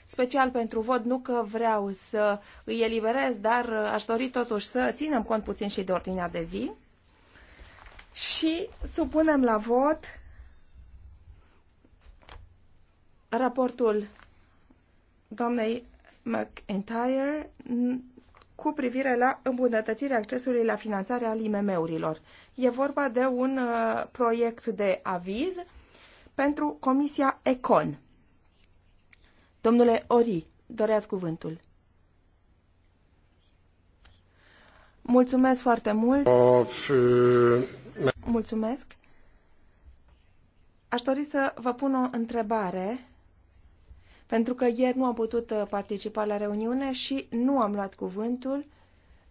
Speaker 3: special pentru vot, nu că vreau să îi eliberez, dar aș dori totuși să ținem cont puțin și de ordinea de zi. Și supunem la vot raportul doamnei McIntyre cu privire la îmbunătățirea accesului la finanțare al IMM-urilor. E vorba de un uh, proiect de aviz pentru Comisia ECON. Domnule Ori, doreați cuvântul. Mulțumesc foarte mult. Uh, Mulțumesc. Aș dori să vă pun o întrebare pentru că ieri nu am putut uh, participa la reuniune și nu am luat cuvântul,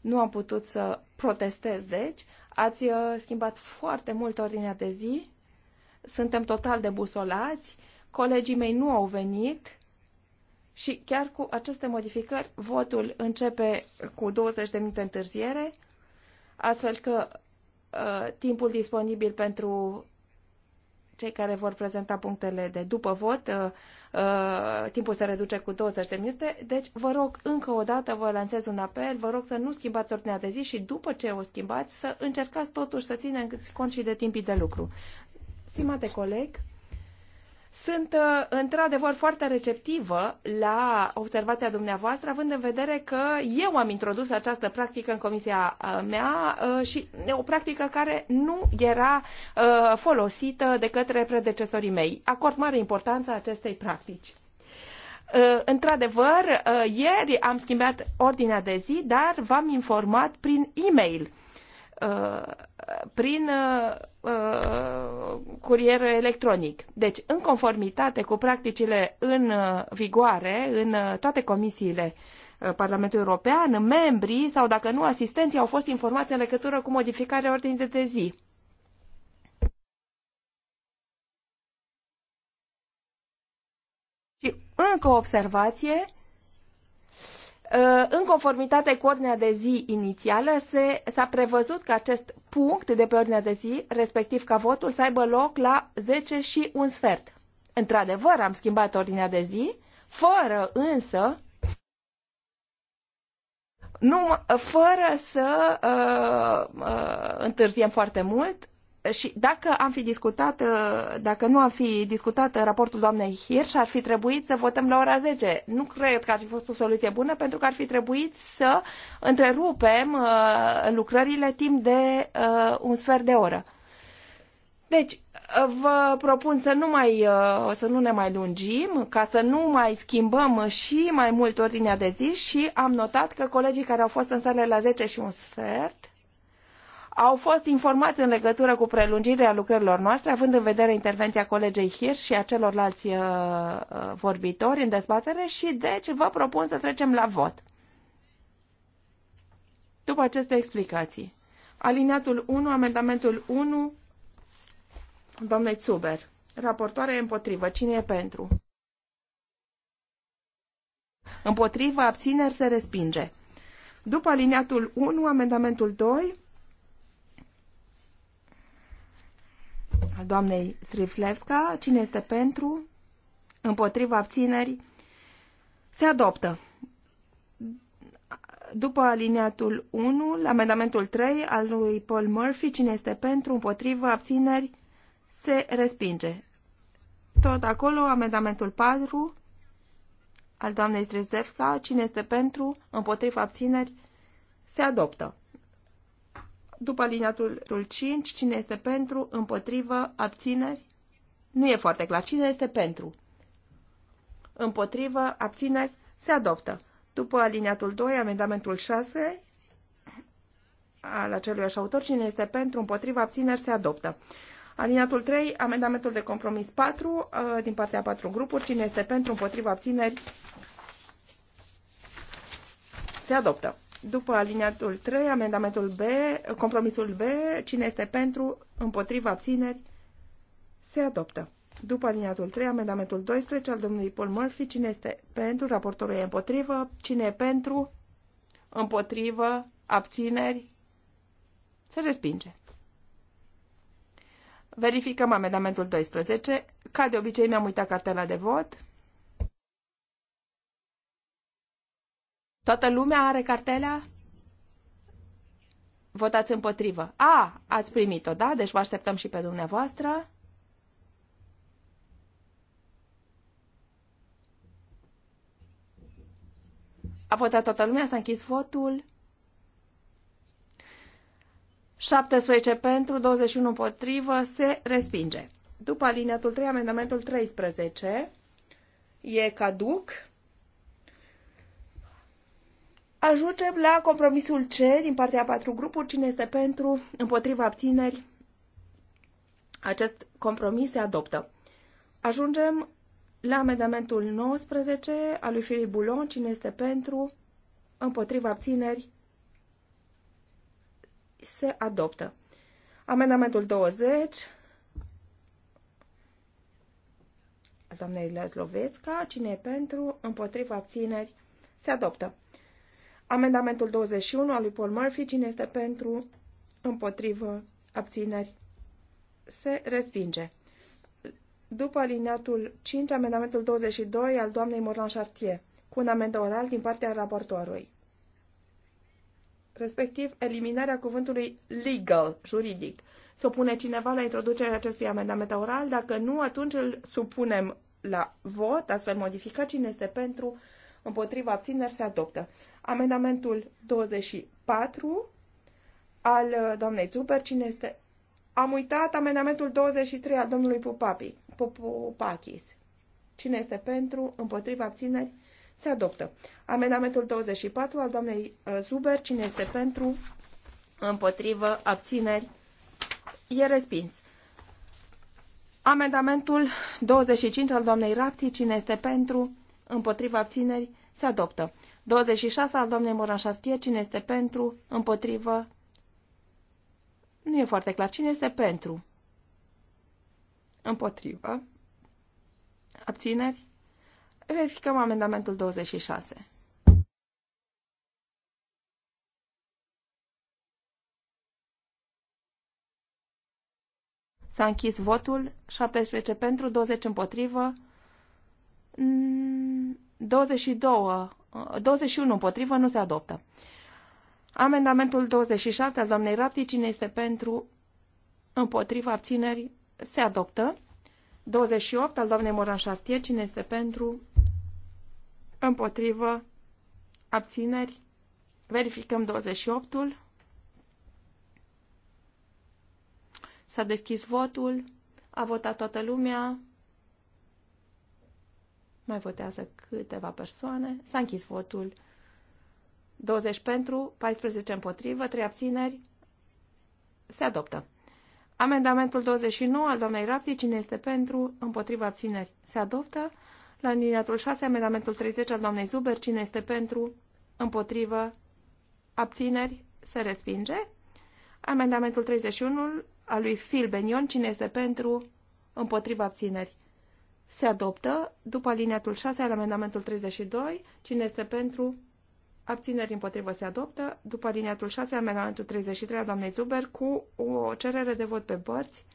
Speaker 3: nu am putut să protestez, deci ați uh, schimbat foarte mult ordinea de zi, suntem total debusolați, colegii mei nu au venit și chiar cu aceste modificări votul începe cu 20 de minute întârziere, astfel că uh, timpul disponibil pentru cei care vor prezenta punctele de după vot uh, Uh, timpul se reduce cu 20 de minute, deci vă rog încă o dată, vă lansez un apel, vă rog să nu schimbați ordinea de zi și după ce o schimbați să încercați totuși să țineți cont și de timpii de lucru. Stimate coleg, sunt uh, într-adevăr foarte receptivă la observația dumneavoastră, având în vedere că eu am introdus această practică în comisia uh, mea uh, și o practică care nu era folosită de către predecesorii mei. Acord mare importanță acestei practici. Într-adevăr, ieri am schimbat ordinea de zi, dar v-am informat prin e-mail Uh, prin uh, curier electronic. Deci, în conformitate cu practicile în uh, vigoare în toate comisiile parlamentului European, membrii sau, dacă nu, asistenții au fost informați în legătură cu modificarea ordinii de zi. Și încă o observație, în conformitate cu ordinea de zi inițială, s-a prevăzut că acest punct de pe ordinea de zi, respectiv ca votul, să aibă loc la 10 și un sfert. Într-adevăr, am schimbat ordinea de zi, fără însă nu, fără să uh, uh, întârziem foarte mult, și dacă am fi discutat, uh, dacă nu am fi discutat raportul doamnei Hirsch, ar fi trebuit să votăm la ora 10. Nu cred că ar fi fost o soluție bună, pentru că ar fi trebuit să întrerupem uh, lucrările timp de uh, un sfert de oră. Deci, vă propun să nu, mai, să nu ne mai lungim, ca să nu mai schimbăm și mai mult ordinea de zi și am notat că colegii care au fost în sală la 10 și un sfert au fost informați în legătură cu prelungirea lucrărilor noastre, având în vedere intervenția colegei Hir și a celorlalți uh, uh, vorbitori în dezbatere și deci vă propun să trecem la vot. După aceste explicații, alineatul 1, amendamentul 1, domnule Zuber, raportoare împotrivă, cine e pentru? Împotrivă, abțineri, se respinge. După alineatul 1, amendamentul 2, al doamnei Srivslevska, Cine este pentru? Împotriva abțineri? Se adoptă. După aliniatul 1, amendamentul 3 al lui Paul Murphy, cine este pentru, împotriva, abțineri, se respinge. Tot acolo, amendamentul 4 al doamnei Strezevca, cine este pentru, împotriva, abțineri, se adoptă după liniatul 5, cine este pentru, împotrivă, abțineri? Nu e foarte clar. Cine este pentru? Împotrivă, abțineri, se adoptă. După aliniatul 2, amendamentul 6 al aceluiași autor, cine este pentru, împotrivă, abțineri, se adoptă. Aliniatul 3, amendamentul de compromis 4, uh, din partea a 4 grupuri, cine este pentru, împotrivă, abțineri, se adoptă. După aliniatul 3, amendamentul B, compromisul B, cine este pentru, împotriva abțineri, se adoptă. După aliniatul 3, amendamentul 12 al domnului Paul Murphy, cine este pentru, raportorul e împotrivă, cine e pentru, împotrivă, abțineri, se respinge. Verificăm amendamentul 12. Ca de obicei mi-am uitat cartela de vot. Toată lumea are cartela? Votați împotrivă. A, ați primit-o, da? Deci vă așteptăm și pe dumneavoastră. A votat toată lumea, s-a închis votul. 17 pentru, 21 împotrivă, se respinge. După alineatul 3, amendamentul 13 e caduc. Ajungem la compromisul C din partea a patru grupuri. Cine este pentru, împotriva abțineri? Acest compromis se adoptă. Ajungem la amendamentul 19 al lui Filip Bulon. Cine este pentru, împotriva abțineri? Se adoptă. Amendamentul 20 al doamnei Lazlovețca. Cine e pentru, împotriva abțineri? Se adoptă. Amendamentul 21 al lui Paul Murphy, cine este pentru, împotrivă, abțineri, se respinge. După alineatul 5, amendamentul 22 al doamnei Morlan Chartier, cu un amendă oral din partea raportorului. Respectiv, eliminarea cuvântului legal, juridic. să opune cineva la introducerea acestui amendament oral? Dacă nu, atunci îl supunem la vot, astfel modificat. Cine este pentru? Împotriva abțineri se adoptă. Amendamentul 24 al uh, doamnei Zuber, cine este? Am uitat amendamentul 23 al domnului Pupapi, Pupakis. Cine este pentru? Împotriva abțineri? Se adoptă. Amendamentul 24 al doamnei uh, Zuber, cine este pentru? Împotrivă abțineri? E respins. Amendamentul 25 al doamnei Rapti, cine este pentru? Împotriva abțineri? Se adoptă. 26 al doamnei Moranșartie, Cine este pentru? Împotrivă? Nu e foarte clar. Cine este pentru? Împotrivă? Abțineri? Verificăm amendamentul 26. S-a închis votul, 17 pentru, 20 împotrivă, 22 mm, 21 împotrivă nu se adoptă. Amendamentul 27 al doamnei Rapti, cine este pentru, împotriva, abținerii se adoptă. 28 al doamnei Moran Chartier, cine este pentru, împotrivă, abțineri, verificăm 28-ul. S-a deschis votul, a votat toată lumea, mai votează câteva persoane. S-a închis votul. 20 pentru, 14 împotrivă, 3 abțineri. Se adoptă. Amendamentul 29 al doamnei Rapti, cine este pentru, împotriva abțineri, se adoptă. La liniatul 6, amendamentul 30 al doamnei Zuber, cine este pentru, împotrivă, abțineri, se respinge. Amendamentul 31 al lui Phil Benion, cine este pentru, împotriva abțineri, se adoptă după alineatul 6 al amendamentul 32. Cine este pentru? Abțineri împotrivă se adoptă după alineatul 6 al amendamentul 33 al doamnei Zuber cu o cerere de vot pe părți.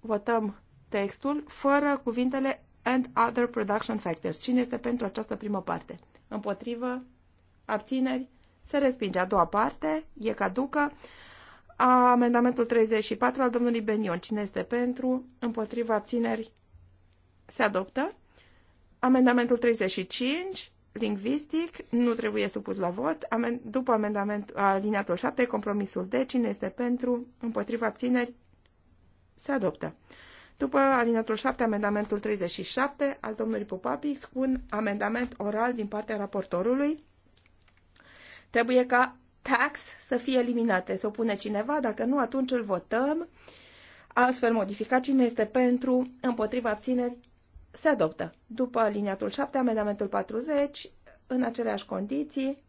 Speaker 3: Votăm textul fără cuvintele and other production factors. Cine este pentru această primă parte? Împotrivă? Abțineri? Se respinge a doua parte, e caducă. Amendamentul 34 al domnului Benion. Cine este pentru? Împotriva abțineri? Se adoptă. Amendamentul 35, lingvistic, nu trebuie supus la vot. Amen, după amendament, aliniatul 7, compromisul D, cine este pentru? Împotriva abțineri? Se adoptă. După aliniatul 7, amendamentul 37 al domnului Popapix, cu un amendament oral din partea raportorului, trebuie ca tax să fie eliminate. să o pune cineva? Dacă nu, atunci îl votăm. Astfel modificat, cine este pentru, împotriva abțineri, se adoptă. După aliniatul 7, amendamentul 40, în aceleași condiții,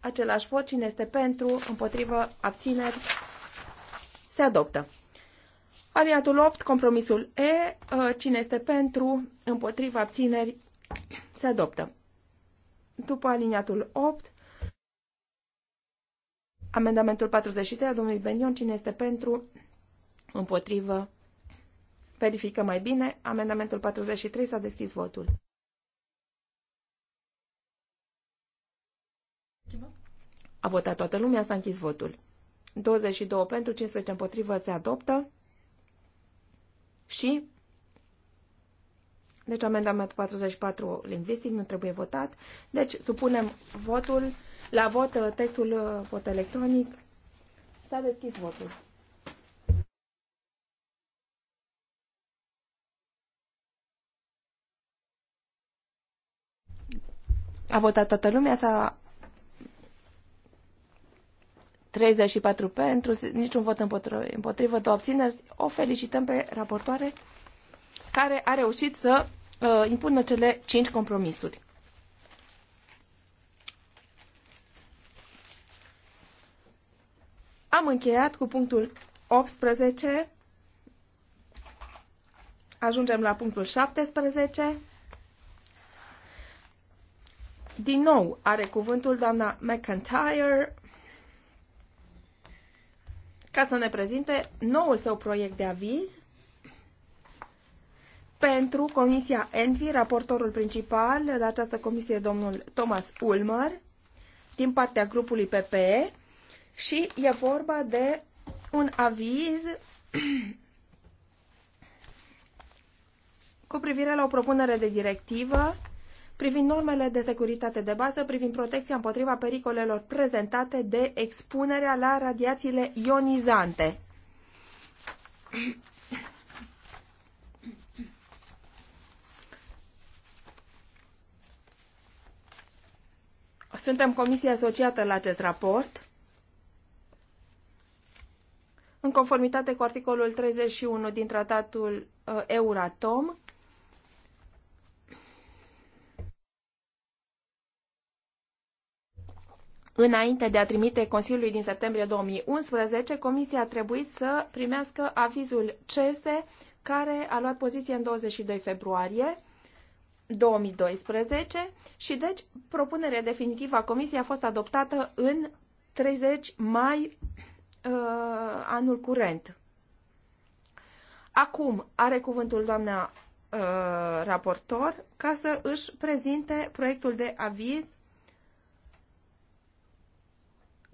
Speaker 3: același vot, cine este pentru, împotriva abțineri, se adoptă. Aliniatul 8, compromisul E, ă, cine este pentru, împotriva abțineri, se adoptă. După aliniatul 8, Amendamentul 43 al domnului Benion, cine este pentru, împotrivă, verifică mai bine. Amendamentul 43 s-a deschis votul. A votat toată lumea, s-a închis votul. 22 pentru, 15 împotrivă, se adoptă. Și deci amendamentul 44 lingvistic nu trebuie votat. Deci supunem votul la vot uh, textul uh, vot electronic. S-a deschis votul. A votat toată lumea, s-a 34 pentru, niciun vot împotrivă, două abțineri. O felicităm pe raportoare care a reușit să uh, impună cele cinci compromisuri. Am încheiat cu punctul 18. Ajungem la punctul 17. Din nou are cuvântul doamna McIntyre ca să ne prezinte noul său proiect de aviz pentru Comisia Envi, raportorul principal la această comisie, domnul Thomas Ulmer, din partea grupului PPE și e vorba de un aviz cu privire la o propunere de directivă privind normele de securitate de bază, privind protecția împotriva pericolelor prezentate de expunerea la radiațiile ionizante. Suntem comisie asociată la acest raport în conformitate cu articolul 31 din tratatul uh, Euratom, Înainte de a trimite Consiliului din septembrie 2011, Comisia a trebuit să primească avizul CESE, care a luat poziție în 22 februarie 2012 și deci propunerea definitivă a Comisiei a fost adoptată în 30 mai uh, anul curent. Acum are cuvântul doamna uh, raportor ca să își prezinte proiectul de aviz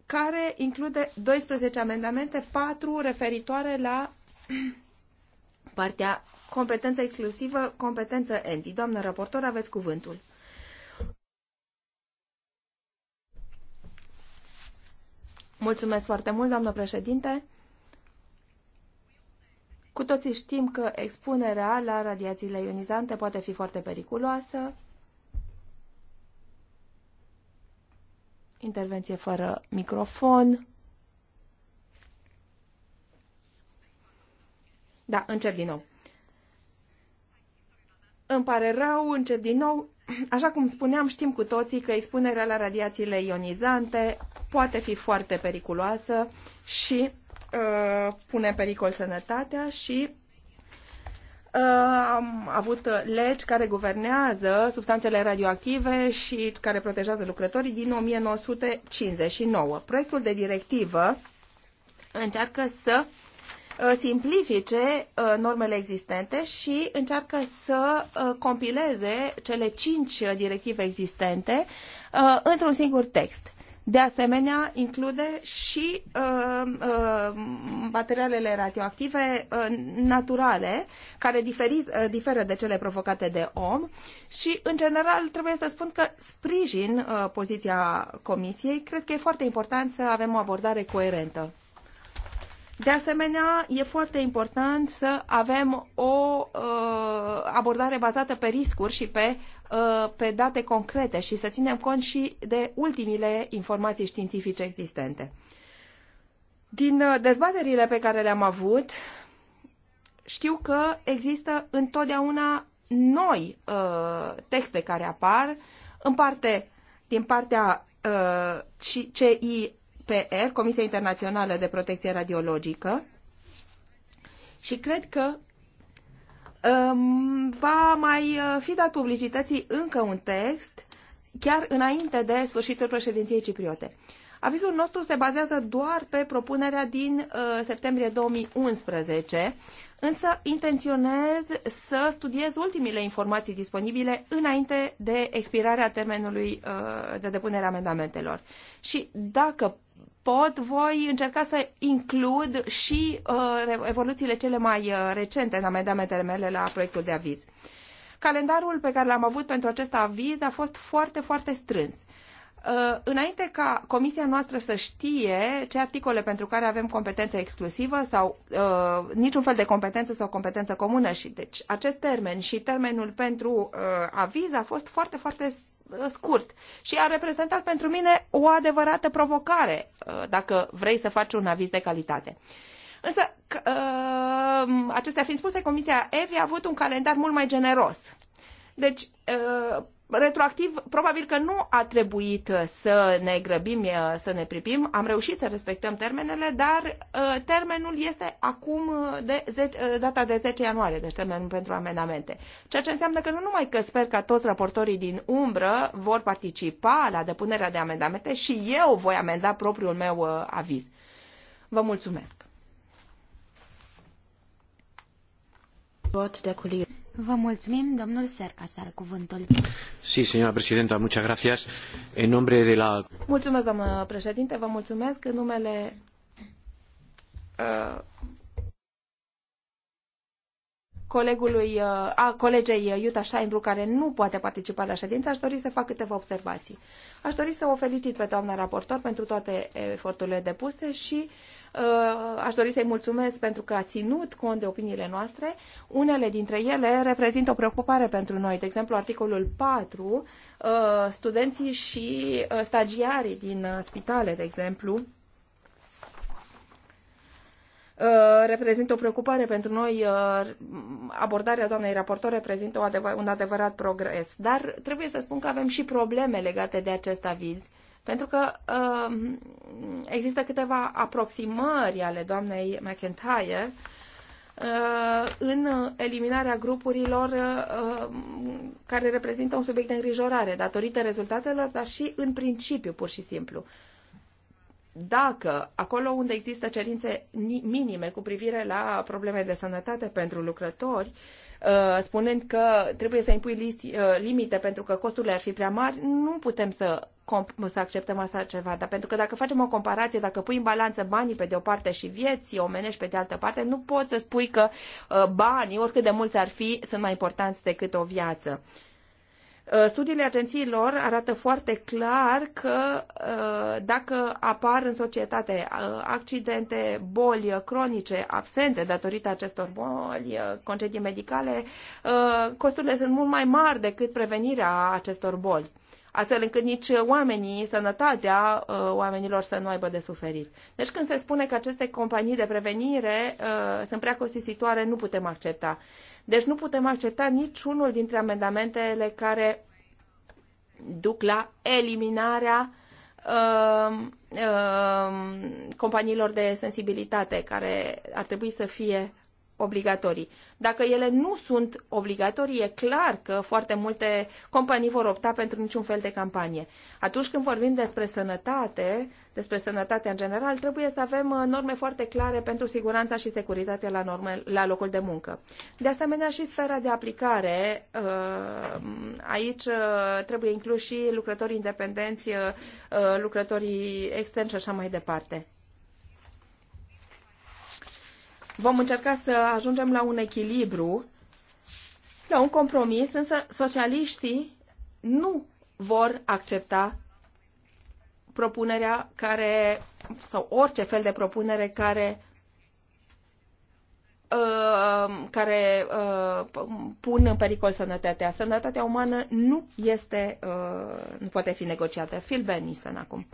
Speaker 3: care include 12 amendamente, 4 referitoare la partea competență exclusivă, competență enti. Doamna raportor, aveți cuvântul. Mulțumesc foarte mult, doamnă președinte. Cu toții știm că expunerea la radiațiile ionizante poate fi foarte periculoasă. Intervenție fără microfon. Da, încep din nou. Îmi pare rău, încep din nou. Așa cum spuneam, știm cu toții că expunerea la radiațiile ionizante poate fi foarte periculoasă și uh, pune în pericol sănătatea și uh, am avut legi care guvernează substanțele radioactive și care protejează lucrătorii din 1959. Proiectul de directivă încearcă să uh, Uh, simplifice uh, normele existente și încearcă să uh, compileze cele cinci directive existente într-un singur text. De asemenea, include și uh, uh, materialele radioactive uh, naturale, care diferi, uh, diferă de cele provocate de om și, în general, trebuie să spun că sprijin uh, poziția Comisiei. Cred că e foarte important să avem o abordare coerentă. De asemenea, e foarte important să avem o uh, abordare bazată pe riscuri și pe, uh, pe date concrete și să ținem cont și de ultimile informații științifice existente. Din uh, dezbaterile pe care le-am avut, știu că există întotdeauna noi uh, texte care apar, în parte din partea uh, CISPR, Comisia Internațională de Protecție Radiologică, și cred că um, va mai uh, fi dat publicității încă un text chiar înainte de sfârșitul președinției cipriote. Avizul nostru se bazează doar pe propunerea din uh, septembrie 2011, însă intenționez să studiez ultimile informații disponibile înainte de expirarea termenului uh, de depunere a amendamentelor. Și dacă pot, voi încerca să includ și uh, evoluțiile cele mai uh, recente în amendamentele mele la proiectul de aviz. Calendarul pe care l-am avut pentru acest aviz a fost foarte, foarte strâns. Uh, înainte ca comisia noastră să știe ce articole pentru care avem competență exclusivă sau uh, niciun fel de competență sau competență comună și deci acest termen și termenul pentru uh, aviz a fost foarte, foarte Uh, scurt și a reprezentat pentru mine o adevărată provocare uh, dacă vrei să faci un aviz de calitate. Însă, uh, acestea fiind spuse, Comisia EVI a avut un calendar mult mai generos. Deci, retroactiv, probabil că nu a trebuit uh, să ne grăbim, uh, să ne pripim. Am reușit să respectăm termenele, dar uh, termenul este acum de 10, data de 10 ianuarie, deci termenul pentru amendamente. Ceea ce înseamnă că nu numai că sper că toți raportorii din umbră vor participa la depunerea de amendamente și eu voi amenda propriul meu aviz. Vă
Speaker 2: mulțumesc. Vă mulțumim, domnul Sercas are cuvântul. Sí, señora presidenta, muchas gracias. En nombre de la...
Speaker 3: Mulțumesc, doamnă președinte, vă mulțumesc în numele... Uh, colegului, uh, a colegei Iuta Șaindru, care nu poate participa la ședință, aș dori să fac câteva observații. Aș dori să o felicit pe doamna raportor pentru toate eforturile depuse și uh, Uh, aș dori să-i mulțumesc pentru că a ținut cont de opiniile noastre. Unele dintre ele reprezintă o preocupare pentru noi. De exemplu, articolul 4, uh, studenții și uh, stagiarii din spitale, de exemplu, reprezintă o preocupare pentru noi. Abordarea doamnei raportor reprezintă un adevărat progres. Dar trebuie să spun că avem și probleme legate de acest aviz. Pentru că uh, există câteva aproximări ale doamnei McIntyre uh, în eliminarea grupurilor uh, care reprezintă un subiect de îngrijorare datorită rezultatelor, dar și în principiu, pur și simplu. Dacă acolo unde există cerințe minime cu privire la probleme de sănătate pentru lucrători, uh, spunând că trebuie să impui limite pentru că costurile ar fi prea mari, nu putem să să acceptăm așa ceva. Dar pentru că dacă facem o comparație, dacă pui în balanță banii pe de o parte și vieții omenești pe de altă parte, nu poți să spui că uh, banii, oricât de mulți ar fi, sunt mai importanți decât o viață. Uh, studiile agențiilor arată foarte clar că uh, dacă apar în societate accidente, boli cronice, absențe datorită acestor boli, concedii medicale, costurile sunt mult mai mari decât prevenirea acestor boli astfel încât nici oamenii, sănătatea uh, oamenilor să nu aibă de suferit. Deci când se spune că aceste companii de prevenire uh, sunt prea costisitoare, nu putem accepta. Deci nu putem accepta niciunul dintre amendamentele care duc la eliminarea uh, uh, companiilor de sensibilitate care ar trebui să fie obligatorii. Dacă ele nu sunt obligatorii, e clar că foarte multe companii vor opta pentru niciun fel de campanie. Atunci când vorbim despre sănătate, despre sănătatea în general, trebuie să avem uh, norme foarte clare pentru siguranța și securitatea la, norme, la locul de muncă. De asemenea, și sfera de aplicare. Uh, aici uh, trebuie inclus și lucrătorii independenți, lucrătorii externi și așa mai departe. Vom încerca să ajungem la un echilibru, la un compromis, însă socialiștii nu vor accepta propunerea care, sau orice fel de propunere care uh, care uh, pun în pericol sănătatea. Sănătatea umană nu este, uh, nu poate fi negociată.
Speaker 2: Phil Benison acum.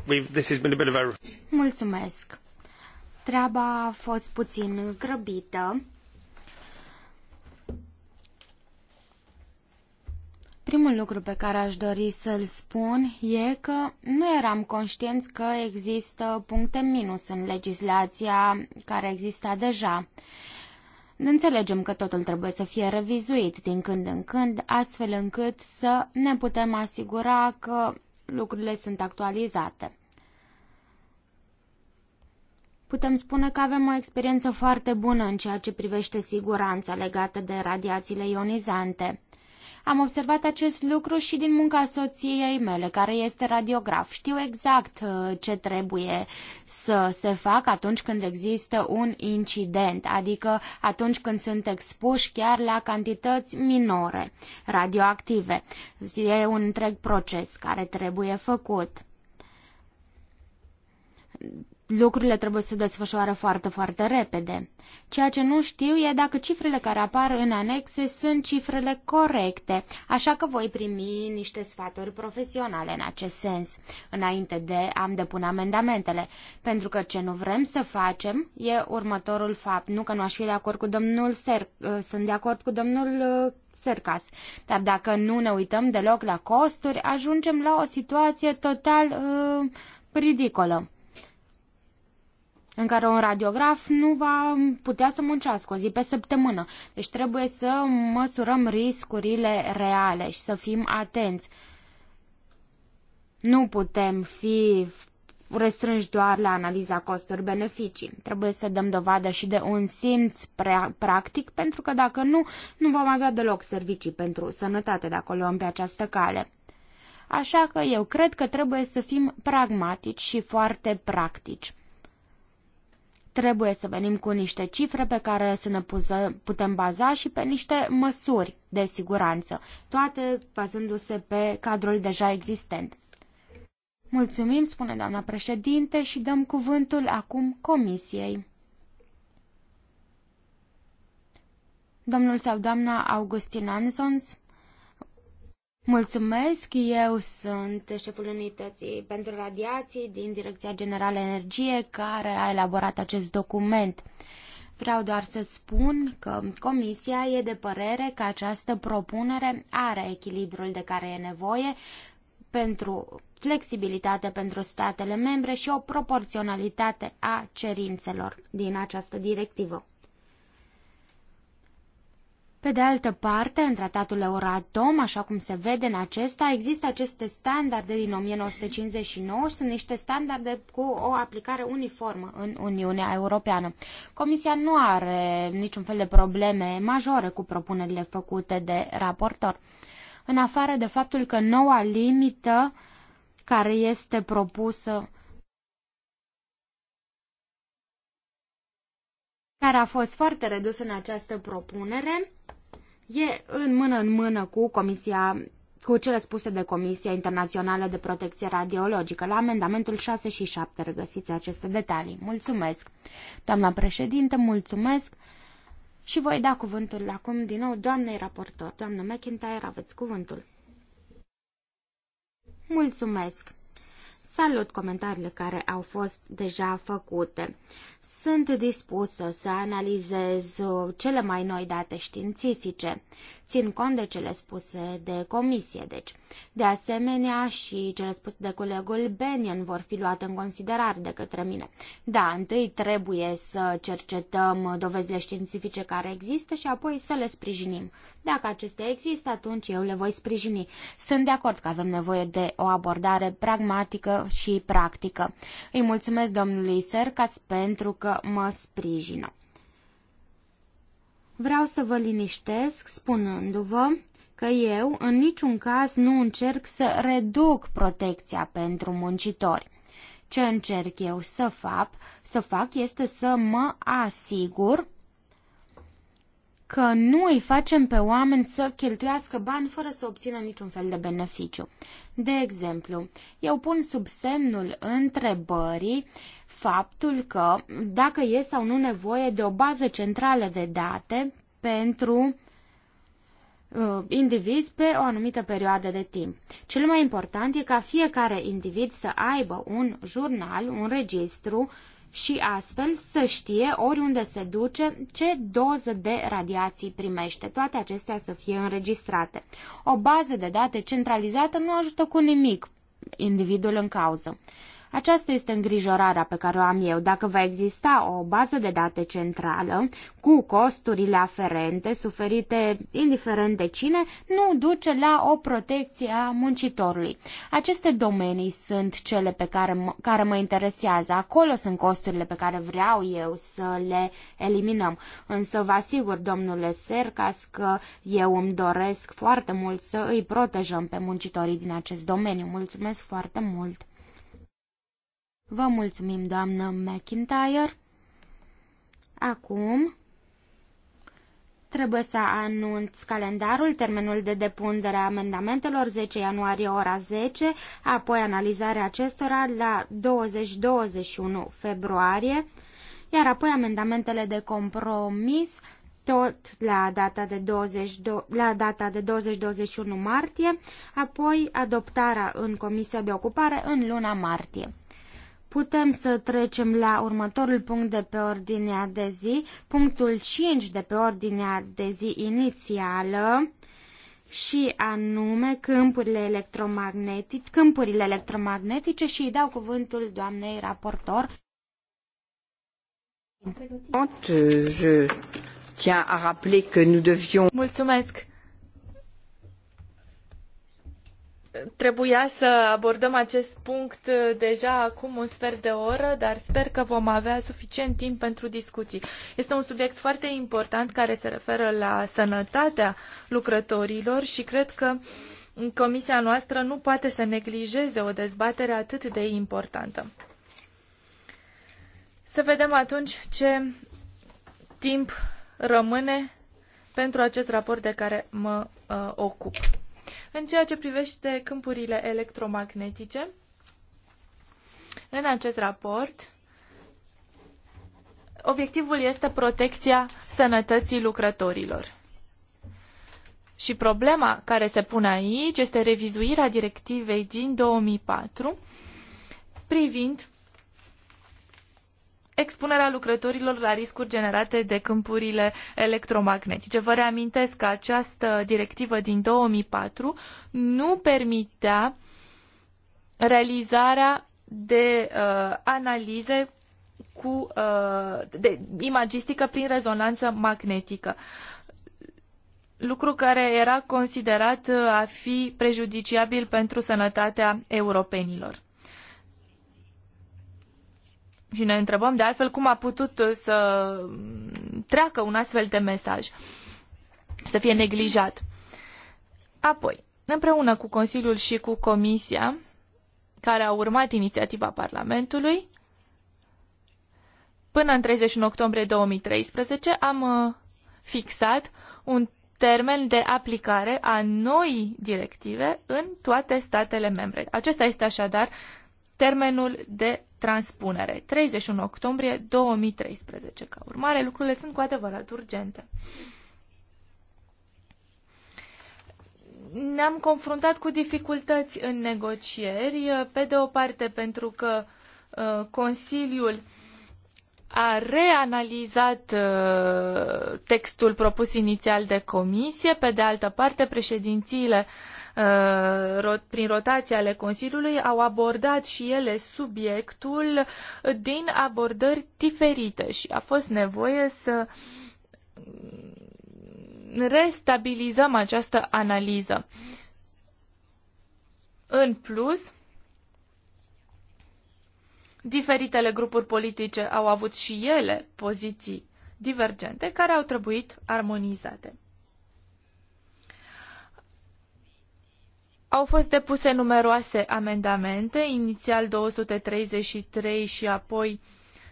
Speaker 2: Mulțumesc. Treaba a fost puțin grăbită. Primul lucru pe care aș dori să-l spun e că nu eram conștienți că există puncte minus în legislația care exista deja. Înțelegem că totul trebuie să fie revizuit din când în când, astfel încât să ne putem asigura că lucrurile sunt actualizate putem spune că avem o experiență foarte bună în ceea ce privește siguranța legată de radiațiile ionizante. Am observat acest lucru și din munca soției mele, care este radiograf. Știu exact uh, ce trebuie să se facă atunci când există un incident, adică atunci când sunt expuși chiar la cantități minore radioactive. E un întreg proces care trebuie făcut lucrurile trebuie să se desfășoare foarte, foarte repede. Ceea ce nu știu e dacă cifrele care apar în anexe sunt cifrele corecte, așa că voi primi niște sfaturi profesionale în acest sens, înainte de a am depune amendamentele, pentru că ce nu vrem să facem e următorul fapt. Nu că nu aș fi de acord cu domnul Ser, uh, sunt de acord cu domnul uh, Sercas, dar dacă nu ne uităm deloc la costuri, ajungem la o situație total uh, ridicolă în care un radiograf nu va putea să muncească o zi pe săptămână. Deci trebuie să măsurăm riscurile reale și să fim atenți. Nu putem fi restrânși doar la analiza costuri-beneficii. Trebuie să dăm dovadă și de un simț practic, pentru că dacă nu, nu vom avea deloc servicii pentru sănătate dacă o luăm pe această cale. Așa că eu cred că trebuie să fim pragmatici și foarte practici. Trebuie să venim cu niște cifre pe care să ne putem baza și pe niște măsuri de siguranță, toate bazându-se pe cadrul deja existent. Mulțumim, spune doamna președinte, și dăm cuvântul acum comisiei. Domnul sau doamna Augustin Ansons. Mulțumesc, eu sunt șeful unității pentru radiații din Direcția Generală Energie care a elaborat acest document. Vreau doar să spun că Comisia e de părere că această propunere are echilibrul de care e nevoie pentru flexibilitate pentru statele membre și o proporționalitate a cerințelor din această directivă. Pe de altă parte, în tratatul Euratom, așa cum se vede în acesta, există aceste standarde din 1959, sunt niște standarde cu o aplicare uniformă în Uniunea Europeană. Comisia nu are niciun fel de probleme majore cu propunerile făcute de raportor. În afară de faptul că noua limită care este propusă care a fost foarte redus în această propunere, e în mână în mână cu Comisia cu cele spuse de Comisia Internațională de Protecție Radiologică. La amendamentul 6 și 7 regăsiți aceste detalii. Mulțumesc! Doamna președinte, mulțumesc! Și voi da cuvântul acum din nou doamnei raportor. Doamna McIntyre, aveți cuvântul. Mulțumesc! Salut comentariile care au fost deja făcute. Sunt dispusă să analizez uh, cele mai noi date științifice țin cont de cele spuse de comisie, deci. De asemenea, și cele spuse de colegul Benian vor fi luate în considerare de către mine. Da, întâi trebuie să cercetăm dovezile științifice care există și apoi să le sprijinim. Dacă acestea există, atunci eu le voi sprijini. Sunt de acord că avem nevoie de o abordare pragmatică și practică. Îi mulțumesc domnului Sercas pentru că mă sprijină. Vreau să vă liniștesc spunându-vă că eu în niciun caz nu încerc să reduc protecția pentru muncitori. Ce încerc eu să fac, să fac este să mă asigur că nu îi facem pe oameni să cheltuiască bani fără să obțină niciun fel de beneficiu. De exemplu, eu pun sub semnul întrebării faptul că dacă e sau nu nevoie de o bază centrală de date pentru uh, indivizi pe o anumită perioadă de timp. Cel mai important e ca fiecare individ să aibă un jurnal, un registru și astfel să știe oriunde se duce ce doză de radiații primește. Toate acestea să fie înregistrate. O bază de date centralizată nu ajută cu nimic individul în cauză. Aceasta este îngrijorarea pe care o am eu. Dacă va exista o bază de date centrală cu costurile aferente suferite indiferent de cine, nu duce la o protecție a muncitorului. Aceste domenii sunt cele pe care, care mă interesează. Acolo sunt costurile pe care vreau eu să le eliminăm. Însă vă asigur, domnule Sercas, că eu îmi doresc foarte mult să îi protejăm pe muncitorii din acest domeniu. Mulțumesc foarte mult! Vă mulțumim, doamnă McIntyre. Acum trebuie să anunț calendarul, termenul de depunere a amendamentelor 10 ianuarie ora 10, apoi analizarea acestora la 20-21 februarie, iar apoi amendamentele de compromis tot la data de 20, la data de 20-21 martie, apoi adoptarea în Comisia de Ocupare în luna martie. Putem să trecem la următorul punct de pe ordinea de zi, punctul 5 de pe ordinea de zi inițială și anume câmpurile electromagnetice, câmpurile electromagnetice și îi dau cuvântul doamnei raportor.
Speaker 3: Je tiens à rappeler que nous devions... Mulțumesc.
Speaker 1: trebuia să abordăm acest punct uh, deja acum un sfert de oră, dar sper că vom avea suficient timp pentru discuții. Este un subiect foarte important care se referă la sănătatea lucrătorilor și cred că comisia noastră nu poate să neglijeze o dezbatere atât de importantă. Să vedem atunci ce timp rămâne pentru acest raport de care mă uh, ocup. În ceea ce privește câmpurile electromagnetice, în acest raport, obiectivul este protecția sănătății lucrătorilor. Și problema care se pune aici este revizuirea directivei din 2004 privind expunerea lucrătorilor la riscuri generate de câmpurile electromagnetice. Vă reamintesc că această directivă din 2004 nu permitea realizarea de uh, analize cu uh, de imagistică prin rezonanță magnetică. Lucru care era considerat uh, a fi prejudiciabil pentru sănătatea europenilor. Și ne întrebăm de altfel cum a putut uh, să treacă un astfel de mesaj, să fie neglijat. Apoi, împreună cu Consiliul și cu Comisia, care a urmat inițiativa Parlamentului, până în 31 octombrie 2013 am uh, fixat un termen de aplicare a noii directive în toate statele membre. Acesta este așadar termenul de transpunere, 31 octombrie 2013. Ca urmare, lucrurile sunt cu adevărat urgente. Ne-am confruntat cu dificultăți în negocieri, pe de o parte pentru că uh, Consiliul a reanalizat uh, textul propus inițial de comisie, pe de altă parte președințiile uh, Uh, prin rotații ale Consiliului, au abordat și ele subiectul din abordări diferite și a fost nevoie să restabilizăm această analiză. În plus, diferitele grupuri politice au avut și ele poziții divergente care au trebuit armonizate. Au fost depuse numeroase amendamente, inițial 233 și apoi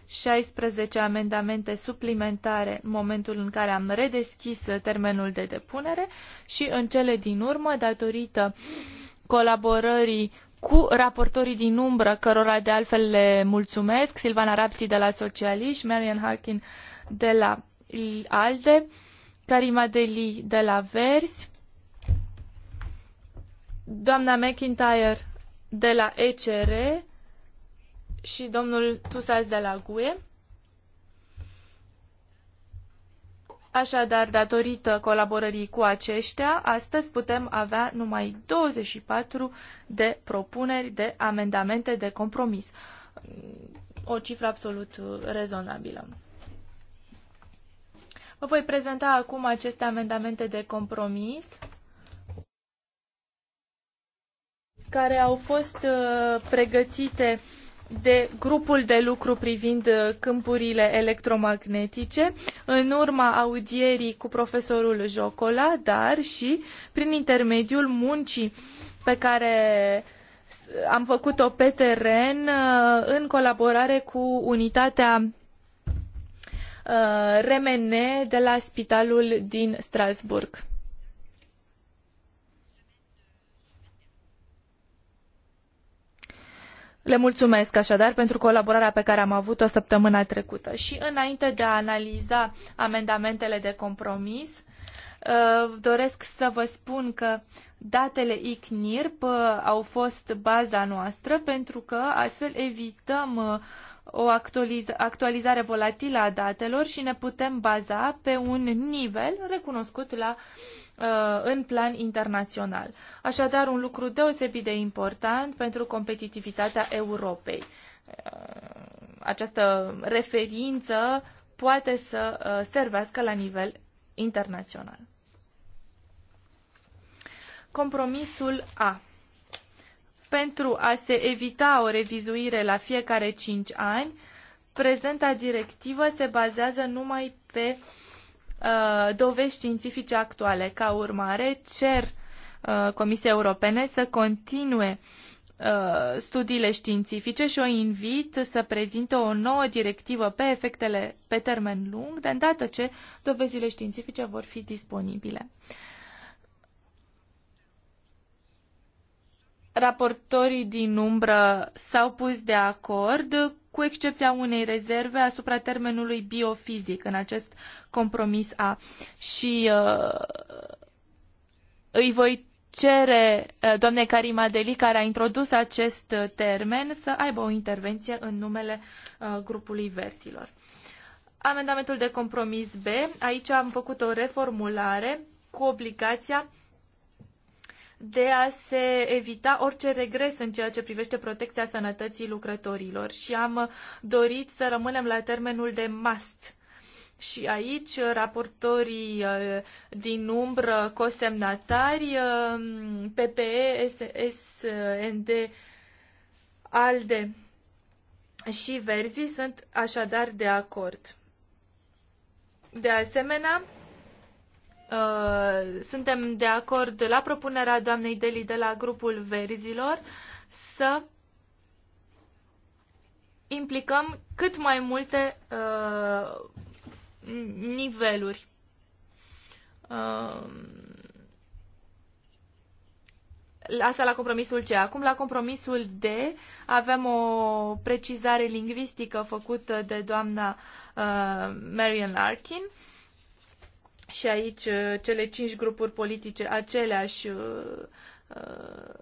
Speaker 1: 16 amendamente suplimentare în momentul în care am redeschis termenul de depunere și în cele din urmă, datorită colaborării cu raportorii din umbră, cărora de altfel le mulțumesc, Silvana Rapti de la Socialiști, Marian Harkin de la ALDE, Karima Deli de la Verzi, doamna McIntyre de la ECR și domnul Tusas de la GUE. Așadar, datorită colaborării cu aceștia, astăzi putem avea numai 24 de propuneri de amendamente de compromis. O cifră absolut rezonabilă. Vă voi prezenta acum aceste amendamente de compromis care au fost uh, pregătite de grupul de lucru privind uh, câmpurile electromagnetice în urma audierii cu profesorul Jocola, dar și prin intermediul muncii pe care uh, am făcut-o pe teren în colaborare cu unitatea RMN de la Spitalul din Strasbourg. Le mulțumesc așadar pentru colaborarea pe care am avut-o săptămâna trecută. Și înainte de a analiza amendamentele de compromis, uh, doresc să vă spun că datele ICNIRP uh, au fost baza noastră pentru că astfel evităm uh, o actualizare volatilă a datelor și ne putem baza pe un nivel recunoscut la Uh, în plan internațional. Așadar, un lucru deosebit de important pentru competitivitatea Europei. Uh, această referință poate să uh, servească la nivel internațional. Compromisul A. Pentru a se evita o revizuire la fiecare cinci ani, prezenta directivă se bazează numai pe uh, Uh, Dovezi științifice actuale. Ca urmare, cer Comisia uh, Comisiei Europene să continue uh, studiile științifice și o invit să prezinte o nouă directivă pe efectele pe termen lung, de îndată ce dovezile științifice vor fi disponibile. raportorii din umbră s-au pus de acord, cu excepția unei rezerve asupra termenului biofizic în acest compromis A. Și uh, îi voi cere uh, doamnei Karima Deli, care a introdus acest termen, să aibă o intervenție în numele uh, grupului verților. Amendamentul de compromis B, aici am făcut o reformulare cu obligația de a se evita orice regres în ceea ce privește protecția sănătății lucrătorilor și am dorit să rămânem la termenul de must. Și aici raportorii uh, din umbră cosemnatari uh, PPE, SND, ALDE și Verzi sunt așadar de acord. De asemenea, Uh, suntem de acord la propunerea doamnei Deli de la grupul Verzilor să implicăm cât mai multe uh, niveluri. Uh, asta la compromisul C. Acum la compromisul D avem o precizare lingvistică făcută de doamna uh, Marian Larkin. Uh, și aici uh, cele cinci grupuri politice aceleași uh, uh,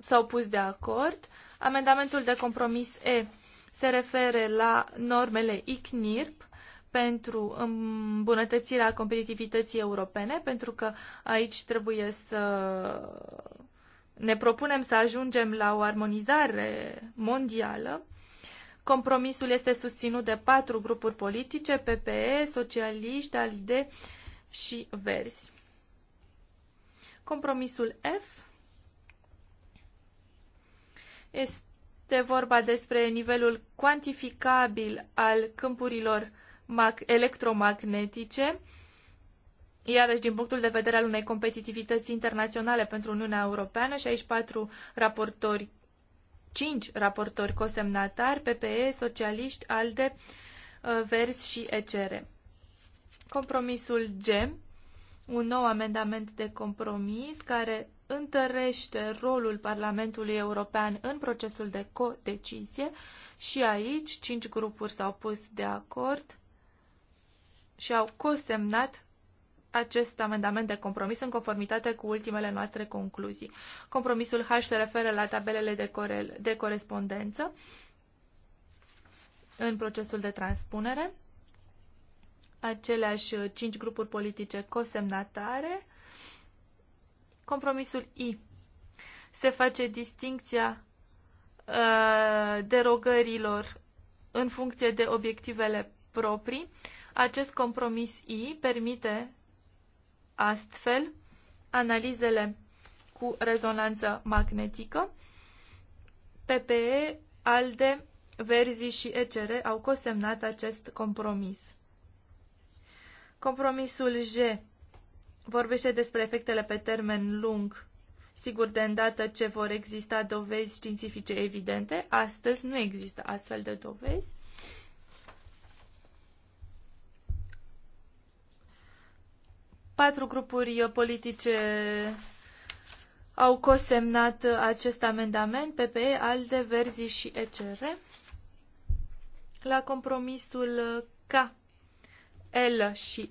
Speaker 1: s-au pus de acord. Amendamentul de compromis E se refere la normele ICNIRP pentru îmbunătățirea competitivității europene, pentru că aici trebuie să ne propunem să ajungem la o armonizare mondială Compromisul este susținut de patru grupuri politice, PPE, Socialiști, ALDE și Verzi. Compromisul F este vorba despre nivelul cuantificabil al câmpurilor electromagnetice, iarăși din punctul de vedere al unei competitivități internaționale pentru Uniunea Europeană și aici patru raportori cinci raportori cosemnatari, PPE, Socialiști, ALDE, uh, Vers și ECR. Compromisul G, un nou amendament de compromis care întărește rolul Parlamentului European în procesul de codecizie și aici cinci grupuri s-au pus de acord și au cosemnat acest amendament de compromis în conformitate cu ultimele noastre concluzii. Compromisul H se referă la tabelele de, corel, de corespondență în procesul de transpunere. Aceleași cinci grupuri politice cosemnatare. Compromisul I se face distincția uh, derogărilor în funcție de obiectivele proprii. Acest compromis I permite astfel analizele cu rezonanță magnetică. PPE, ALDE, Verzi și ECR au cosemnat acest compromis. Compromisul G vorbește despre efectele pe termen lung. Sigur, de îndată ce vor exista dovezi științifice evidente, astăzi nu există astfel de dovezi. Patru grupuri politice au cosemnat acest amendament, PPE, ALDE, Verzi și ECR. La compromisul K, L și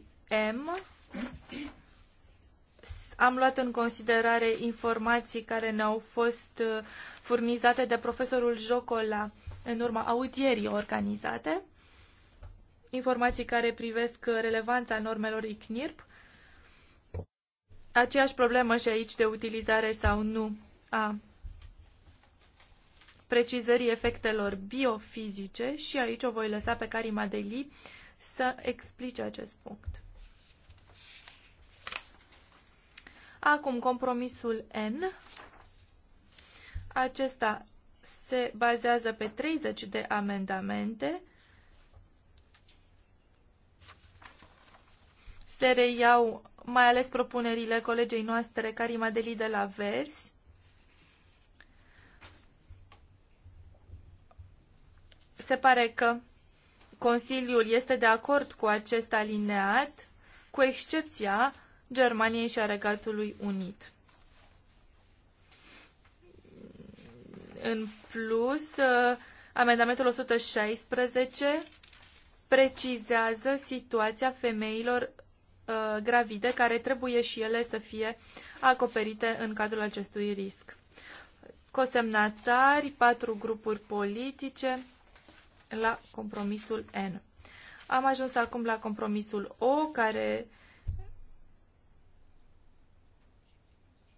Speaker 1: M am luat în considerare informații care ne-au fost furnizate de profesorul Jocola în urma audierii organizate, informații care privesc relevanța normelor ICNIRP aceeași problemă și aici de utilizare sau nu a precizării efectelor biofizice și aici o voi lăsa pe Karima Deli să explice acest punct. Acum, compromisul N. Acesta se bazează pe 30 de amendamente. Se reiau mai ales propunerile colegei noastre Karima Deli de la Vezi. Se pare că Consiliul este de acord cu acest alineat, cu excepția Germaniei și a Regatului Unit. În plus, amendamentul 116 precizează situația femeilor Uh, gravide, care trebuie și ele să fie acoperite în cadrul acestui risc. Cosemnatari, patru grupuri politice la compromisul N. Am ajuns acum la compromisul O, care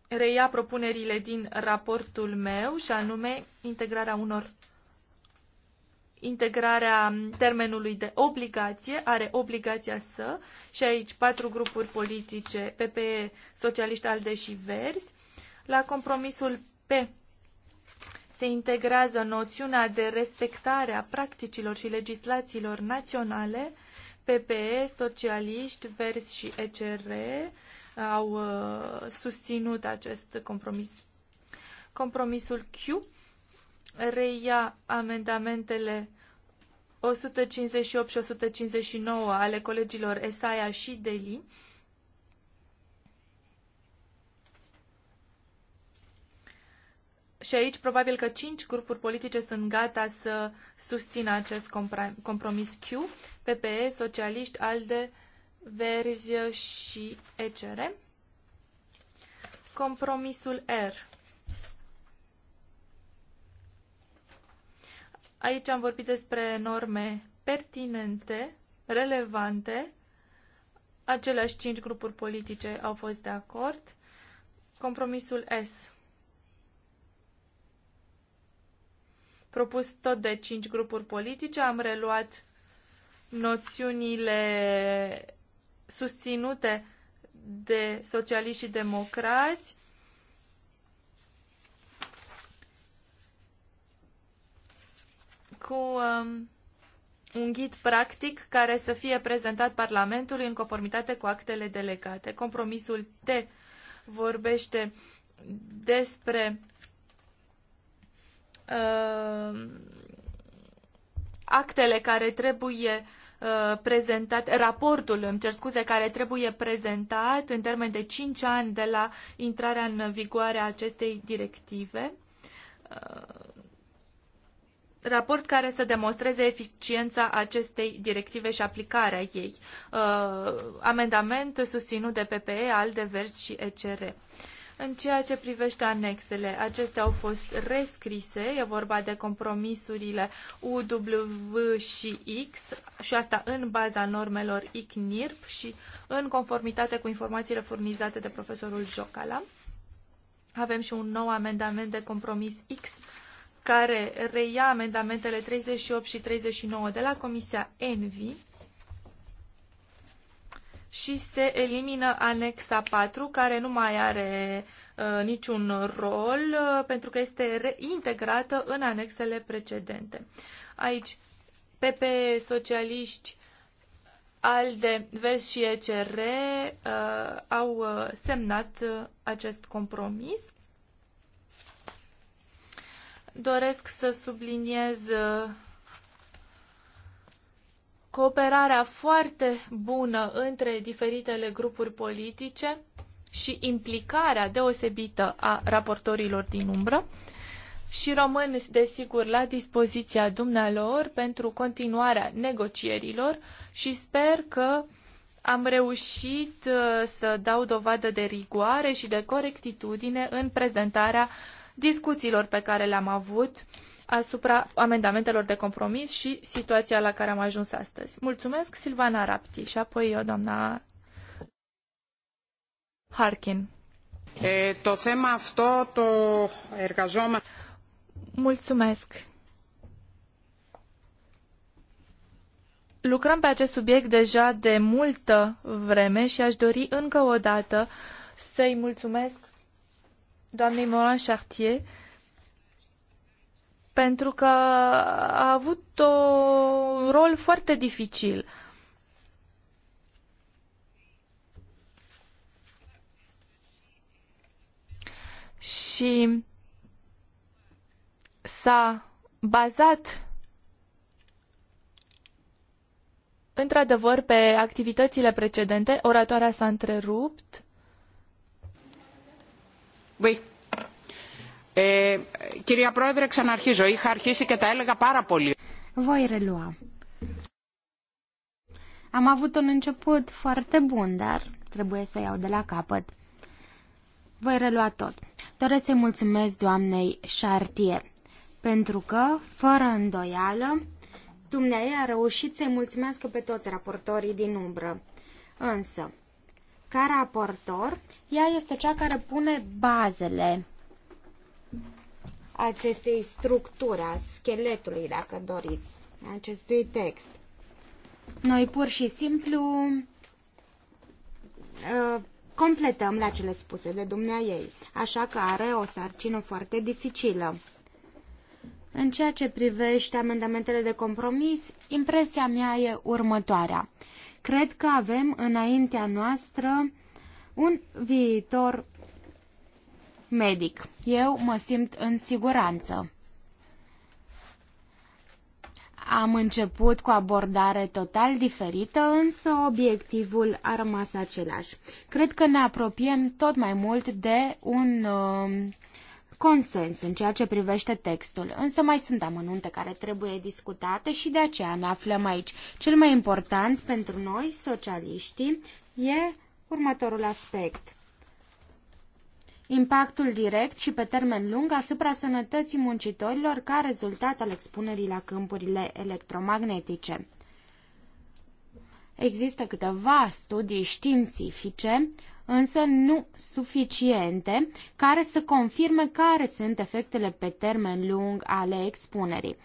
Speaker 1: reia propunerile din raportul meu și anume integrarea unor integrarea termenului de obligație, are obligația să, și aici patru grupuri politice, PPE, Socialiști, ALDE și Verzi. La compromisul P se integrează noțiunea de respectare a practicilor și legislațiilor naționale, PPE, Socialiști, Verzi și ECR au uh, susținut acest compromis. Compromisul Q reia amendamentele 158 și 159 ale colegilor Esaia și Deli. Și aici probabil că cinci grupuri politice sunt gata să susțină acest compromis Q, PPE, Socialiști, ALDE, Verzi și ECR. Compromisul R. Aici am vorbit despre norme pertinente, relevante. Aceleași cinci grupuri politice au fost de acord. Compromisul S. Propus tot de cinci grupuri politice, am reluat noțiunile susținute de socialiști și democrați cu um, un ghid practic care să fie prezentat Parlamentului în conformitate cu actele delegate. Compromisul T vorbește despre uh, actele care trebuie uh, prezentat, raportul, îmi cer scuze, care trebuie prezentat în termen de 5 ani de la intrarea în vigoare a acestei directive. Uh, raport care să demonstreze eficiența acestei directive și aplicarea ei. Uh, amendament susținut de PPE, ALDE, Verzi și ECR. În ceea ce privește anexele, acestea au fost rescrise, e vorba de compromisurile U, W și X și asta în baza normelor ICNIRP și în conformitate cu informațiile furnizate de profesorul Jocala. Avem și un nou amendament de compromis X care reia amendamentele 38 și 39 de la Comisia ENVI și se elimină anexa 4, care nu mai are uh, niciun rol, uh, pentru că este reintegrată în anexele precedente. Aici, PP, socialiști, ALDE, Vers și ECR uh, au uh, semnat uh, acest compromis doresc să subliniez uh, cooperarea foarte bună între diferitele grupuri politice și implicarea deosebită a raportorilor din umbră și rămân, desigur, la dispoziția dumnealor pentru continuarea negocierilor și sper că am reușit uh, să dau dovadă de rigoare și de corectitudine în prezentarea uh, discuțiilor pe care le-am avut asupra amendamentelor de compromis și situația la care am ajuns astăzi. Mulțumesc, Silvana Rapti, și apoi eu, doamna Harkin.
Speaker 3: E, to θέμα αυτό το εργαζόμα...
Speaker 1: Mulțumesc. Lucrăm pe acest subiect deja de multă vreme și aș dori încă o dată să-i mulțumesc doamnei Moran Chartier pentru că a avut un rol foarte dificil. Și s-a bazat într-adevăr pe activitățile precedente. Oratoarea s-a întrerupt
Speaker 3: κυρία Πρόεδρε, ξαναρχίζω. Είχα αρχίσει και τα έλεγα πάρα πολύ.
Speaker 2: Voi relua. Am avut un început foarte bun, dar trebuie să iau de la capăt. Voi relua tot. Doresc să-i mulțumesc doamnei Chartier, pentru că, fără îndoială, dumneavoastră a reușit să-i mulțumească pe toți raportorii din umbră. Însă, ca raportor, ea este cea care pune bazele acestei structuri, a scheletului, dacă doriți, acestui text. Noi pur și simplu uh, completăm la cele spuse de dumnea ei, așa că are o sarcină foarte dificilă. În ceea ce privește amendamentele de compromis, impresia mea e următoarea. Cred că avem înaintea noastră un viitor medic. Eu mă simt în siguranță. Am început cu abordare total diferită, însă obiectivul a rămas același. Cred că ne apropiem tot mai mult de un uh, consens în ceea ce privește textul, însă mai sunt amănunte care trebuie discutate și de aceea ne aflăm aici. Cel mai important pentru noi, socialiștii, e următorul aspect. Impactul direct și pe termen lung asupra sănătății muncitorilor ca rezultat al expunerii la câmpurile electromagnetice. Există câteva studii științifice însă nu suficiente, care să confirme care sunt efectele pe termen lung ale expunerii.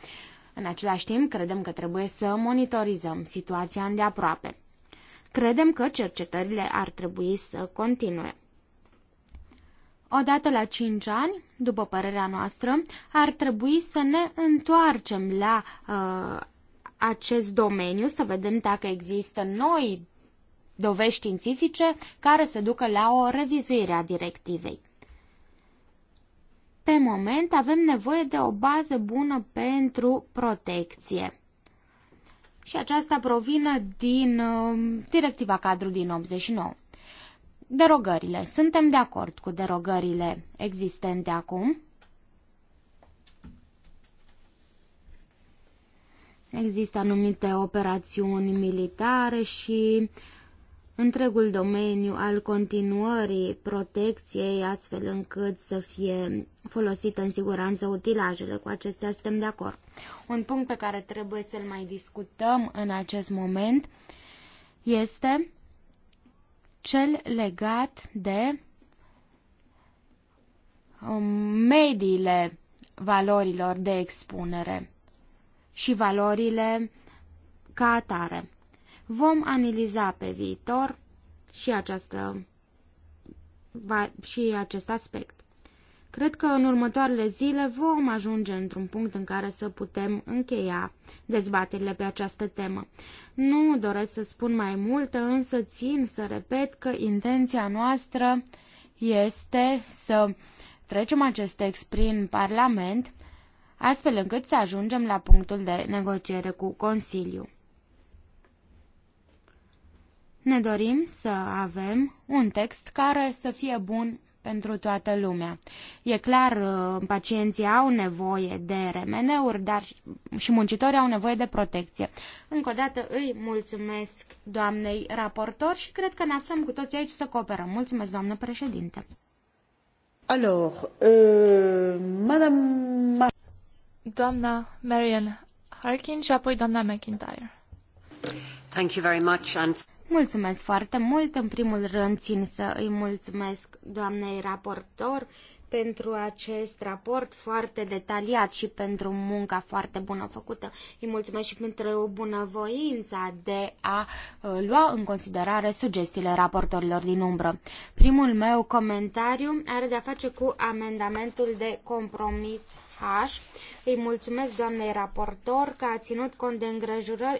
Speaker 2: În același timp, credem că trebuie să monitorizăm situația îndeaproape. Credem că cercetările ar trebui să continue. Odată la 5 ani, după părerea noastră, ar trebui să ne întoarcem la uh, acest domeniu, să vedem dacă există noi dovești științifice care se ducă la o revizuire a directivei. Pe moment avem nevoie de o bază bună pentru protecție. Și aceasta provine din uh, directiva cadru din 89. Derogările. Suntem de acord cu derogările existente acum? Există anumite operațiuni militare și uh, întregul domeniu al continuării protecției, astfel încât să fie folosite în siguranță utilajele. Cu acestea suntem de acord. Un punct pe care trebuie să-l mai discutăm în acest moment este cel legat de um, mediile valorilor de expunere și valorile ca atare. Vom analiza pe viitor și, această, și acest aspect. Cred că în următoarele zile vom ajunge într-un punct în care să putem încheia dezbaterile pe această temă. Nu doresc să spun mai multă, însă țin să repet că intenția noastră este să trecem acest text prin Parlament, astfel încât să ajungem la punctul de negociere cu Consiliu. Ne dorim să avem un text care să fie bun pentru toată lumea. E clar, uh, pacienții au nevoie de remeneuri, dar și muncitorii au nevoie de protecție. Încă o dată îi mulțumesc doamnei raportor și cred că ne aflăm cu toții aici să cooperăm. Mulțumesc, doamnă președinte.
Speaker 1: Alors, euh, madame... Doamna
Speaker 2: Marian Harkin și apoi doamna McIntyre. Thank you very much and... Mulțumesc foarte mult. În primul rând țin să îi mulțumesc doamnei raportor pentru acest raport foarte detaliat și pentru munca foarte bună făcută. Îi mulțumesc și pentru bunăvoința de a uh, lua în considerare sugestiile raportorilor din umbră. Primul meu comentariu are de-a face cu amendamentul de compromis H. Îi mulțumesc doamnei raportor că a ținut cont de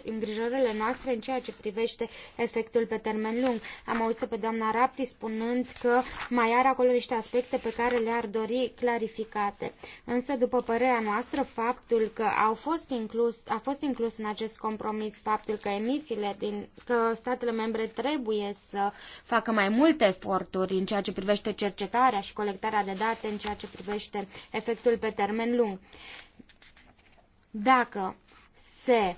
Speaker 2: îngrijorările noastre în ceea ce privește efectul pe termen lung. Am auzit pe doamna Rapti spunând că mai are acolo niște aspecte pe care le-ar dori clarificate. Însă, după părerea noastră, faptul că au fost inclus, a fost inclus în acest compromis faptul că emisiile din că statele membre trebuie să facă mai multe eforturi în ceea ce privește cercetarea și colectarea de date în ceea ce privește efectul pe termen termen lung. Dacă se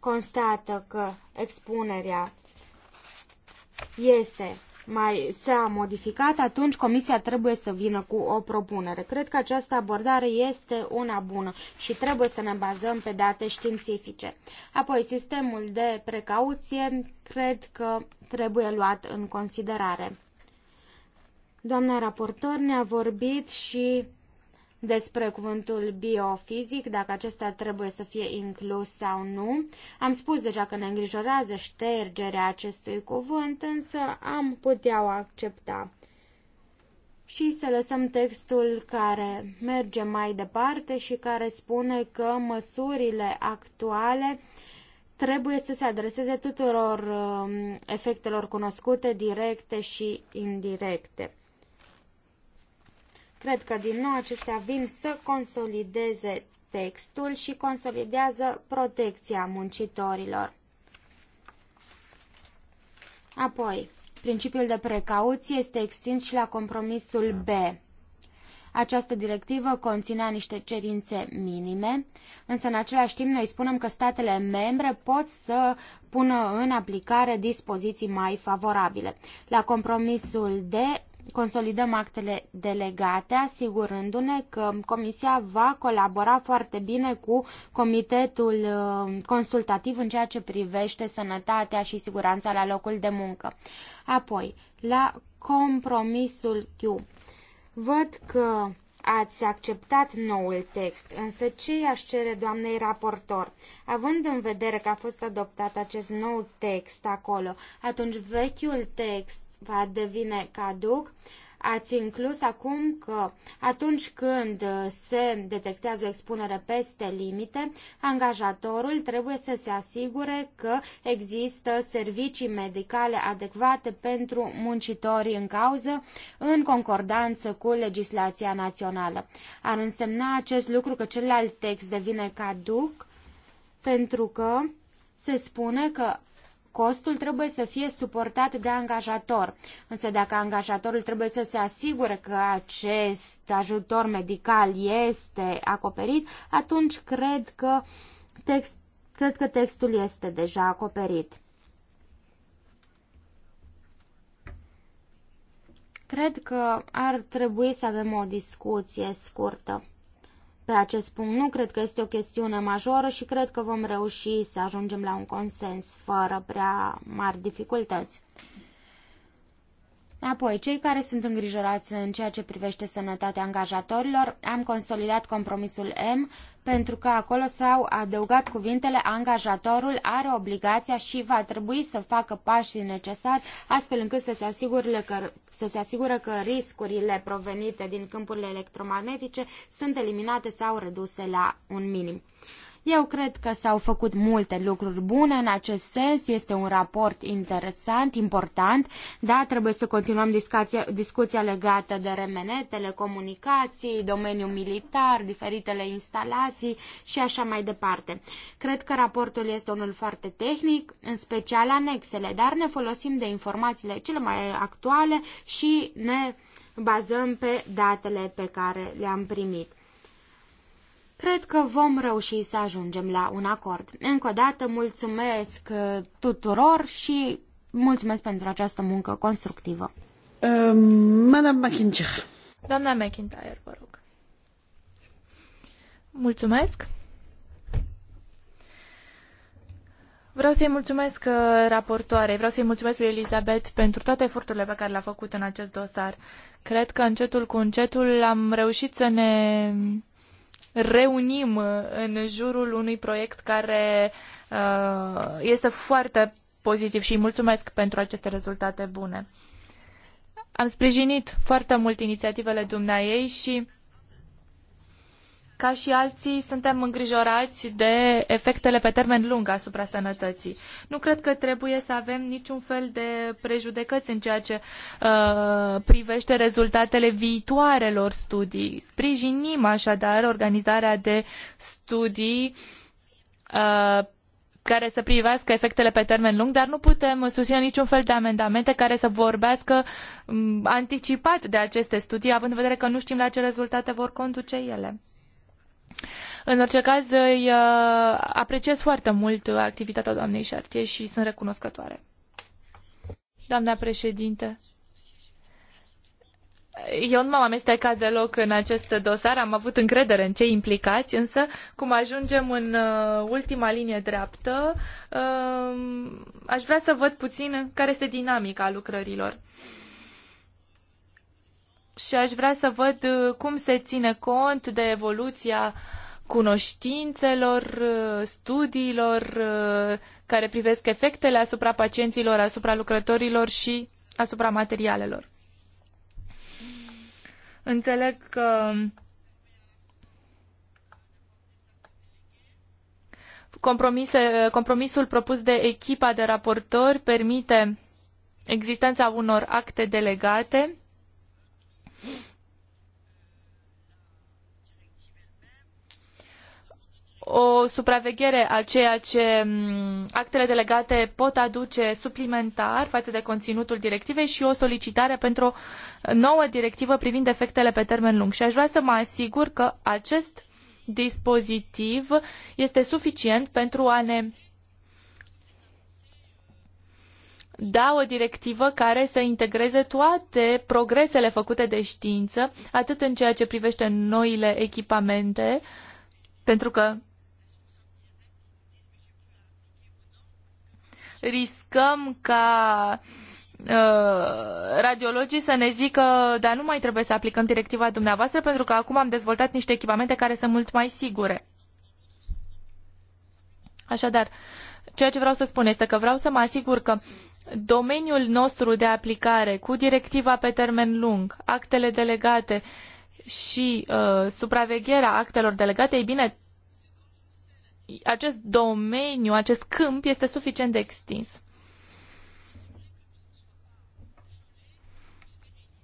Speaker 2: constată că expunerea este mai s-a modificat, atunci comisia trebuie să vină cu o propunere. Cred că această abordare este una bună și trebuie să ne bazăm pe date științifice. Apoi, sistemul de precauție cred că trebuie luat în considerare. Doamna raportor ne-a vorbit și despre cuvântul biofizic, dacă acesta trebuie să fie inclus sau nu. Am spus deja că ne îngrijorează ștergerea acestui cuvânt, însă am putea o accepta. Și să lăsăm textul care merge mai departe și care spune că măsurile actuale trebuie să se adreseze tuturor um, efectelor cunoscute, directe și indirecte. Cred că din nou acestea vin să consolideze textul și consolidează protecția muncitorilor. Apoi, principiul de precauție este extins și la compromisul B. Această directivă conținea niște cerințe minime, însă în același timp noi spunem că statele membre pot să pună în aplicare dispoziții mai favorabile. La compromisul D consolidăm actele delegate, asigurându-ne că Comisia va colabora foarte bine cu Comitetul uh, Consultativ în ceea ce privește sănătatea și siguranța la locul de muncă. Apoi, la compromisul Q. Văd că ați acceptat noul text, însă ce i-aș cere doamnei raportor? Având în vedere că a fost adoptat acest nou text acolo, atunci vechiul text va devine caduc, ați inclus acum că atunci când uh, se detectează o expunere peste limite, angajatorul trebuie să se asigure că există servicii medicale adecvate pentru muncitorii în cauză în concordanță cu legislația națională. Ar însemna acest lucru că celălalt text devine caduc pentru că se spune că Costul trebuie să fie suportat de angajator. Însă dacă angajatorul trebuie să se asigure că acest ajutor medical este acoperit, atunci cred că, text, cred că textul este deja acoperit. Cred că ar trebui să avem o discuție scurtă pe acest punct. Nu cred că este o chestiune majoră și cred că vom reuși să ajungem la un consens fără prea mari dificultăți. Apoi, cei care sunt îngrijorați în ceea ce privește sănătatea angajatorilor, am consolidat compromisul M pentru că acolo s-au adăugat cuvintele angajatorul are obligația și va trebui să facă pașii necesari astfel încât să se, asigure că, să se asigură că riscurile provenite din câmpurile electromagnetice sunt eliminate sau reduse la un minim. Eu cred că s-au făcut multe lucruri bune în acest sens, este un raport interesant, important, da, trebuie să continuăm discuția, discuția legată de remene, telecomunicații, domeniul militar, diferitele instalații și așa mai departe. Cred că raportul este unul foarte tehnic, în special anexele, dar ne folosim de informațiile cele mai actuale și ne bazăm pe datele pe care le-am primit. Cred că vom reuși să ajungem la un acord. Încă o dată mulțumesc uh, tuturor și mulțumesc pentru această muncă constructivă. Um, Madame McIntyre. Doamna McIntyre, vă rog. Mulțumesc.
Speaker 1: Vreau să-i mulțumesc uh, raportoare, vreau să-i mulțumesc lui Elizabeth pentru toate eforturile pe care le-a făcut în acest dosar. Cred că încetul cu încetul am reușit să ne reunim uh, în jurul unui proiect care uh, este foarte pozitiv și îi mulțumesc pentru aceste rezultate bune. Am sprijinit foarte mult inițiativele dumneaei și ca și alții, suntem îngrijorați de efectele pe termen lung asupra sănătății. Nu cred că trebuie să avem niciun fel de prejudecăți în ceea ce uh, privește rezultatele viitoarelor studii. Sprijinim așadar organizarea de studii uh, care să privească efectele pe termen lung, dar nu putem susține niciun fel de amendamente care să vorbească mm, anticipat de aceste studii, având în vedere că nu știm la ce rezultate vor conduce ele. În orice caz, îi uh, apreciez foarte mult activitatea doamnei Șartie și sunt recunoscătoare. Doamna președinte, eu nu m-am amestecat deloc în acest dosar, am avut încredere în cei implicați, însă cum ajungem în uh, ultima linie dreaptă, uh, aș vrea să văd puțin care este dinamica lucrărilor și aș vrea să văd uh, cum se ține cont de evoluția cunoștințelor, uh, studiilor uh, care privesc efectele asupra pacienților, asupra lucrătorilor și asupra materialelor. Înțeleg că um, compromise, compromisul propus de echipa de raportori permite existența unor acte delegate o supraveghere a ceea ce actele delegate pot aduce suplimentar față de conținutul directivei și o solicitare pentru o nouă directivă privind efectele pe termen lung. Și aș vrea să mă asigur că acest dispozitiv este suficient pentru a ne da o directivă care să integreze toate progresele făcute de știință, atât în ceea ce privește noile echipamente, pentru că riscăm ca uh, radiologii să ne zică, dar nu mai trebuie să aplicăm directiva dumneavoastră pentru că acum am dezvoltat niște echipamente care sunt mult mai sigure. Așadar, ceea ce vreau să spun este că vreau să mă asigur că uh, domeniul nostru de aplicare cu directiva pe termen lung, actele delegate și uh, supravegherea actelor delegate, ei bine, acest domeniu, acest câmp este suficient de extins.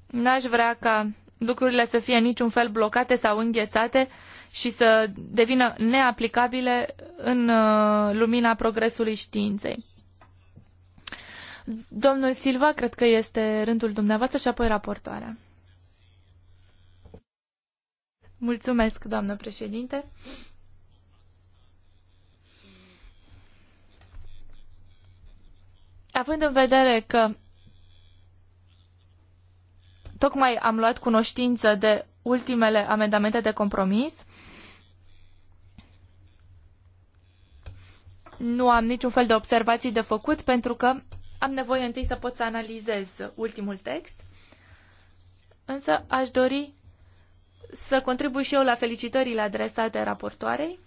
Speaker 1: N-aș vrea ca lucrurile să fie în niciun fel blocate sau înghețate și să devină neaplicabile în uh, lumina progresului științei. Domnul Silva, cred că este rândul dumneavoastră și apoi raportoarea. Mulțumesc, doamnă președinte. Având în vedere că tocmai am luat cunoștință de ultimele amendamente de compromis, nu am niciun fel de observații de făcut pentru că am nevoie întâi să pot să analizez ultimul text, însă aș dori să contribui și eu la felicitările adresate raportoarei.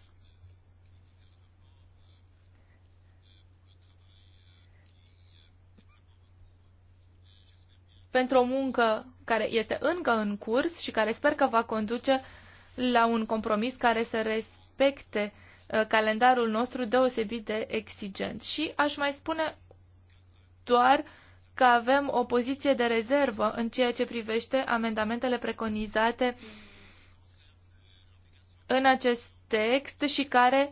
Speaker 1: pentru o muncă care este încă în curs și care sper că va conduce la un compromis care să respecte uh, calendarul nostru deosebit de exigent. Și aș mai spune doar că avem o poziție de rezervă în ceea ce privește amendamentele preconizate în acest text și care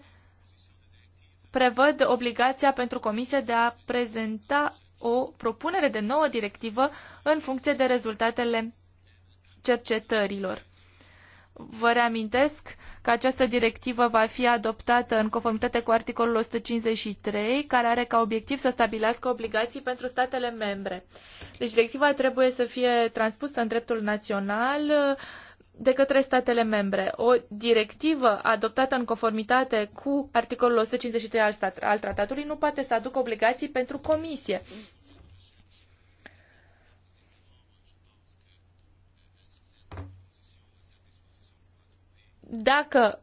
Speaker 1: prevăd obligația pentru Comisie de a prezenta o propunere de nouă directivă în funcție de rezultatele cercetărilor. Vă reamintesc că această directivă va fi adoptată în conformitate cu articolul 153, care are ca obiectiv să stabilească obligații pentru statele membre. Deci directiva trebuie să fie transpusă în dreptul național uh, de către statele membre. O directivă adoptată în conformitate cu articolul 153 al, stat, al tratatului nu poate să aducă obligații pentru comisie. dacă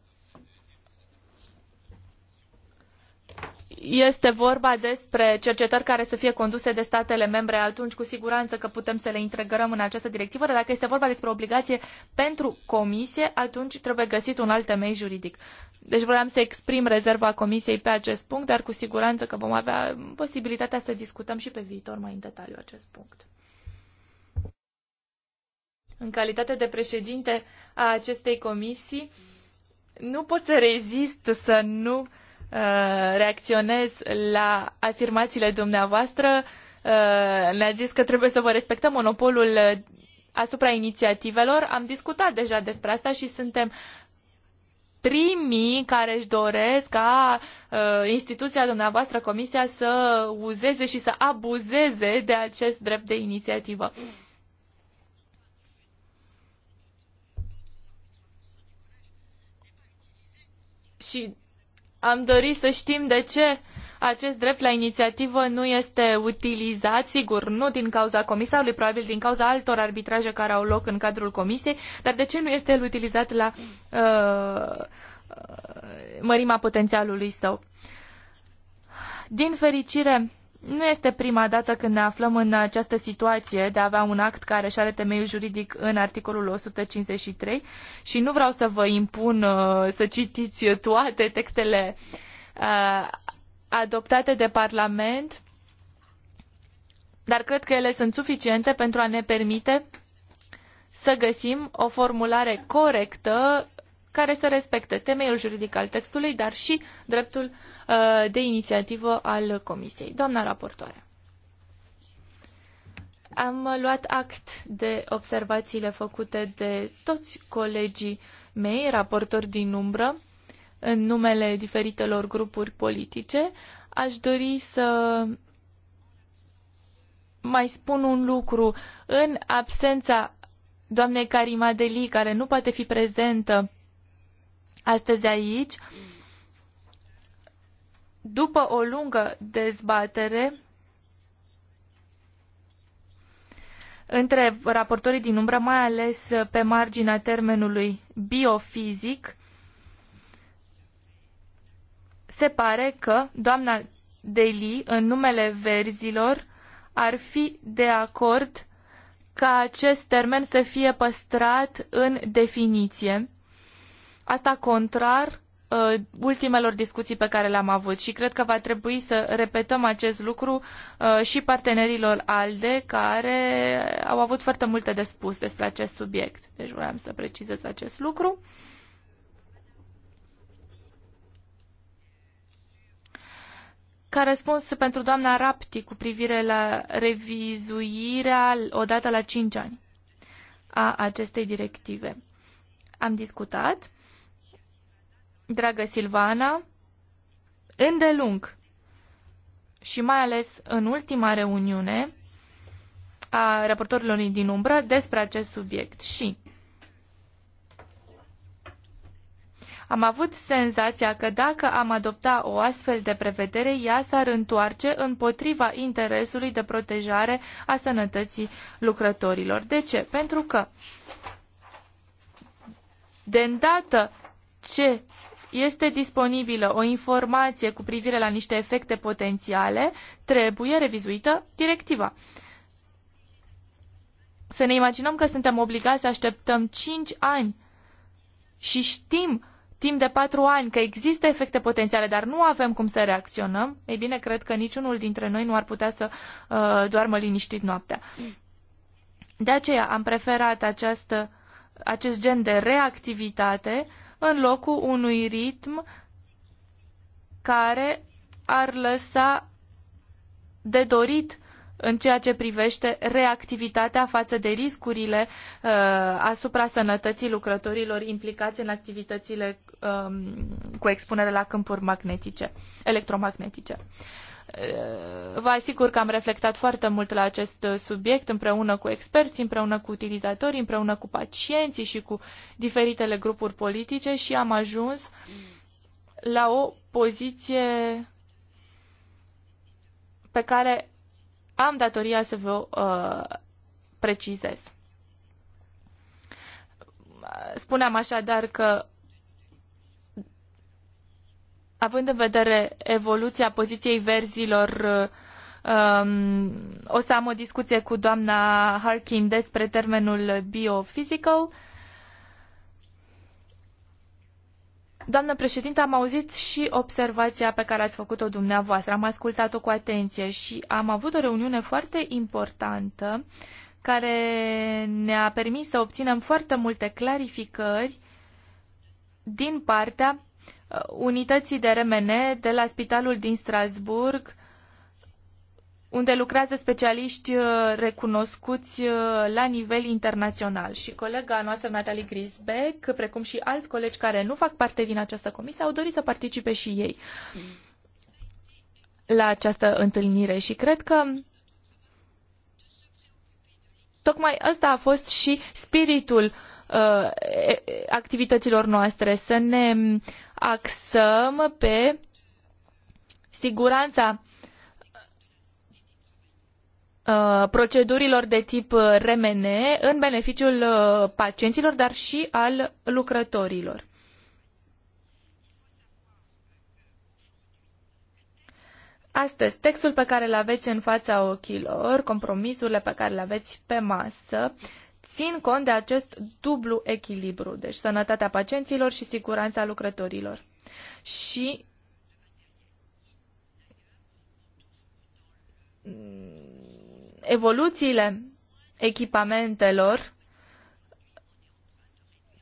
Speaker 1: este vorba despre cercetări care să fie conduse de statele membre, atunci cu siguranță că putem să le integrăm în această directivă, dar dacă este vorba despre obligație pentru comisie, atunci trebuie găsit un alt temei juridic. Deci vreau să exprim rezerva comisiei pe acest punct, dar cu siguranță că vom avea posibilitatea să discutăm și pe viitor mai în detaliu acest punct. În calitate de președinte a acestei comisii, nu pot să rezist să nu uh, reacționez la afirmațiile dumneavoastră. Uh, ne-ați zis că trebuie să vă respectăm monopolul uh, asupra inițiativelor. Am discutat deja despre asta și suntem primii care își doresc ca uh, instituția dumneavoastră, comisia, să uzeze și să abuzeze de acest drept de inițiativă. Uh, și am dorit să știm de ce acest drept la inițiativă nu este utilizat, sigur, nu din cauza comisarului, probabil din cauza altor arbitraje care au loc în cadrul comisiei, dar de ce nu este el utilizat la uh, uh mărimea potențialului său? Din fericire, nu este prima dată când ne aflăm în această situație de a avea un act care își are temeiul juridic în articolul 153 și nu vreau să vă impun uh, să citiți toate textele uh, adoptate de Parlament, dar cred că ele sunt suficiente pentru a ne permite să găsim o formulare corectă care să respecte temeiul juridic al textului, dar și dreptul uh, Uh, de inițiativă al Comisiei. Doamna raportoare. Am luat act de observațiile făcute de toți colegii mei, raportori din umbră, în numele diferitelor grupuri politice. Aș dori să mai spun un lucru. În absența doamnei Carimadeli, care nu poate fi prezentă astăzi aici, uh, după o lungă dezbatere între raportorii din umbră, mai ales pe marginea termenului biofizic, se pare că doamna Deli, în numele verzilor, ar fi de acord ca acest termen să fie păstrat în definiție. Asta contrar uh, ultimelor discuții pe care le-am avut și cred că va trebui să repetăm acest lucru uh, și partenerilor ALDE care au avut foarte multe de spus despre acest subiect. Deci vreau să precizez acest lucru. Ca răspuns pentru doamna Rapti cu privire la revizuirea odată la 5 ani a acestei directive. Am discutat dragă Silvana, îndelung și mai ales în ultima reuniune a raportorilor din umbră despre acest subiect și am avut senzația că dacă am adopta o astfel de prevedere, ea s-ar întoarce împotriva interesului de protejare a sănătății lucrătorilor. De ce? Pentru că de îndată ce este disponibilă o informație cu privire la niște efecte potențiale, trebuie revizuită directiva. Să ne imaginăm că suntem obligați să așteptăm 5 ani și știm timp de patru ani că există efecte potențiale, dar nu avem cum să reacționăm, ei bine, cred că niciunul dintre noi nu ar putea să uh, doarmă liniștit noaptea. De aceea am preferat această, acest gen de reactivitate în locul unui ritm care ar lăsa de dorit în ceea ce privește reactivitatea față de riscurile uh, asupra sănătății lucrătorilor implicați în activitățile uh, cu expunere la câmpuri magnetice, electromagnetice. Uh, Vă asigur că am reflectat foarte mult la acest subiect împreună cu experți, împreună cu utilizatori, împreună cu pacienții și cu diferitele grupuri politice și am ajuns la o poziție pe care am datoria să vă uh, precizez. Spuneam așadar că având în vedere evoluția poziției verzilor, um, o să am o discuție cu doamna Harkin despre termenul biophysical. Doamnă președinte, am auzit și observația pe care ați făcut-o dumneavoastră. Am ascultat-o cu atenție și am avut o reuniune foarte importantă care ne-a permis să obținem foarte multe clarificări din partea Uh, unității de RMN de la spitalul din Strasburg, unde lucrează specialiști uh, recunoscuți uh, la nivel internațional. Și colega noastră, Natalie Grisbeck, precum și alți colegi care nu fac parte din această comisie, au dorit să participe și ei la această întâlnire. Și cred că tocmai ăsta a fost și spiritul uh, activităților noastre, să ne axăm pe siguranța uh, procedurilor de tip RMN în beneficiul uh, pacienților, dar și al lucrătorilor. Astăzi, textul pe care îl aveți în fața ochilor, compromisurile pe care le aveți pe masă, țin cont de acest dublu echilibru, deci sănătatea pacienților și siguranța lucrătorilor. Și evoluțiile echipamentelor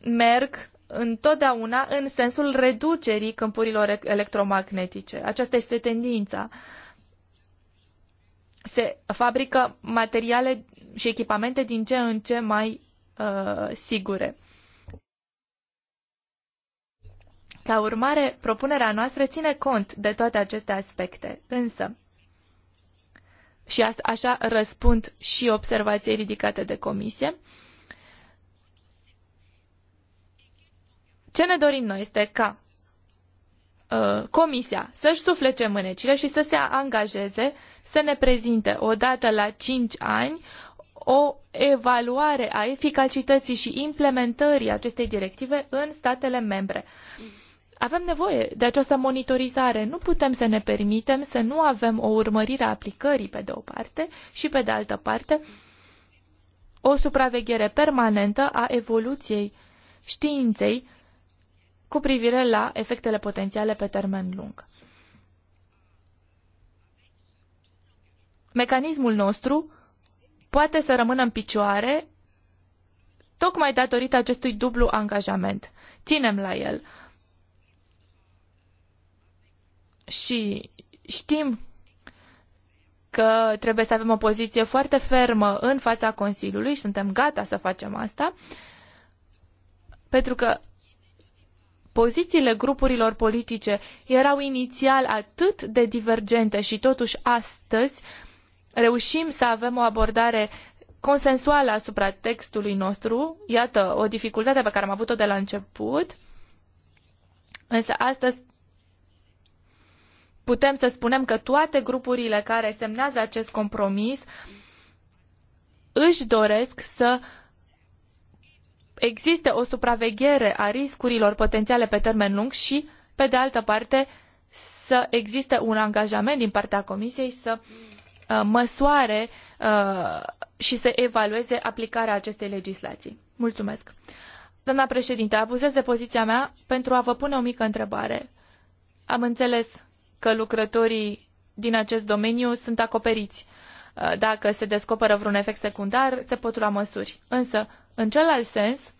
Speaker 1: merg întotdeauna în sensul reducerii câmpurilor electromagnetice. Aceasta este tendința. Uh, se fabrică materiale și echipamente din ce în ce mai uh, sigure. Ca urmare, propunerea noastră ține cont de toate aceste aspecte, însă, și așa răspund și observației ridicate de comisie, ce ne dorim noi este ca uh, comisia să-și suflece mânecile și să se angajeze uh, să ne prezinte odată la cinci ani o evaluare a eficacității și implementării acestei directive în statele membre. Avem nevoie de această monitorizare. Nu putem să ne permitem să nu avem o urmărire a aplicării pe de o parte și pe de altă parte o supraveghere permanentă a evoluției științei cu privire la efectele potențiale pe termen lung. mecanismul nostru poate să rămână în picioare tocmai datorită acestui dublu angajament. Ținem la el. Și știm că trebuie să avem o poziție foarte fermă în fața Consiliului, suntem gata să facem asta, pentru că pozițiile grupurilor politice erau inițial atât de divergente și totuși astăzi uh, reușim să avem o abordare consensuală asupra textului nostru, iată o dificultate pe care am avut-o de la început, însă astăzi putem să spunem că toate grupurile care semnează acest compromis își doresc să existe o supraveghere a riscurilor potențiale pe termen lung și, pe de altă parte, să existe un angajament din partea Comisiei să Uh, măsoare uh, și să evalueze aplicarea acestei legislații. Mulțumesc. Doamna președinte, abuzez de poziția mea pentru a vă pune o mică întrebare. Am înțeles că lucrătorii din acest domeniu sunt acoperiți. Uh, dacă se descoperă vreun efect secundar, se pot lua măsuri. Însă, în celălalt sens,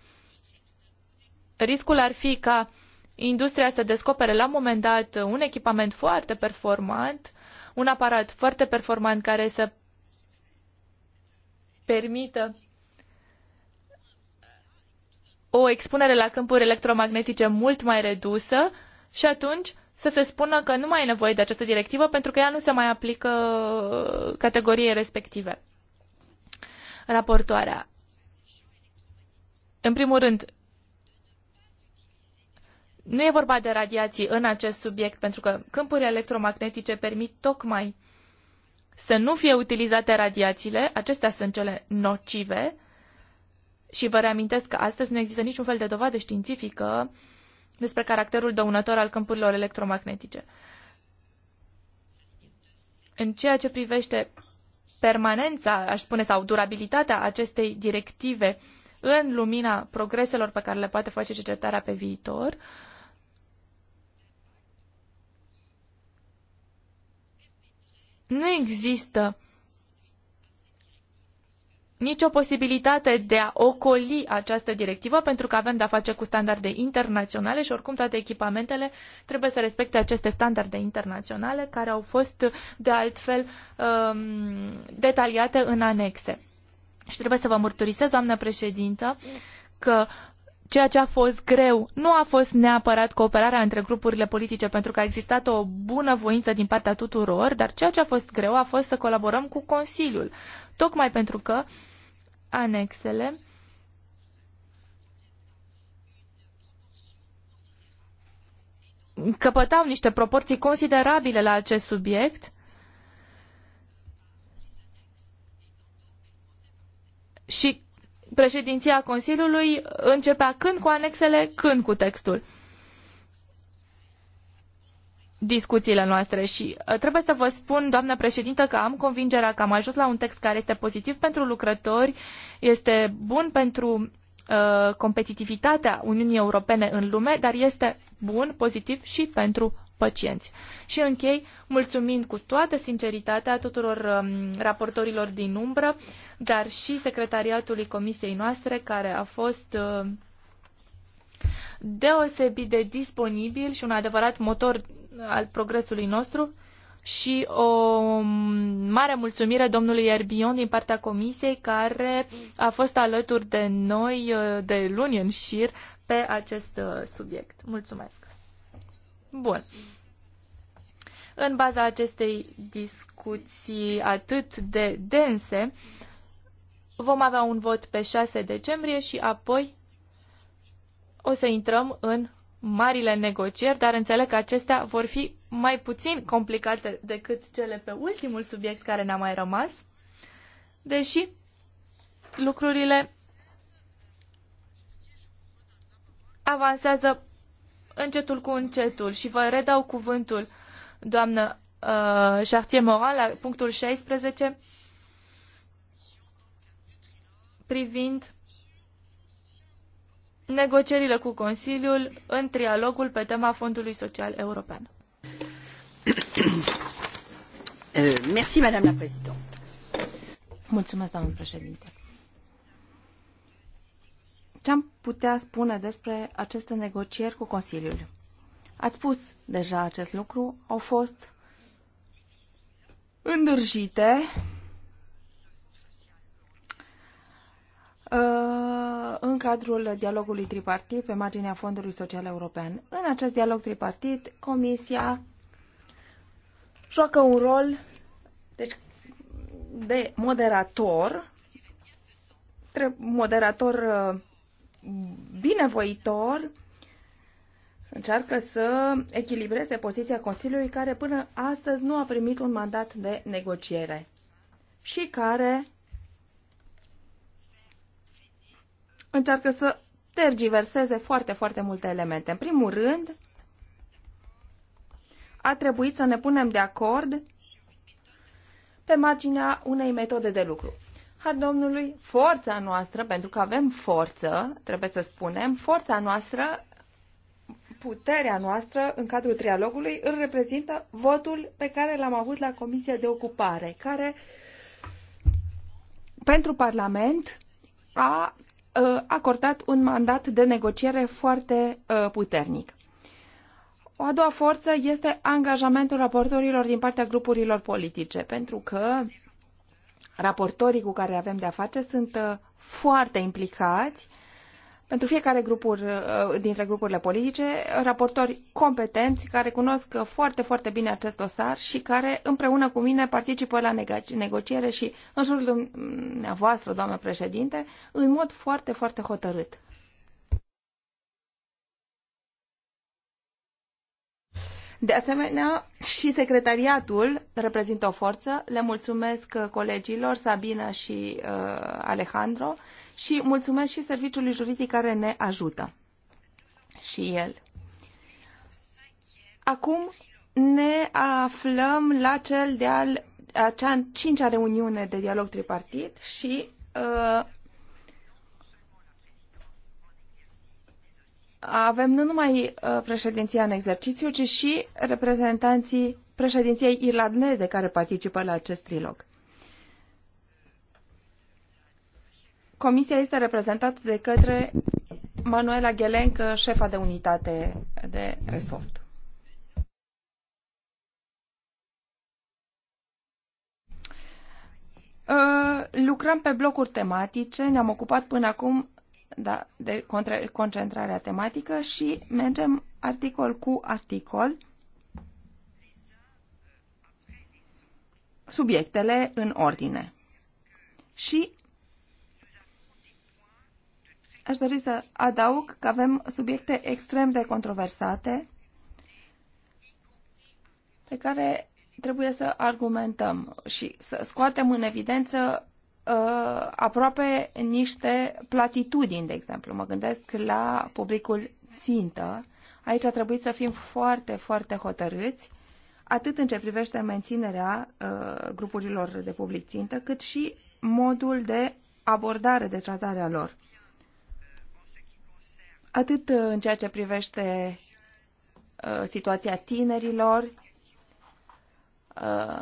Speaker 1: riscul ar fi ca industria să descopere la un moment dat un echipament foarte performant un aparat foarte performant care să permită o expunere la câmpuri electromagnetice mult mai redusă și atunci să se spună că nu mai e nevoie de această directivă pentru că ea nu se mai aplică categoriei respective. Raportoarea. În primul rând, nu e vorba de radiații în acest subiect, pentru că câmpurile electromagnetice permit tocmai să nu fie utilizate radiațiile, acestea sunt cele nocive, și vă reamintesc că astăzi nu există niciun fel de dovadă științifică despre caracterul dăunător al câmpurilor electromagnetice. În ceea ce privește permanența, aș spune, sau durabilitatea acestei directive în lumina progreselor pe care le poate face cercetarea pe viitor, uh, nu există nicio posibilitate de a ocoli această directivă pentru că avem de-a face cu standarde internaționale și oricum toate echipamentele trebuie să respecte aceste standarde internaționale care au fost de altfel um, detaliate în anexe. Și trebuie să vă mărturisesc, doamnă președintă, că Ceea ce a fost greu nu a fost neapărat cooperarea între grupurile politice, pentru că a existat o bună voință din partea tuturor, dar ceea ce a fost greu a fost să colaborăm cu Consiliul, tocmai pentru că anexele căpătau niște proporții considerabile la acest subiect și președinția Consiliului începea când cu anexele, când cu textul discuțiile noastre și uh, trebuie să vă spun, doamnă președintă, că am convingerea că am ajuns la un text care este pozitiv pentru lucrători, este bun pentru uh, competitivitatea Uniunii Europene în lume, dar este bun, pozitiv și pentru pacienți. Și închei mulțumind cu toată sinceritatea tuturor um, raportorilor din umbră, dar și secretariatului comisiei noastre care a fost uh, deosebit de disponibil și un adevărat motor uh, al progresului nostru și o um, mare mulțumire domnului Erbion din partea comisiei care a fost alături de noi uh, de luni în șir pe acest subiect. Mulțumesc! Bun. În baza acestei discuții atât de dense, vom avea un vot pe 6 decembrie și apoi o să intrăm în marile negocieri, dar înțeleg că acestea vor fi mai puțin complicate decât cele pe ultimul subiect care ne-a mai rămas, deși lucrurile avansează încetul cu încetul și vă redau cuvântul, doamnă uh, Chartier Moral, la punctul 16, privind negocierile cu Consiliul în trialogul pe tema Fondului Social European.
Speaker 3: Eh, Mulțumesc, doamnă președinte. Ce am putea spune despre aceste negocieri cu Consiliul? Ați spus deja acest lucru, au fost îndârjite. Uh, în cadrul dialogului tripartit pe marginea Fondului Social European. În acest dialog tripartit, Comisia joacă un rol deci, de moderator, moderator uh, binevoitor încearcă să echilibreze poziția Consiliului care până astăzi nu a primit un mandat de negociere și care încearcă să tergiverseze foarte, foarte multe elemente. În primul rând, a trebuit să ne punem de acord pe marginea unei metode de lucru. Har Domnului, forța noastră, pentru că avem forță, trebuie să spunem, forța noastră, puterea noastră în cadrul trialogului îl reprezintă votul pe care l-am avut la Comisia de Ocupare, care pentru Parlament a uh, acordat un mandat de negociere foarte uh, puternic. O a doua forță este angajamentul raportorilor din partea grupurilor politice, pentru că raportorii cu care avem de-a face sunt uh, foarte implicați pentru fiecare grupuri, uh, dintre grupurile politice, raportori competenți care cunosc foarte, foarte bine acest dosar și care împreună cu mine participă la negociere și în jurul dumneavoastră, doamnă președinte, în mod foarte, foarte hotărât. De asemenea, și secretariatul reprezintă o forță. Le mulțumesc uh, colegilor Sabina și uh, Alejandro și mulțumesc și serviciului juridic care ne ajută. Și el. Acum ne aflăm la cel de-al acea cincea reuniune de dialog tripartit și uh, avem nu numai uh, președinția în exercițiu, ci și reprezentanții președinției irlandeze care participă la acest trilog. Comisia este reprezentată de către Manuela Ghelenc, șefa de unitate de resort. Uh, lucrăm pe blocuri tematice, ne-am ocupat până acum da, de concentrarea tematică și mergem articol cu articol subiectele în ordine. Și aș dori să adaug că avem subiecte extrem de controversate pe care trebuie să argumentăm și să scoatem în evidență uh, aproape niște platitudini, de exemplu. Mă gândesc la publicul țintă. Aici a trebuit să fim foarte, foarte hotărâți, atât în ce privește menținerea uh, grupurilor de public țintă, cât și modul de abordare, de tratare a lor. Atât uh, în ceea ce privește uh, situația tinerilor, uh,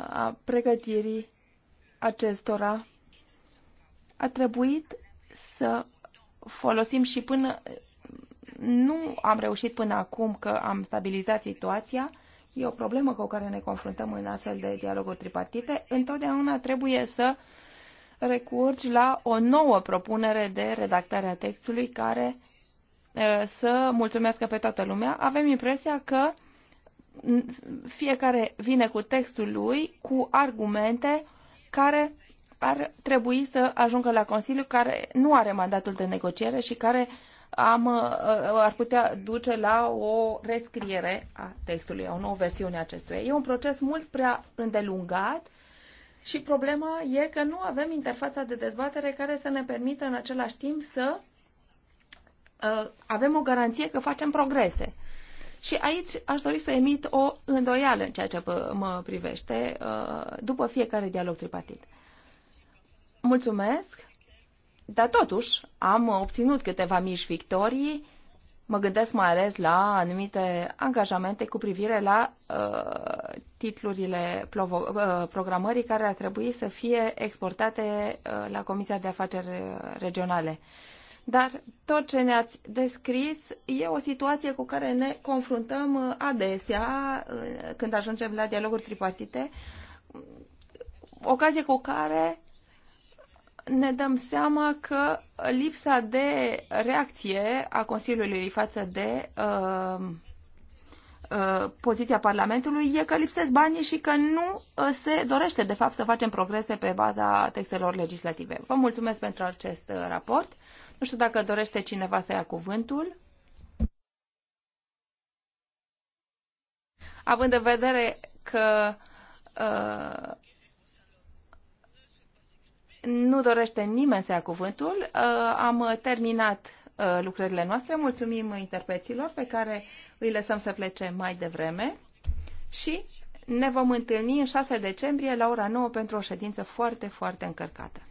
Speaker 3: a pregătirii acestora, a trebuit să folosim și până nu am reușit până acum că am stabilizat situația. E o problemă cu care ne confruntăm în astfel de dialoguri tripartite. Întotdeauna trebuie să recurgi la o nouă propunere de redactare a textului care să mulțumească pe toată lumea. Avem impresia că fiecare vine cu textul lui, cu argumente care ar trebui să ajungă la Consiliu care nu are mandatul de negociere și care am, uh, uh, ar putea duce la o rescriere a textului, a o nouă versiune a acestuia. E un proces mult prea îndelungat și problema e că nu avem interfața de dezbatere care să ne permită în același timp să uh, avem o garanție că facem progrese. Și aici aș dori să emit o îndoială în ceea ce mă privește uh, după fiecare dialog tripartit. Mulțumesc, dar totuși am obținut câteva mici victorii. Mă gândesc mai ales la anumite angajamente cu privire la uh, titlurile uh, programării care ar trebui să fie exportate uh, la Comisia de Afaceri Regionale. Dar tot ce ne-ați descris e o situație cu care ne confruntăm uh, adesea uh, când ajungem la dialoguri tripartite, ocazie cu care ne dăm seama că lipsa de reacție a Consiliului față de uh, uh, poziția Parlamentului e că lipsesc banii și că nu uh, se dorește, de fapt, să facem progrese pe baza textelor legislative. Vă mulțumesc pentru acest uh, raport. Nu știu dacă dorește cineva să ia cuvântul. Având în vedere că uh, nu dorește nimeni să ia cuvântul. Uh, am terminat uh, lucrările noastre. Mulțumim interpreților pe care îi lăsăm să plece mai devreme și ne vom întâlni în 6 decembrie la ora 9 pentru o ședință foarte, foarte încărcată.